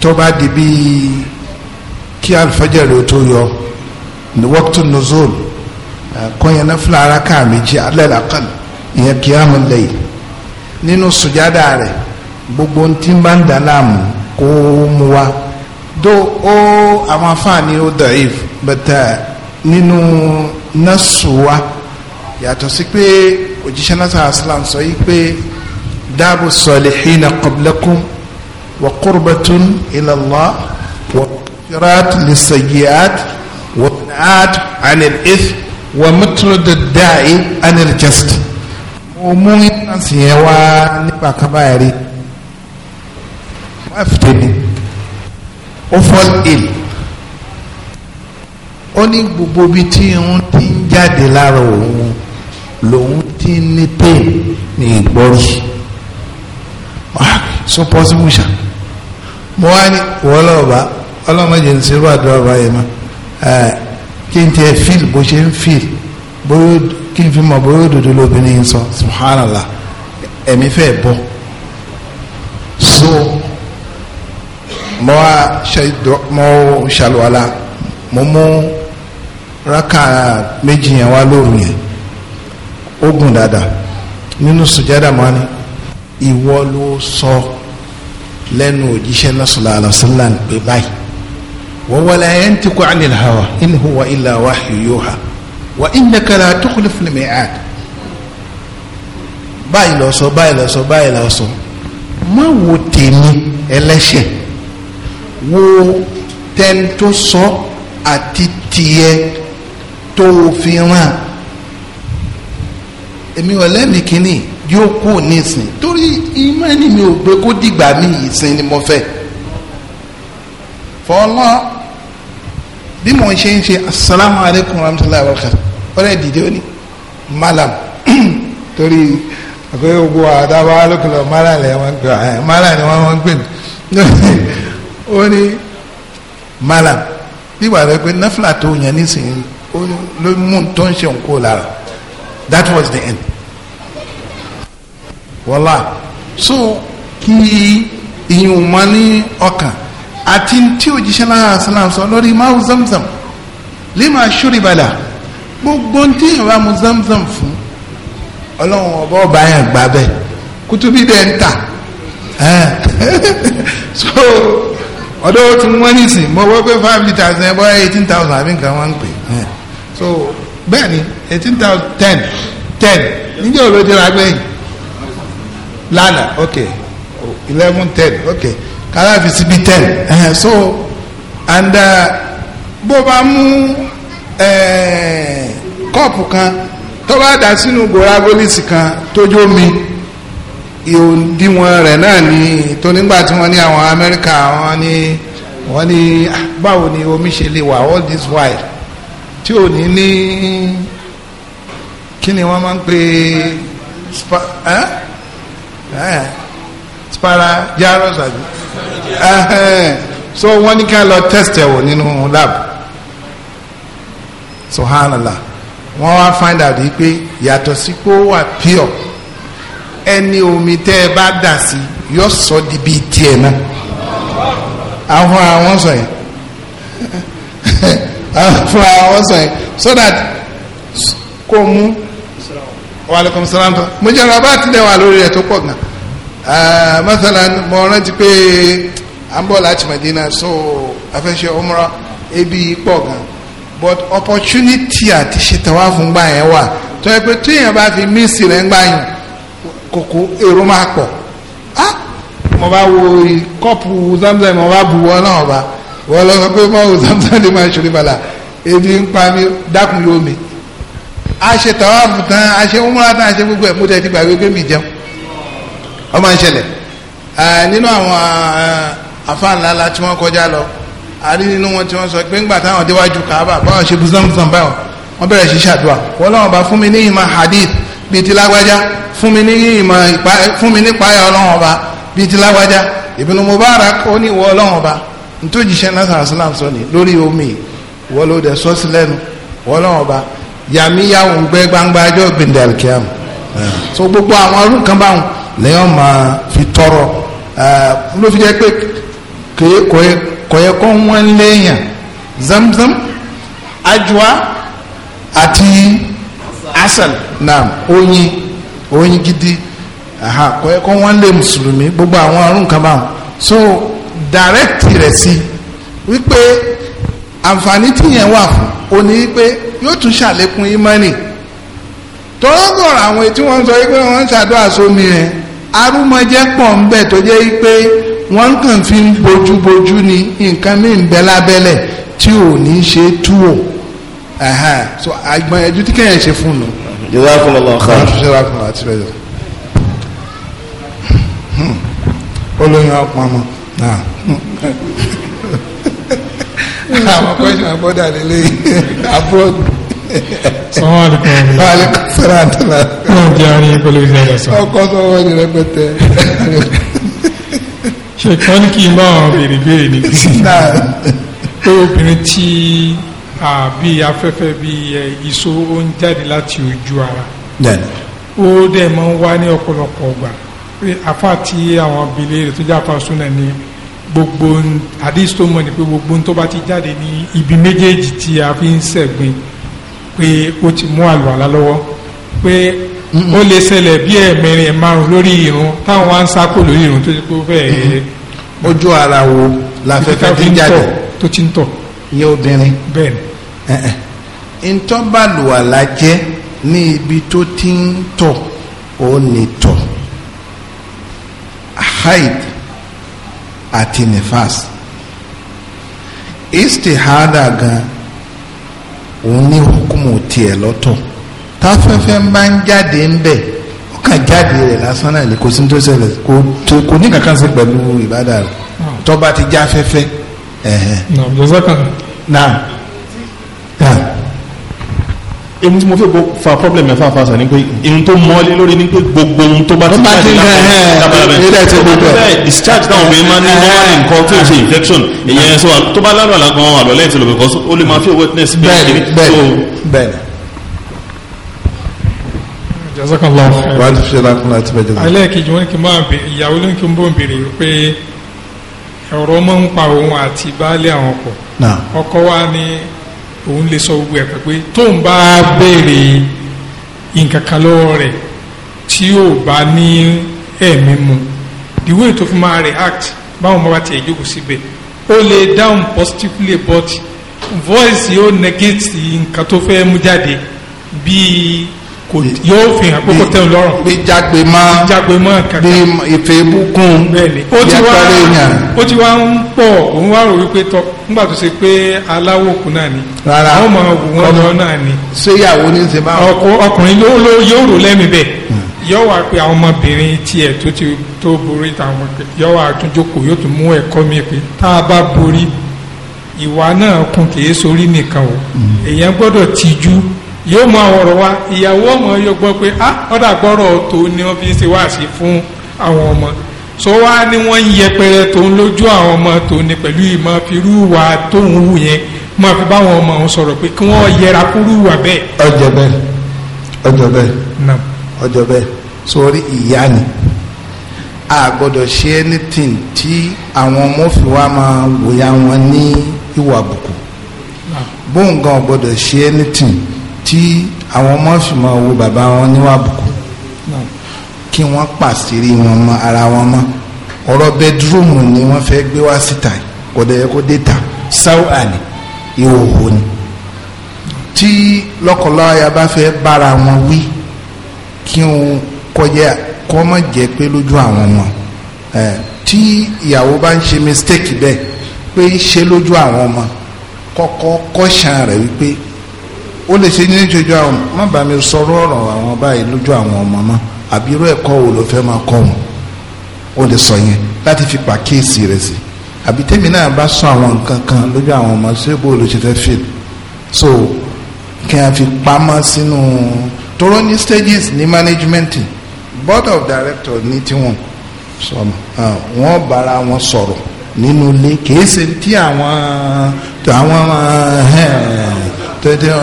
tó bá di bíi kí alifajari ó tó yọ ní wọ́kítù nuzul kọ́nyẹn náà fúlà ara ká méjì alẹ́ làkàn ìyẹn kíámù lẹ́yìn nínú sùjádà rẹ̀ gbogbo ntí bá ń dà láàmú kó mu wá do ó àwọn afáàní ó da'if bẹ̀tẹ̀ nínú nọ́ọ̀sù wa yàtọ̀ sí pé òjíṣẹ́ náà sàásìlà ń sọ yí pé dáàbò sọ̀lẹ̀ hìnà qablakum. وقربة إلى الله ومغفرات للسيئات ومنعات عن الإثم ومطرد الداعي عن الجسد ومؤمن سيوا نبا كباري وافتني أفل إل ó ní gbogbo ibi tí òun ti ń jáde lára òun mo wá ní wọ́lọ́ọ̀bá ọlọ́mọdé ń sèrú àdúrà báyìí mọ́ kí n tiẹ̀ fíìl bó ṣe ń fíìl bóyó kí n fi mọ̀ bóyó dòdò lóbìnrin sọ subhanallah ẹ̀mí fẹ́ bọ́ so mo wá mo ṣàlùwàlà mo mú rákà méjì yẹn wá lóru yẹn ó gùn dáadáa nínú sùjádà mọ́ni ìwọ ló sọ. So, lẹ́nu òjíṣẹ́ lọ́sọ̀lá àlọ́sọ́lá ń pè báyìí wa wala yantiqu anil hawa in huwa illa wahyu yuha wa innaka la tukhliful mi'ad báyìí lọ sọ báyìí lọ sọ báyìí lọ sọ má wo tèmi ẹlẹ́ṣẹ̀ wo tẹ́ntó sọ àti tiẹ̀ tó fi ràn èmi ò lẹ́mìí kínní yóò kú nísìn torí ìmọ̀ẹ́nì mi ò gbé kó dìgbà mi ìsìn ni mo fẹ́ fọlọ́ bí mo ṣe ń ṣe asalaamu aleykum rahmatulahi wa barakatu ọ̀rẹ́ dìde ó ní malam torí àkóyè gbogbo àdáwà alókùlọ malam ni wọ́n ń pè ó ní malam bí wàá rẹ pé náfìlà tó yẹn nísìnyí ló mú tó ń ṣe òǹkó lára that was the end wọ́lá so kí ìyún mọ́ ní ọkàn àti tí òjíṣẹ́ náà sàlám sọ lórí máa zamzam lima ṣúrìbàlà gbogbo tí ìwà mu zamzam fún ọlọ́run ọba ọba yẹn gbà bẹ́ẹ̀ kútubí bẹ́ẹ̀ ń tà so ọ̀dọ́ tí wọ́n ní sìn mo wọ́n pé five litres ẹ̀ bọ́yá eighteen thousand àbí nǹkan wọ́n ń pè so bẹ́ẹ̀ ni eighteen thousand ten ten níjẹ́ òlójú la Lana, ok eleven ten ok kàrà fi síbi ten so and uh, bó bá mú kọ́ọ̀pù kan tó bá dà sínú goravolisi kan tójó mi ìdíwọ̀n rẹ̀ náà ni tó nígbà tí wọ́n ní àwọn Amẹ́ríkà wọ́n ní wọ́n ní ah, báwo ni omi ṣe lè wà all this while tí ò ní ní kí ni wọ́n máa ń pè é. Eh, spara jaros àbí eh, so wọ́n ní ká lọ test ẹ̀ wò nínú lab So subhanallah wọ́n wá find out yìí pé yàtọ̀ sí pé ó wà pure ẹni omi tẹ́ ẹ bá dà sí yóò sọ di bíi tiẹ̀ náà àwọn àwọn sọ yẹn àwọn àwọn sọ yẹn so that kò mú wàlúkọ̀m sàlám tó mo jẹ́ rabá ti dẹ̀ wà lórí rẹ̀ tó pọ̀ gan masalan mo rántí pé à ń bọ̀ láti Medina so afẹ́ṣẹ́ umrah ebi pọ̀ gan but opportunity àti ṣètàwá fún gbà yẹn wà tó yẹ pé téèyàn bá fi mísì rẹ̀ ń gbà yẹn kòkó èrò máa pọ̀ ah mo bá wo kọ́ọ̀pù zamzam mo bá bu wọn náà bá wọ́n lọ sọ pé mo zamzam lè máa ṣòrí bala ebi ń pa mi dákun yóò mi a ṣe tàwáàfù tán a ṣe umra tán a ṣe gbogbo ẹ̀ mú tẹ́ ti gbàgbé pé mi jẹun ọmọ ìṣẹ̀lẹ̀ nínú àwọn afáàlálá tí wọ́n kọjá lọ a rí nínú wọn tí wọ́n sọ pé ńgbà táwọn déwájú kàábà báwọn ṣe bùsànbùsàn báwọn wọ́n bẹ̀rẹ̀ sí ṣàdúrà wọ́n lọ́wọ́ bá fún mi ní ìmọ̀ hadith bíi ti lágbájá fún mi ní ìmọ̀ fún mi ní ìpáyà ọlọ́wọ́n ọba bíi ti lágbájá Ibn Mubarak ó ní ìwọ ọlọ́wọ́n ọba nítorí jíṣẹ́ náà sàrásílám sọ ni lórí omi ìwọ ló dẹ̀ sọ́sí lẹ́nu ìwọ ọlọ́wọ́n ọba yàmíyá òun gbẹ gbangba ẹjọ́ gbẹndẹ alikiam so gbogbo àwọn ọdún kan báwọn lẹ́yìn máa fi tọrọ ló fi jẹ́ pé kọ̀yẹ kọ́ wọ́n léèyàn zamzam ajwa àti asal naam oyin oyin gidi kọ̀yẹ kọ́ wọ́n lé mùsùlùmí gbogbo àwọn ọdún kan báwọn so direct rẹ̀ sí wípé àǹfààní tíyẹn wà fún o ní pé yóò tún ṣàlékún ìmánì tọ́gọ̀rọ̀ àwọn tí wọ́n sọ pé wọ́n ń ṣàdúrà sómi rẹ̀ arúmọjẹ́ pọ̀ ń bẹ̀ tó jẹ́ pé wọ́n kàn fi ń bojúbojú ni nǹkan mí ń bẹ lábẹ́lẹ̀ tí ò ní ṣe tú o so àgbọn tí kẹ́yìn ṣe fún un. jazakumullahu khair. Hmm. olóyún apamọ náà. àwọn question àbọ̀dà lélẹ̀ abroad. sọ́wọ́n àlùkò sọ́ra àtàlà. wọ́n di àárín ìpolówó ìṣẹ́ rẹ̀ sọ. ọkọ sọ́wọ́ ni rẹpẹtẹ. ṣe kàn kí n bá wọn béèrè béèrè ní bíi pé obìnrin tí àbí afẹ́fẹ́ bíi ìṣó ó ń jáde láti ojú ara ó dẹ̀ máa ń wá ní ọ̀pọ̀lọpọ̀ ọgbà àfa tí àwọn abilé rẹ̀ tó jẹ́ àfa súnà ni gbogbo hadith tó mọ̀ ní pé gbogbo tó bá ti jáde ní ibi méjèèjì tí a fi ń sẹ̀gbìn pé ó ti mú àlùwàlá lọ́wọ́ pé ó lè ṣẹlẹ̀ bí ẹ̀mẹrin ẹ̀ lórí irun táwọn wá ń sáko lórí irun tó ti pé ó ojú ara wo la fẹ́ fẹ́ ti jáde tó ti ń tọ̀. iye obìnrin. bẹ́ẹ̀ni. ntọ́ bá lùwàlá jẹ́ ní ibi tó ti ń tọ̀ ó ní tọ̀ haid àti nifas istihada gan òun ní hukumu tiẹ̀ lọ́tọ̀ táfẹ́fẹ́ bá ń jáde ń bẹ̀ ó kàn jáde rẹ̀ lásán náà lè kó sí tó ṣẹlẹ̀ kó ní kankan sí pẹ̀lú ìbádà rẹ̀ tọ́ba ti já fẹ́fẹ́. naam jọ́sọ́kàn. naam. naam èmi tí mo fi fa problem ẹ̀fà fàṣà ni pé èyí tó mọ́lé lórí ni pé gbogbo ohun tó bá ti bá ti lápá lábàlábẹ̀ tó bẹ́ẹ̀ discharge táwọn obìnrin máa ń ní normal nǹkan tí ò ṣe infection èyí ẹ̀ sọ tó bá lálọ́ àlá gan-an àlọ́ lẹ́yìn tí lóbi kan ó lè máa fi wetness bẹ́ẹ̀ ni bẹ́ẹ̀ ni. jazakallah khair wàá fi lakun láti bẹ́ẹ̀ jẹ́. ẹlẹ́ẹ̀kejì wọn kì í máa bẹ ìyàwó ló ń kí n bó ń béèrè pé ọ̀rọ̀ máa ń pa òun àti baálé àwọn pọ̀ ọkọ wa ni òun lè sọ gbogbo ẹ̀ pẹ̀ pé tóun bá béèrè nǹkan lọ́wọ́ rẹ̀ tí yóò bá ní ẹ̀mí mu the way tó fi máa react báwọn bá bá tiẹ̀ jókòó síbẹ̀ ó lè dáhùn positively but voice yóò negate nǹkan tó fẹ́ mú jáde bíi. kò yóò fi hàn pé kò ọ lọ́rùn. bí jágbe mọ́ jágbe mọ́ kankan bí bukun ti wa ń pọ̀ òun wá rò wípé tọ́ nígbà tó ṣe pé náà ni. rárá àwọn ọmọ wọn lọ náà ni. ṣéyàwó ní ṣe bá wọn. ọkùnrin ló yóò rò hmm. tiẹ̀ tó ti tó borí yóò wá yóò tún mú ẹ̀kọ́ mi pé tá a bá borí ìwà náà kún kì í yóò mọ àwọn ọ̀rọ̀ wa ìyàwó ọmọ yóò gbọ́ pé ah ọ̀dà gbọ́rọ̀ tó ni wọ́n fi ń ṣe wáàsí fún àwọn ọmọ so wá ní wọ́n ń yẹpẹrẹ tó ń lójú àwọn ọmọ tó ní pẹ̀lú ìmọ̀ firú wa tó ń wù yẹn máa fi báwọn ọmọ òun sọ̀rọ̀ pé kí wọ́n yẹra kúrú wa bẹ́ẹ̀. ọjọ́ bẹ́ẹ̀ ọjọ́ bẹ́ẹ̀ ọjọ́ bẹ́ẹ̀ sórí ìyá ni a gbọ́dọ̀ ṣe anything tí àwọn ọmọ fi wá máa wòyà wọn ní ìwà àbùkù bóun gan ṣe anything tí àwọn ọmọ fi máa wo bàbá wọn níwà àbùkù kí wọ́n pàṣírí wọn mọ ara wọn mọ ọ̀rọ̀ bẹdúróòmù ni wọ́n fẹ́ gbé wá síta kò dẹ̀ kó dé ta sáwọ́ àní ìhòòhò ni tí lọ́kọláya bá fẹ́ bára wọn wí kí wọ́n kọjá kọ́ mọ̀ jẹ́ pé lójú àwọn wọn tí ìyàwó bá ń ṣe mistake bẹ́ẹ̀ pé ń ṣe lójú àwọn ọmọ kọ́kọ́ kọ́ṣán rẹ̀ wípé ó lè ṣe ní ìjọjọ àwọn má bàa mi sọ̀rọ̀ ọ̀rọ̀ àwọn báyìí lójú àwọn ọmọ mọ́ àbí irú ẹ̀kọ́ wo ló fẹ́ máa kọ́ wọn ó lè sọ yẹn láti fi pàkíyèsí rẹ̀ sí àbí tèmi náà bá sọ àwọn nǹkan kan lójú àwọn ọmọ ṣé bó ló ṣe fẹ́ fìlì so kí a fi pamọ́ sínú tóró ní stages ní management board of director ní tiwọn wọ́n bára wọn sọ̀rọ̀ nínú ilé kìí ṣe tí àwọn àwọn tó jẹ́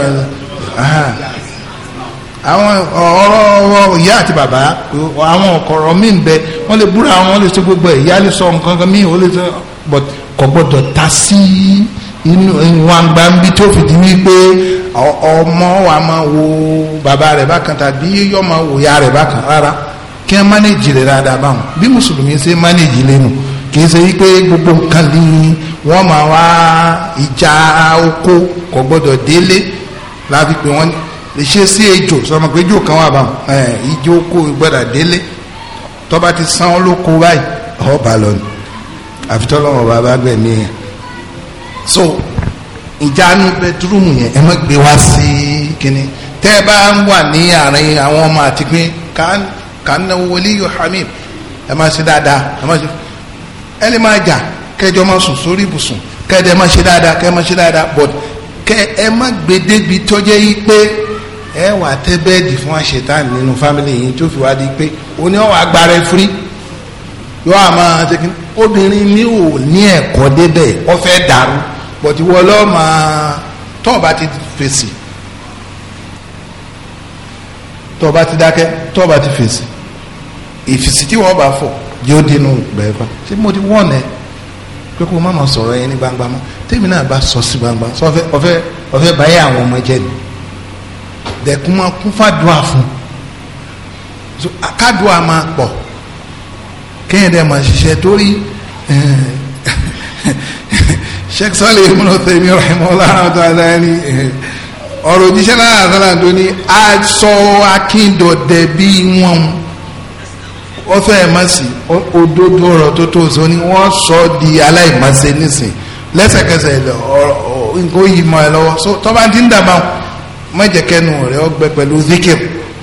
àwọn ọ̀rọ̀ ìyá àti bàbá àwọn ọ̀kọ̀rọ̀ míì ń bẹ wọ́n lè búra wọn lè ṣe gbogbo ẹ̀ ìyá lè sọ nǹkan kan míì ó lè sọ but kò gbọ́dọ̀ ta sí inú wọn gbàǹbí tó fi di wípé ọmọ wa máa wo bàbá rẹ̀ bákan tàbí yíyọ́ máa wo ìyá rẹ̀ bákan rárá kí wọ́n mánéjì rẹ̀ dáadáa báwọn bí mùsùlùmí ṣe mánéjì lẹ́nu kì í ṣe wípé gbogbo nǹkan ni wọ́n máa wá ìjà oko kò gbọ́dọ̀ délé láti pé wọ́n lè ṣe sí ejò sọmọ pé ejò kan wà bá ìjọ oko gbọ́dọ̀ délé tọ́ba ti san olóko báyìí ọba lọ ni àfi tọ́lọ́wọ́ bàbá gbẹ̀mí yẹn so ìjánu bẹtúrúmù yẹn ẹ má gbé wá sí kínní tẹ́ ẹ bá ń wà ní àárín àwọn ọmọ àti pé kàn náwó wọlé yóò hamim ẹ má ṣe dáadáa ẹ má ṣe dáadáa ẹ lè máa jà kẹjọ máa sùn sórí ibùsùn kẹdẹ máa ṣe dáadáa kẹ máa ṣe dáadáa but kẹ ẹ má gbèdébi tọjẹ yìí pé ẹ wà tẹ bẹẹdì fún àṣetán nínú fámìlì yìí tó fi wá di pé oní ọwọ agbára firi yóò wá máa tẹkí obìnrin mi ò ní ẹ̀kọ́ débẹ̀ ọ dàrú but ìwọ lọ máa tọọba ti fèsì tọọba ti dákẹ́ tọọba ti fèsì ìfèsì tí wọn bá fọ yóò dínú bẹ́ẹ̀ bá ṣé mo ti wọ́n ẹ pé kó má máa sọ̀rọ̀ yẹn ní gbangba mọ́ tèmi náà bá sọ sí gbangba sọ ọfẹ ọfẹ ọfẹ báyé àwọn ọmọ jẹ ni dẹkun máa kún fàdúrà fún so akádùá máa pọ̀ kéèyàn dẹ̀ máa ṣiṣẹ́ torí eh, sheikh salih ibn Uthaymin rahimahullah ta'ala ni eh, ọ̀rọ̀ òjíṣẹ́ náà àtàlà tó ní aṣọ akíndọ̀dẹ̀ bíi wọn wọ́n fẹ́ má sí òdodo ọ̀rọ̀ tó tó so ni wọ́n sọ di aláìmọ̀ọ́sẹ̀ nísìn lẹ́sẹ̀kẹsẹ̀ nǹkan ó yí mọ́ ẹ lọ́wọ́ so tọ́ba ti ń dàbà mọ̀jẹ̀kẹ́nu rẹ̀ ọgbẹ́ pẹ̀lú zikir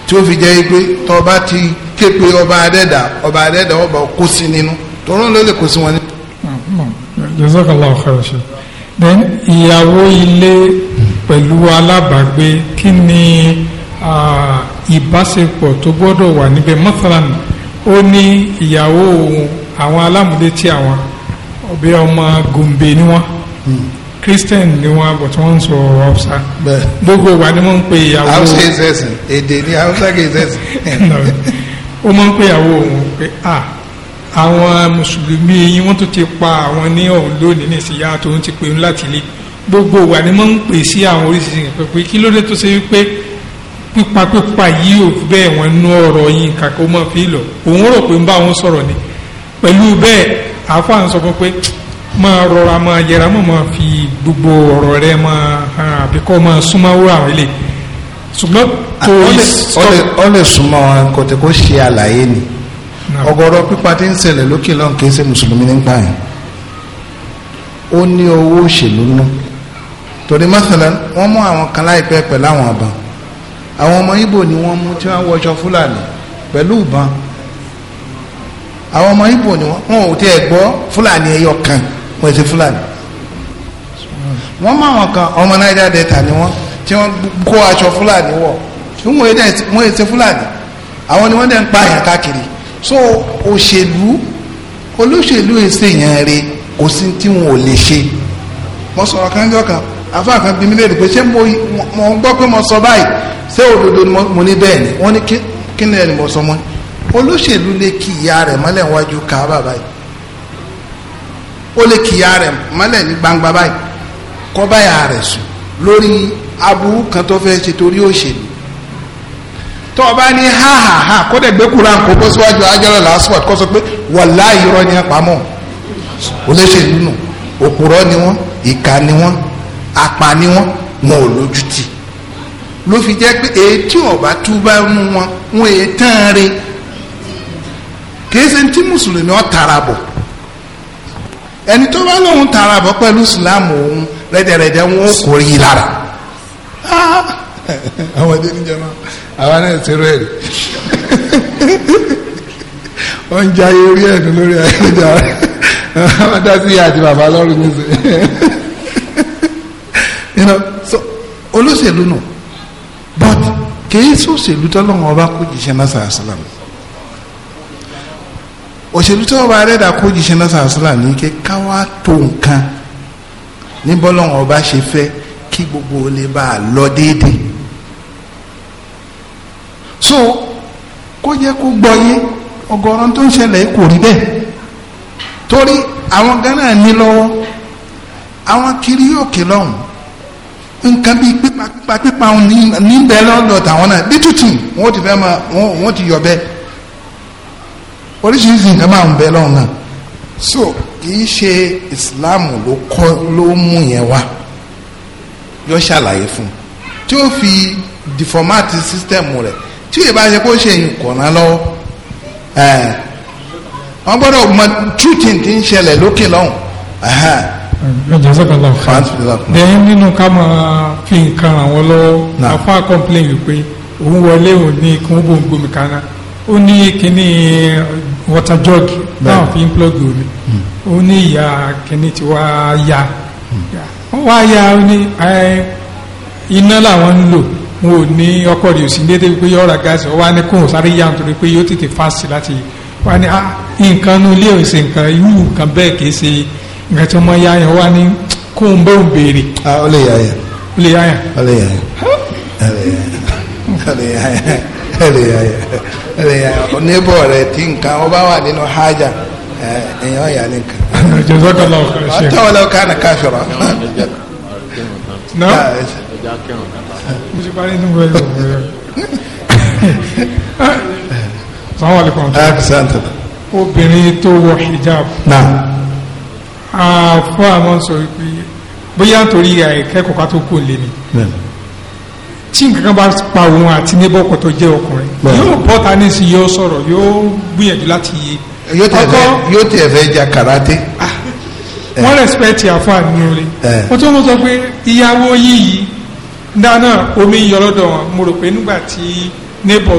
tí ó fi jẹ́ pé tọ́ba ti ké pe ọba adẹ́dà ọba adẹ́dà ọba kó sí nínú tọ́rọ́ ló lè kó sí wọn. jazakallah khairan then ìyàwó ilé pẹ̀lú alábàágbé kí ni ah, ìbáṣepọ̀ tó gbọ́dọ̀ wà níbẹ̀ mọ́tàlánì ó ní ìyàwó òun àwọn alámúlétí àwọn ọbẹ ọmọ gombe ni wọn hmm. christian ni wọn but wọn ń sọ ọfsa gbogbo wa ni wọn ń pe ìyàwó hausa is ẹsìn èdè ni hausa is ẹsìn. ó máa ń pe ìyàwó òun pé ah àwọn mùsùlùmí yín wọ́n tún ti pa àwọn ní ọ̀hún lónìí nísìnyá tó ń ti pè ń láti ilé gbogbo wa ni wọ́n ń pè sí àwọn oríṣiríṣi nǹkan pé kí ló dé tó ṣe wípé pípa pípa yìí ò bẹ́ẹ̀ wọn nú ọ̀rọ̀ yìí kàkó mọ́ fi lọ òun rò pé ń bá wọn sọ̀rọ̀ ni pẹ̀lú bẹ́ẹ̀ àáfà ń sọ fún pé máa rọra máa yẹra mọ́ máa fi gbogbo ọ̀rọ̀ rẹ máa hàn àbíkọ́ máa súnmọ́wó àwọn ilé ṣùgbọ́n kò lè ọ lè súnmọ́ wọn kò tẹ́ kó ṣe àlàyé ni ọ̀gọ̀rọ̀ pípa tí ń ṣẹlẹ̀ lókè lọ́n kì í ṣe mùsùlùmí nípa yẹn ó ní owó òṣèlú náà torí mọ́sálà wọ́n mú àwọn kan láìpẹ́ pẹ̀lú àwọn àbọ̀n àwọn ọmọ Ìgbò ni wọ́n mú tí wọ́n wọṣọ fúlàní pẹ̀lú ìbọn àwọn ọmọ Ìgbò ni wọ́n wọn ò tiẹ̀ gbọ́ fúlàní ẹyọ kan wọ́n ti fúlàní wọ́n mọ àwọn kan ọmọ Niger Delta ni wọ́n tí wọ́n kó aṣọ fúlàní wọ̀ wọ́n èsè fúlàní àwọn ni wọ́n dẹ̀ ń pa àyàn káàkiri so òṣèlú olóṣèlú èsè yẹn rè kò sí tí wọn ò lè ṣe wọ́n sọ̀rọ̀ kanjọ́ kan afa kan bí mi léèrè pé ṣé mo ń gbọ́ pé mo sọ báyìí ṣé òdodo mo ní bẹ́ẹ̀ ni wọ́n ní kí ni ẹni mo sọ mọ́ olóṣèlú lè kí ìyá rẹ̀ mọ́lẹ̀ wájú káábà báyìí ó lè kí ìyá rẹ̀ mọ́lẹ̀ ní gbangba báyìí kọ́ báyà rẹ̀ sùn lórí aburú kan tó fẹ́ òṣèlú tó o ha ha ha kó dẹ̀ gbé kúrò àǹkó bó síwájú ajẹ́rọ̀ lásìkò kó sọ pé wàláhì irọ́ ni ẹ pamọ́ olóṣèlú nù òpùrọ́ ni wọ́n ìkà ni wọ́n apani wọn wọn ò lójútì ló fi jẹ́ pé ètí ọba túbá nu wọn wọn ètàn re kìí ṣe tí mùsùlùmí ọ tara bọ̀ ẹni tó bá lóun tara bọ̀ pẹ̀lú ìsìláàmù òun rẹ́dẹ̀rẹ́dẹ́ wọn ò kórè yìí lára ah! àwọn ẹdẹ níjọba àwọn náà ti rẹ rí wọn jayé orí ẹdùn lórí ayélujára wọn dá sí àti bàbá lọrùn nísìnyí you know so olóṣèlú nù but kìí sòṣèlú tọ́lọ́wọ́n ọba kó jìṣẹ́ náà sàásìlám òṣèlú tí wọ́n bá rẹ́dà kó jìṣẹ́ náà sàásìlám ní kí káwá tó nǹkan ní bọ́lọ́wọ́n ọba ṣe fẹ́ kí gbogbo olè bá a lọ déédéé so kó jẹ́ kó gbọ́ yé ọgọ́rùn tó ń ṣẹlẹ̀ kò rí bẹ́ẹ̀ torí àwọn gánà ní lọ́wọ́ àwọn kiri yóò kí lọ́hùn nǹkan bíi pípa pípa níbẹ̀ lọ́dọ̀ tàwọn náà bí tútù wọ́n ti fẹ́ máa wọ́n ti yọ bẹ́ẹ̀ oríṣiríṣi nǹkan máa ń bẹ lọ́run náà so kìí ṣe Islam ló kọ́ ló mú yẹn wá yọ ṣàlàyé fún tí ó fi dìfọ́mátì sísítẹ́ẹ̀mù rẹ̀ tí yìí bá ṣe kó ṣe ìkọ̀nà lọ́wọ́ wọ́n gbọ́dọ̀ mọ tútù ń ṣẹlẹ̀ lókè lọ́hùn then nínú ká máa fi nǹkan ràn wọ́n lọ́wọ́ afa complain wípé òun wọlé òun ní kí wọ́n bò ń gbomi kaná ó ní kíní eh, water jug táwọn fi ń plug omi hmm. ó ní ìyá kíní tí wàá ya wọ́n hmm. wá ya ó ní eh, iná làwọn ń lò wọn ò ní ọkọ̀ rẹ̀ òsì dédé wípé yọ ọ̀rà gáàsì wọ́n wá ní kóhùn sáré yá nítorí pé yóò tètè fásitì láti wọ́n á ní ah, nǹkan nulẹ̀ òsè nǹkan irú nǹkan bẹ́ẹ̀ kìí ṣe nǹkan tí ọmọ yáyà wá ní kó ń bẹ́ẹ̀ béèrè. ó lè yáyà. ó lè yáyà. ó lè yáyà. ó lè yáyà. ó lè yáyà. ó lè yáyà. oníbọ̀ rẹ̀ tí nǹkan ó bá wà nínú hajà èèyàn yà ní nǹkan. jazakallahu khairan. ọ̀tọ̀ wọlé ọ̀ka nà káfíọ̀rọ̀. náà mo ti parí nínú ẹ̀ lọ́wọ́. sàwọn àlekún. obìnrin tó wọ hijab. náà àfọ́ àmọ́ sọ wípé bóyá nítorí àìkẹ́kọ̀ọ́ ká tó kò lé mi tí nǹkan kan bá pa òun àti níbọ̀kọ̀ tó jẹ́ ọkùnrin yóò bọ́ ta ní sí yóò sọ̀rọ̀ yóò gbìyànjú láti yé yóò tiẹ̀ fẹ́ ja karate. Ah, wọ́n rẹ̀spẹ̀tì àfọ́ àníyànjú wọ́n tó mọ̀ sọ pé ìyàwó yìí dáná omi yọ lọ́dọ̀ wọn mo rò pé nígbà tí níbọ̀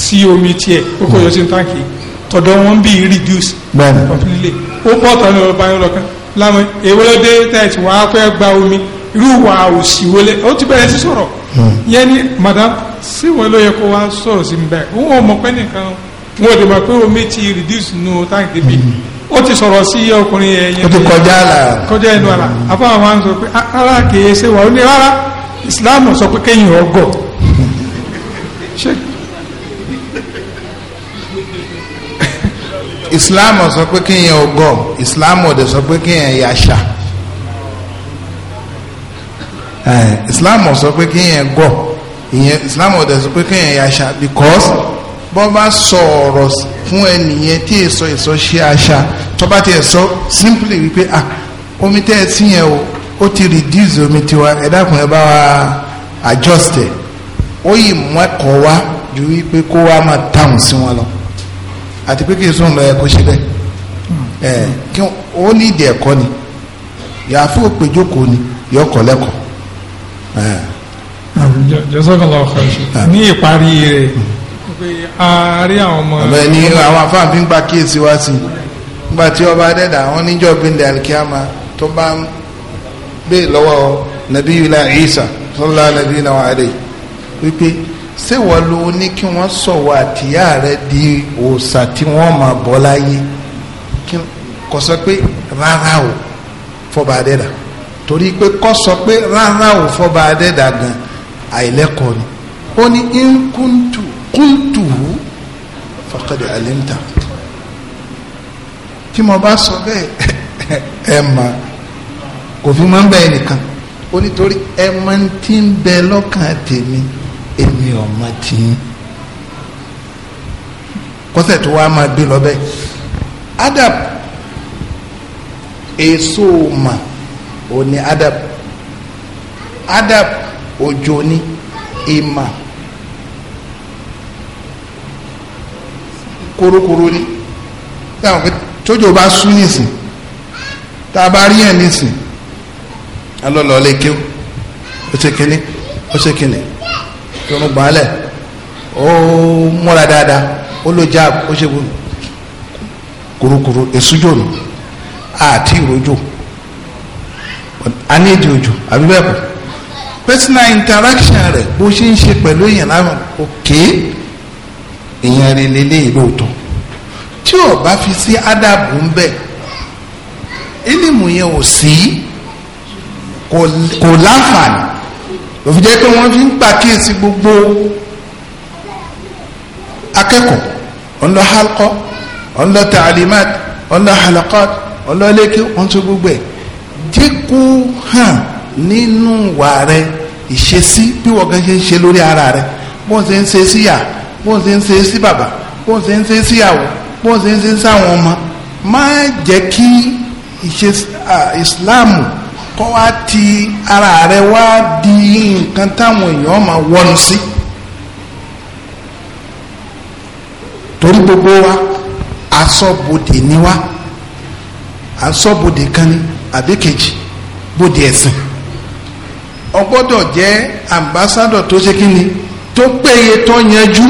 sí omi tiẹ̀ ó kò yọ sí táǹkì tọ̀dọ̀ wọn bí reduce completely ó pọ̀ tán ní ọba yín lọ́kàn láwọn ewolode tẹ̀sí wàá fẹ́ gba omi irú wa ò sì wọlé ó ti bẹ̀rẹ̀ sí sọ̀rọ̀ hmm. yẹn ni madam sí wọn ló yẹ kó wá sọ̀rọ̀ sí bẹ́ẹ̀ wọn ò mọ̀ pé nìkan wọn ò dè pé omi ti reduce nù táǹkì bi. Hmm. ó ti sọ̀rọ̀ sí ọkùnrin ẹ̀yẹn ó ti kọjá àlà kọjá ẹnu àlà àfáwọn máa ń sọ pé ara ah, kìí ṣe wà ó ní rárá Islam sọ pé kéyìn ọgọ hmm. islam sọ pé kéèyàn ọgọ́ islam ọ̀dẹ̀ sọ pé kéèyàn yàṣà islam sọ pé kéèyàn gọ̀ ìyẹn islam ọ̀dẹ̀ sọ pé kéèyàn yàṣà because bọ́ bá sọ ọ̀rọ̀ fún ẹnìyẹn tí èso èso ṣe àṣà tó bá tiẹ̀ sọ simply wípé ah omi tẹ́ ẹ sí yẹn o ó ti reduce omi tiwa ẹ dákun ẹ bá wa adjust ẹ ó yìí mú ẹkọ wá ju wípé kó wá máa tàùn sí wọn lọ àti pé kí n sóhun lọ ẹ kó ṣe bẹ́ẹ̀ ẹ kí ó ní ìdí ẹ̀kọ́ ni yàáfó péjókòó ni yọ kọ́ lẹ́kọ̀ọ́. jazakallahu khairan ní ìparí rẹ̀ pé a rí àwọn ọmọ. ọbẹ̀ ni àwọn afáàfin gba kíyèsí wá sí i nígbà tí ọba adẹ́dà àwọn níjọ́ gbẹ̀ndẹ̀ alikiyama tó bá ń bẹ́ẹ̀ lọ́wọ́ nàbíyìlá Isa sallallahu alaihi wa alihi wípé ṣé wọ́n lo ní kí wọ́n sọ̀wọ́ àtìyá rẹ̀ di òòṣà tí wọ́n máa bọ́ láyé kò sọ pé rárá o fọba adẹ́dà torí pé kò sọ pé rárá o fọba adẹ́dà gan àìlẹ́kọ̀ọ́ ni ó ní nkúntù kúntù faqad alimta tí mo bá sọ bẹ́ẹ̀ ẹ mà kò fi máa ń bẹ́ẹ̀ nìkan ó nítorí ẹ máa ń ti bẹ lọ́kàn tèmi èmi ọmọ tí kọsẹ̀ tó wá máa gbé lọ́bẹ̀ adab èso mà ò ní adab adab òjò ní ìmà korokoro ní táwọn pé tójò bá sú nísìn tá a bá rí ẹ̀ nísìn alọ́lọ́ọ́lẹ́ kéw ó ṣe kínní ó ṣe kínní irun gbàálẹ̀ o múra dáadáa ó lo jáàb ó ṣe bó kurukuru èsújò nù àti ìrojò a ní èdè òjò àbí bẹ́ẹ̀ kọ́ personal interaction rẹ̀ bó ṣe ń ṣe pẹ̀lú èèyàn láwọn òkè èèyàn rẹ̀ lélẹ́yìn lóòótọ́ tí o bá fi sí ádàbò ń bẹ̀ ẹlẹ́mù yẹn ò sí kò láǹfààní òfin jẹ́ pé wọ́n fi ń pàkíyèsí gbogbo akẹ́kọ̀ọ́ ọ̀n lọ halkọ́ ọ̀n lọ tàlímàt ọ̀n lọ halakọ́t ọ̀n lọ lẹ́kẹ́ ọ̀n tó gbogbo ẹ̀ dínkù hàn nínú wà rẹ ìṣesí bí wọ́n gan ṣe ń ṣe lórí ara rẹ bó ń ṣe ń ṣe síyà bó ń ṣe ń ṣe sí bàbá bó ń ṣe ń ṣe síyàwó bó ń ṣe ń ṣe sáwọn ọmọ má jẹ́ kí ìṣe Islam kọ́ wá ti ara rẹ wá di nǹkan táwọn èèyàn máa wọnu sí torí gbogbo wa asọ́bodè ni wa asọ́bodè kan ni àbí kejì bodè ẹ̀sìn ó gbọ́dọ̀ jẹ́ ambassadọ̀ tó ṣe kí tó péye tó yanjú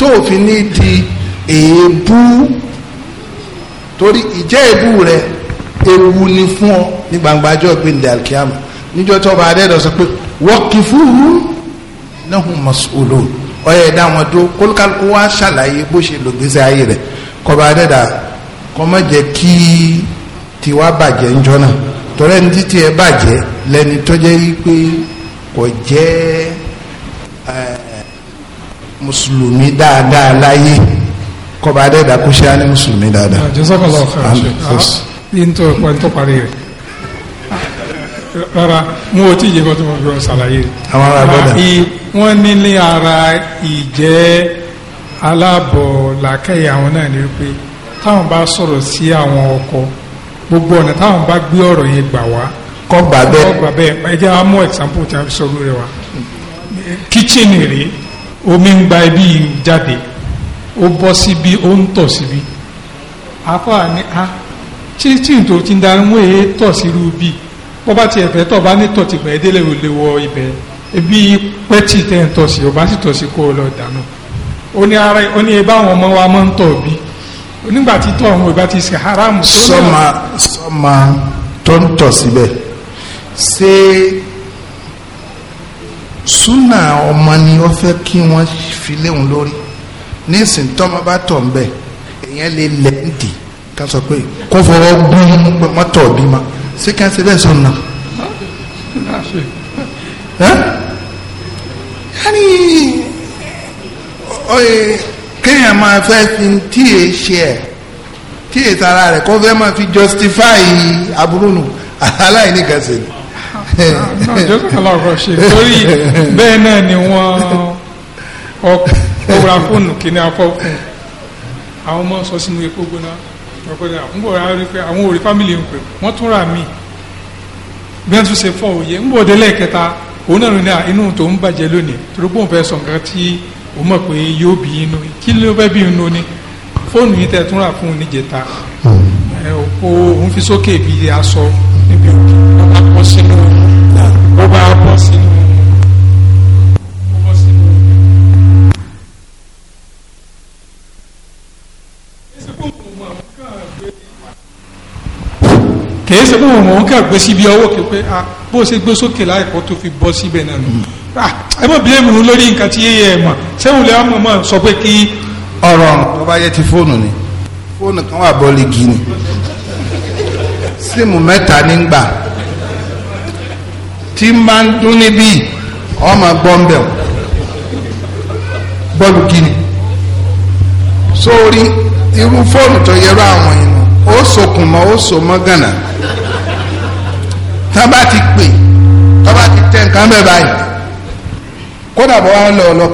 tó fi ní di èébú torí ìjẹ́ èébú rẹ ewu ni fún ọ ní gbangba ajọ́ gbẹ̀ndẹ̀ alikiyama níjọ́ tó bá adé dọ̀sọ pé waqifuhu nahum mas'ulun ọ̀yẹ̀ dá wọn tó kólúkálukú wá ṣàlàyé bó ṣe lògbèsè ayé rẹ̀ kọba adé dà kọ́mọ jẹ́ kí tiwa bàjẹ́ ńjọ́ náà tọ́lẹ̀ ní títí ẹ bàjẹ́ lẹ́ni tọ́jẹ́ yí pé kò jẹ́ mùsùlùmí dáadáa láyé kọba adé dà kó ṣe á ní mùsùlùmí dáadáa. àjọsọ́kọ̀ lọ́ọ̀kan ṣe ní ní tó parí rẹ̀ rárá wọn ò tí ì jẹ́ kó tó wọn fi wọn ṣàlàyé àwọn nílé ara ìjẹ́ aláàbọ̀ làákẹ́yẹ àwọn náà ni wípé táwọn bá sọ̀rọ̀ sí àwọn ọkọ gbogbo ọ̀nà táwọn bá gbé ọ̀rọ̀ yẹn gbà wá kọ́ gbà bẹ́ẹ̀ kọ́ gbà bẹ́ẹ̀ ẹ jẹ́ àmọ́ example tí a fi sọ̀rọ̀ rẹ wa kíchìnì rèé omi ń gba ibi jáde ó bọ́ síbi ó ń tọ̀ síbi afa ni a ah, títí tó ti ń darí wọ́n èé tọ̀ sírú bíi bó bá tiẹ̀ fẹ́ tọ̀ bá ní tọ̀ tìgbà ẹdẹ lẹ́wọ̀ lè wọ ibẹ̀ ebi pẹ́tì tẹ̀ ń tọ̀ sí ọba sì tọ̀ sí kó o lọ dànù ó ní ara ó ní ebá àwọn ọmọ wa máa ń tọ̀ bí nígbà tí tọ̀ àwọn ìbá ti ṣe haramu. sọ́mà sọ́mà tó ń tọ̀ síbẹ̀ ṣé súnà ọmọ ni wọ́n fẹ́ kí wọ́n fi léwu lórí nísìn tọ́mọ bá tọ̀ ń bẹ̀ èèyàn lè lẹ́ǹdì ká sọ pé kó fọwọ́ gbọ́n mọ́tọ̀ bí ma ṣé ká ṣe bẹ́ẹ̀ sọ̀rọ̀ náà yáni oye kéèyàn máa fẹ́ fi tí èé ṣe ẹ̀ tí èé tara rẹ̀ kó fẹ́ máa fi justify aburú nù aláìní kan sí ni. Ah, jọ́sọ̀kọ̀lọ́kọ̀ ṣe torí bẹ́ẹ̀ náà ni wọ́n ọkùnrin fóònù kìíní afọ́kùn àwọn ọmọ sọ sínú epo gbóná ya ọ̀pọ̀lọpọ̀ ńgbò ra rí pé àwọn òrí fámìlì ń pè wọ́n tún ra mí bí wọ́n tún ṣe fọ́ òye ńgbò délẹ̀ kẹta òun náà ní inú tó ń bàjẹ́ lónìí torí pé òun fẹ́ sọ nǹkan tí òun mọ̀ pé yóò bí inú kí ló fẹ́ bí inú ni fóònù yìí tẹ̀ tún rà fún un níjẹta ẹ òpó òun fi sókè bí aṣọ níbi òkè ó bá bọ́ sínú ó bá bọ́ sínú kìí ṣe bóun mọ̀ ń kà gbé síbi ọwọ́ kí pé a ah, bó ṣe gbé sókè láìpọ́ tó fi bọ́ síbẹ̀ náà nù ah, ẹ mọ̀ bílẹ̀ mú lórí nǹkan tí yéye ẹ̀ mọ̀ sẹ́wọ̀n lè mọ̀ mọ̀ sọ pé kí. ọ̀rọ̀ ọ̀rùn tó bá yẹ ti fóònù ni fóònù kan wà bọ́ọ̀lì gì ni síìmù mẹ́ta ní gbà tí n bá ń dún níbí ọmọ gbọ́ǹbẹ̀ bọ́ọ̀lù gì ni sórí irú fóònù tó yẹrọ àwọn yìí ó sokùn mọ́ ó so mọ́ gànà tá bá ti pè tá bá ti tẹ nǹkan báyìí kódà wọn lọ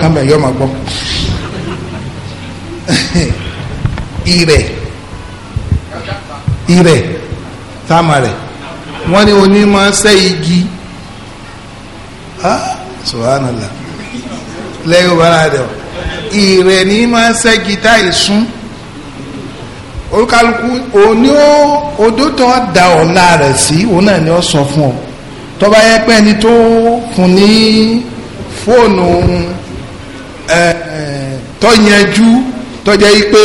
igi ah, subhanallah ni gita isun olùkálukú òní odó tó da ọ̀la rẹ̀ sí òun náà ni ó sọ fún ọ tọ́ba yẹ pé ẹni tó fún ní fóònù tó yanjú tó pé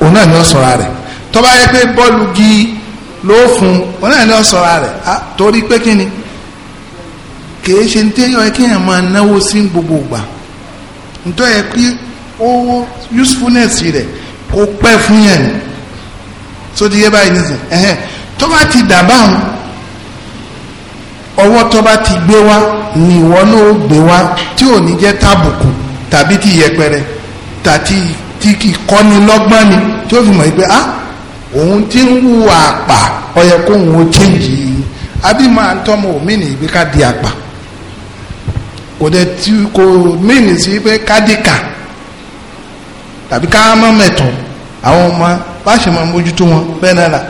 òun náà ni ó sọ̀ra rẹ̀ tọ́ba yẹ pé bọ́ọ̀lù gi ló fún òun náà ni ó sọ̀ra rẹ̀ torí pé kí ni kìí ṣe ní téèyàn kí èèyàn máa náwó sí gbogbo ìgbà nítorí usefulness rẹ̀ kó pẹ́ fún yẹn tó di báyìí tó ti dàbà ọwọ́ tó ti gbé wá ni ìwọ náà gbé wá tí ò ní jẹ́ tábùkù tàbí ti yẹpẹrẹ tàbí tí kì í lọ́gbọ́n tí ó fi mọ̀ pé ah òun ti ń àpà ọyẹ kó òun ó yìí àbí máa ń tọ́mọ òmí ká di tàbí ká má mẹ̀tọ́ àwọn ọmọ bá máa mójútó wọn bẹ́ẹ̀ náà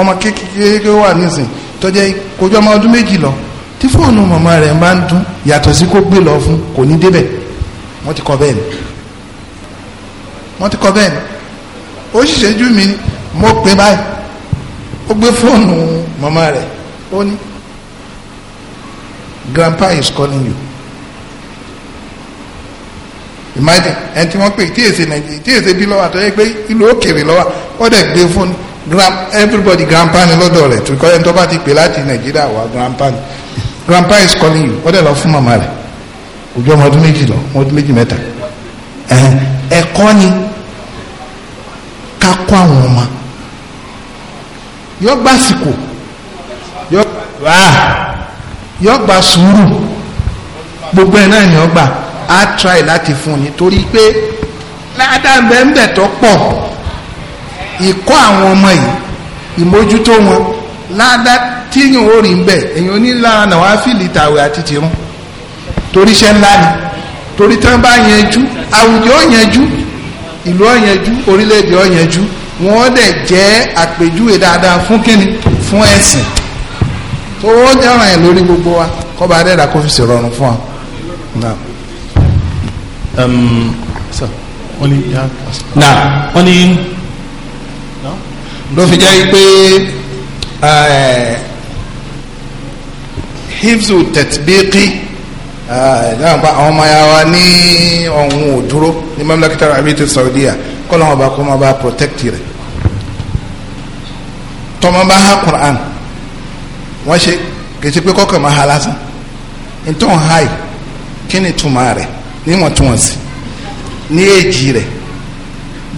ọmọ kékeré wà nísìn tọ́jẹ́ kojú ọmọ ọdún méjì lọ tí fóònù màmá rẹ̀ máa ń dún yàtọ̀ sí kó gbé lọ fún kò ní débẹ̀ wọ́n ti kọ́ bẹ́ẹ̀ ni wọ́n ti kọ́ bẹ́ẹ̀ ni ó ṣiṣẹ́ jú mi mo pè báyìí ó gbé fóònù màmá rẹ̀ ó ní grandpa is calling you ìmájẹ ẹni tí wọ́n pè tí èsè nàìjíríà tí èsè bí lọ́wọ́ àtọ́yẹ pé ìlú òkèèrè lọ́wọ́ wọ́n dẹ̀ gbé fún everybody grandpa ni lọ́dọ̀ rẹ̀ tó kọ́ ẹni tó bá ti pè láti nàìjíríà wá grandpa ni grandpa is calling you wọ́n dẹ̀ lọ fún màmá rẹ̀ ojú ọmọ ọdún méjì lọ ọmọ ọdún méjì mẹ́ta ẹ̀kọ́ ni ká kọ́ àwọn ọmọ yọ gbàsìkò yọ gbà sùúrù gbogbo ẹ̀ náà ni ọ gbà á try láti fún ni torí pé ládàá bẹ́ẹ̀ tó pọ̀ ìkọ́ àwọn ọmọ yìí ìmójútó wọn ládàá tíyìn ó rí bẹ́ẹ̀ èyàn onílànà wá fìlì tàwé àti tìrún torí iṣẹ́ ńlá ni torí tán bá yanjú àwùjọ yanjú ìlú ọ̀yanjú orílẹ̀-èdè ọ̀yanjú wọ́n dẹ̀ jẹ́ àpèjúwe dáadáa fún kíni fún ẹ̀sìn tó wọ́n jẹ́ ọ̀ràn ẹ̀ lórí gbogbo wa kọ́ba adẹ́dà kó fi ṣèrọ̀rùn fún wa wọ́n ní yá. na wọ́n ní. ló fi jẹ́ pé eh, hifzu tatbiqi eh, náà pa àwọn ọmọ ya wa ní ọ̀hún òdúró ní mamlakita arabiyyati saudiya kọ́ làwọn ọba kó máa bá protect rẹ̀ tọmọ bá ha Qur'an wọ́n ṣe kìí ṣe pé kọ́kàn máa ha lásán ntọ́ ha yìí kí ni túmọ̀ rẹ̀ níwọ̀ntúnwọ̀nsì ní èjì rẹ̀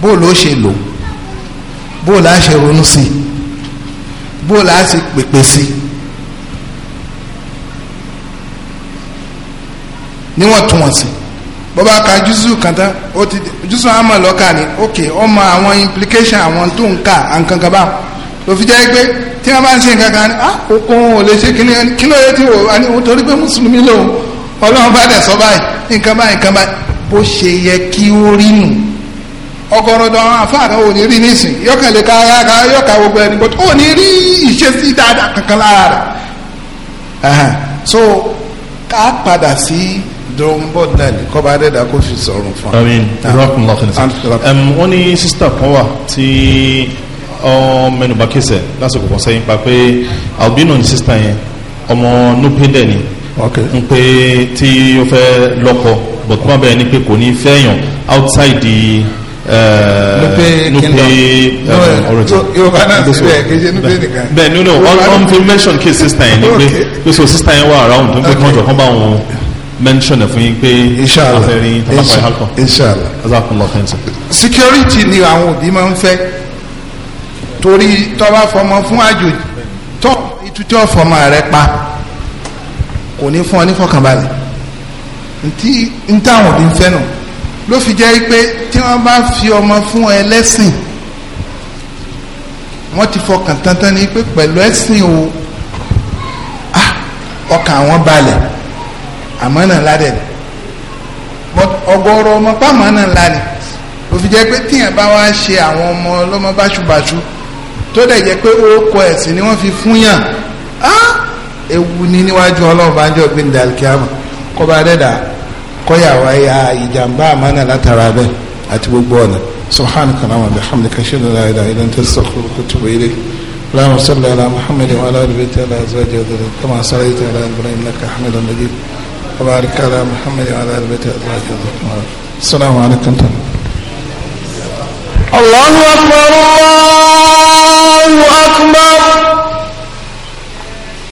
bóòlù ó ṣe lò bóòlù á ṣe ronú sí bóòlù á ṣe pèpè sí níwọ̀ntúnwọ̀nsì bọ́bá ka jùsù kan ó ti jùsù àmọ́ lọ́kà ni ok ó mọ àwọn implication àwọn tó ń kà àǹkankan báwọn ló fi jẹ́ pé tí wọ́n bá ń ṣe nǹkan kan ni ah òkun ò lè ṣe kí ni kí ló yẹ ti wò ó torí pé mùsùlùmí lòun ọlọ́run bá dẹ̀ sọ báyìí nǹkan báyìí nǹkan báyìí bó ṣe yẹ kí ó rí nù ọgọrọdọ àwọn afáàrẹ ò ní rí nísìn yọkànlẹ kára ká yọkà gbogbo ẹni bọtú ò ní rí ìṣesí dáadáa kankan lára rẹ so ká padà sí dọ́nbọ̀n náà ní kọ́ba adẹ́dà kó fi sọ̀rọ̀ fún wa. àmín ìrọ́kùn lọ́kùn ní. wọ́n ní sísítà kan wà tí mẹ́nubà kẹsẹ̀ lásìkò kan sẹ́yìn pa pé albino ní sísítà yẹn ọmọ nupedẹ ni n pé Ti ó fẹ́ lọ́kọ but wọ́n bẹ̀rẹ̀ ni pé kò ní fẹ́ yàn outside the uh, um, bẹ́ẹ̀ nínú ọ̀n fi mention kí sista yẹn ni pé pé so sista yẹn wà around n pé kọ́njọ̀ kan bá wọn mention fún yín pé afẹ́rin tabakọ̀ ẹ̀ hàkọ̀ inshallah azakunlọ fẹ́ǹsì. security ni àwọn òbí máa ń fẹ́ torí tọ́ba fọmọ fún àjòjì tọ́ ìtútọ́ fọmọ rẹ pa kò ní fún ọ ní fọkànbalẹ̀ ntí ntáwọn òbí ń fẹ́ nù ló fi jẹ́ pé tí wọ́n bá fi ọmọ fún ẹ lẹ́sìn wọ́n ti fọkàn tantan ni pé pẹ̀lú ẹ̀sìn o ọkàn àwọn balẹ̀ àmọ́ náà ládẹ̀ ni ọgọ́rọ̀ ọmọ pàmò náà lálẹ́ ló fi jẹ́ pé tíyẹn bá wá ṣe àwọn ọmọ ọlọ́mọ báṣubàṣu tó dẹ̀ jẹ́ pé orúkọ ẹ̀sìn ni wọ́n fi fún yàn ewu ní níwájú ọlọ́run bá ń jọ gbé ndàlkíámà kó bá dẹ́dà kọ́yàwá ya ìjàmbá àmánà látara bẹ́ẹ̀ àti gbogbo ọ̀nà subhanaka wa bihamdika shadu la ilaha illa anta astaghfiruka wa atubu ilayk اللهم صل على محمد وعلى ال بيت وعلى ازواجه وذريته كما صليت على ابراهيم انك حميد مجيد وبارك على محمد وعلى ال بيت وازواجه وذريته السلام عليكم الله اكبر الله اكبر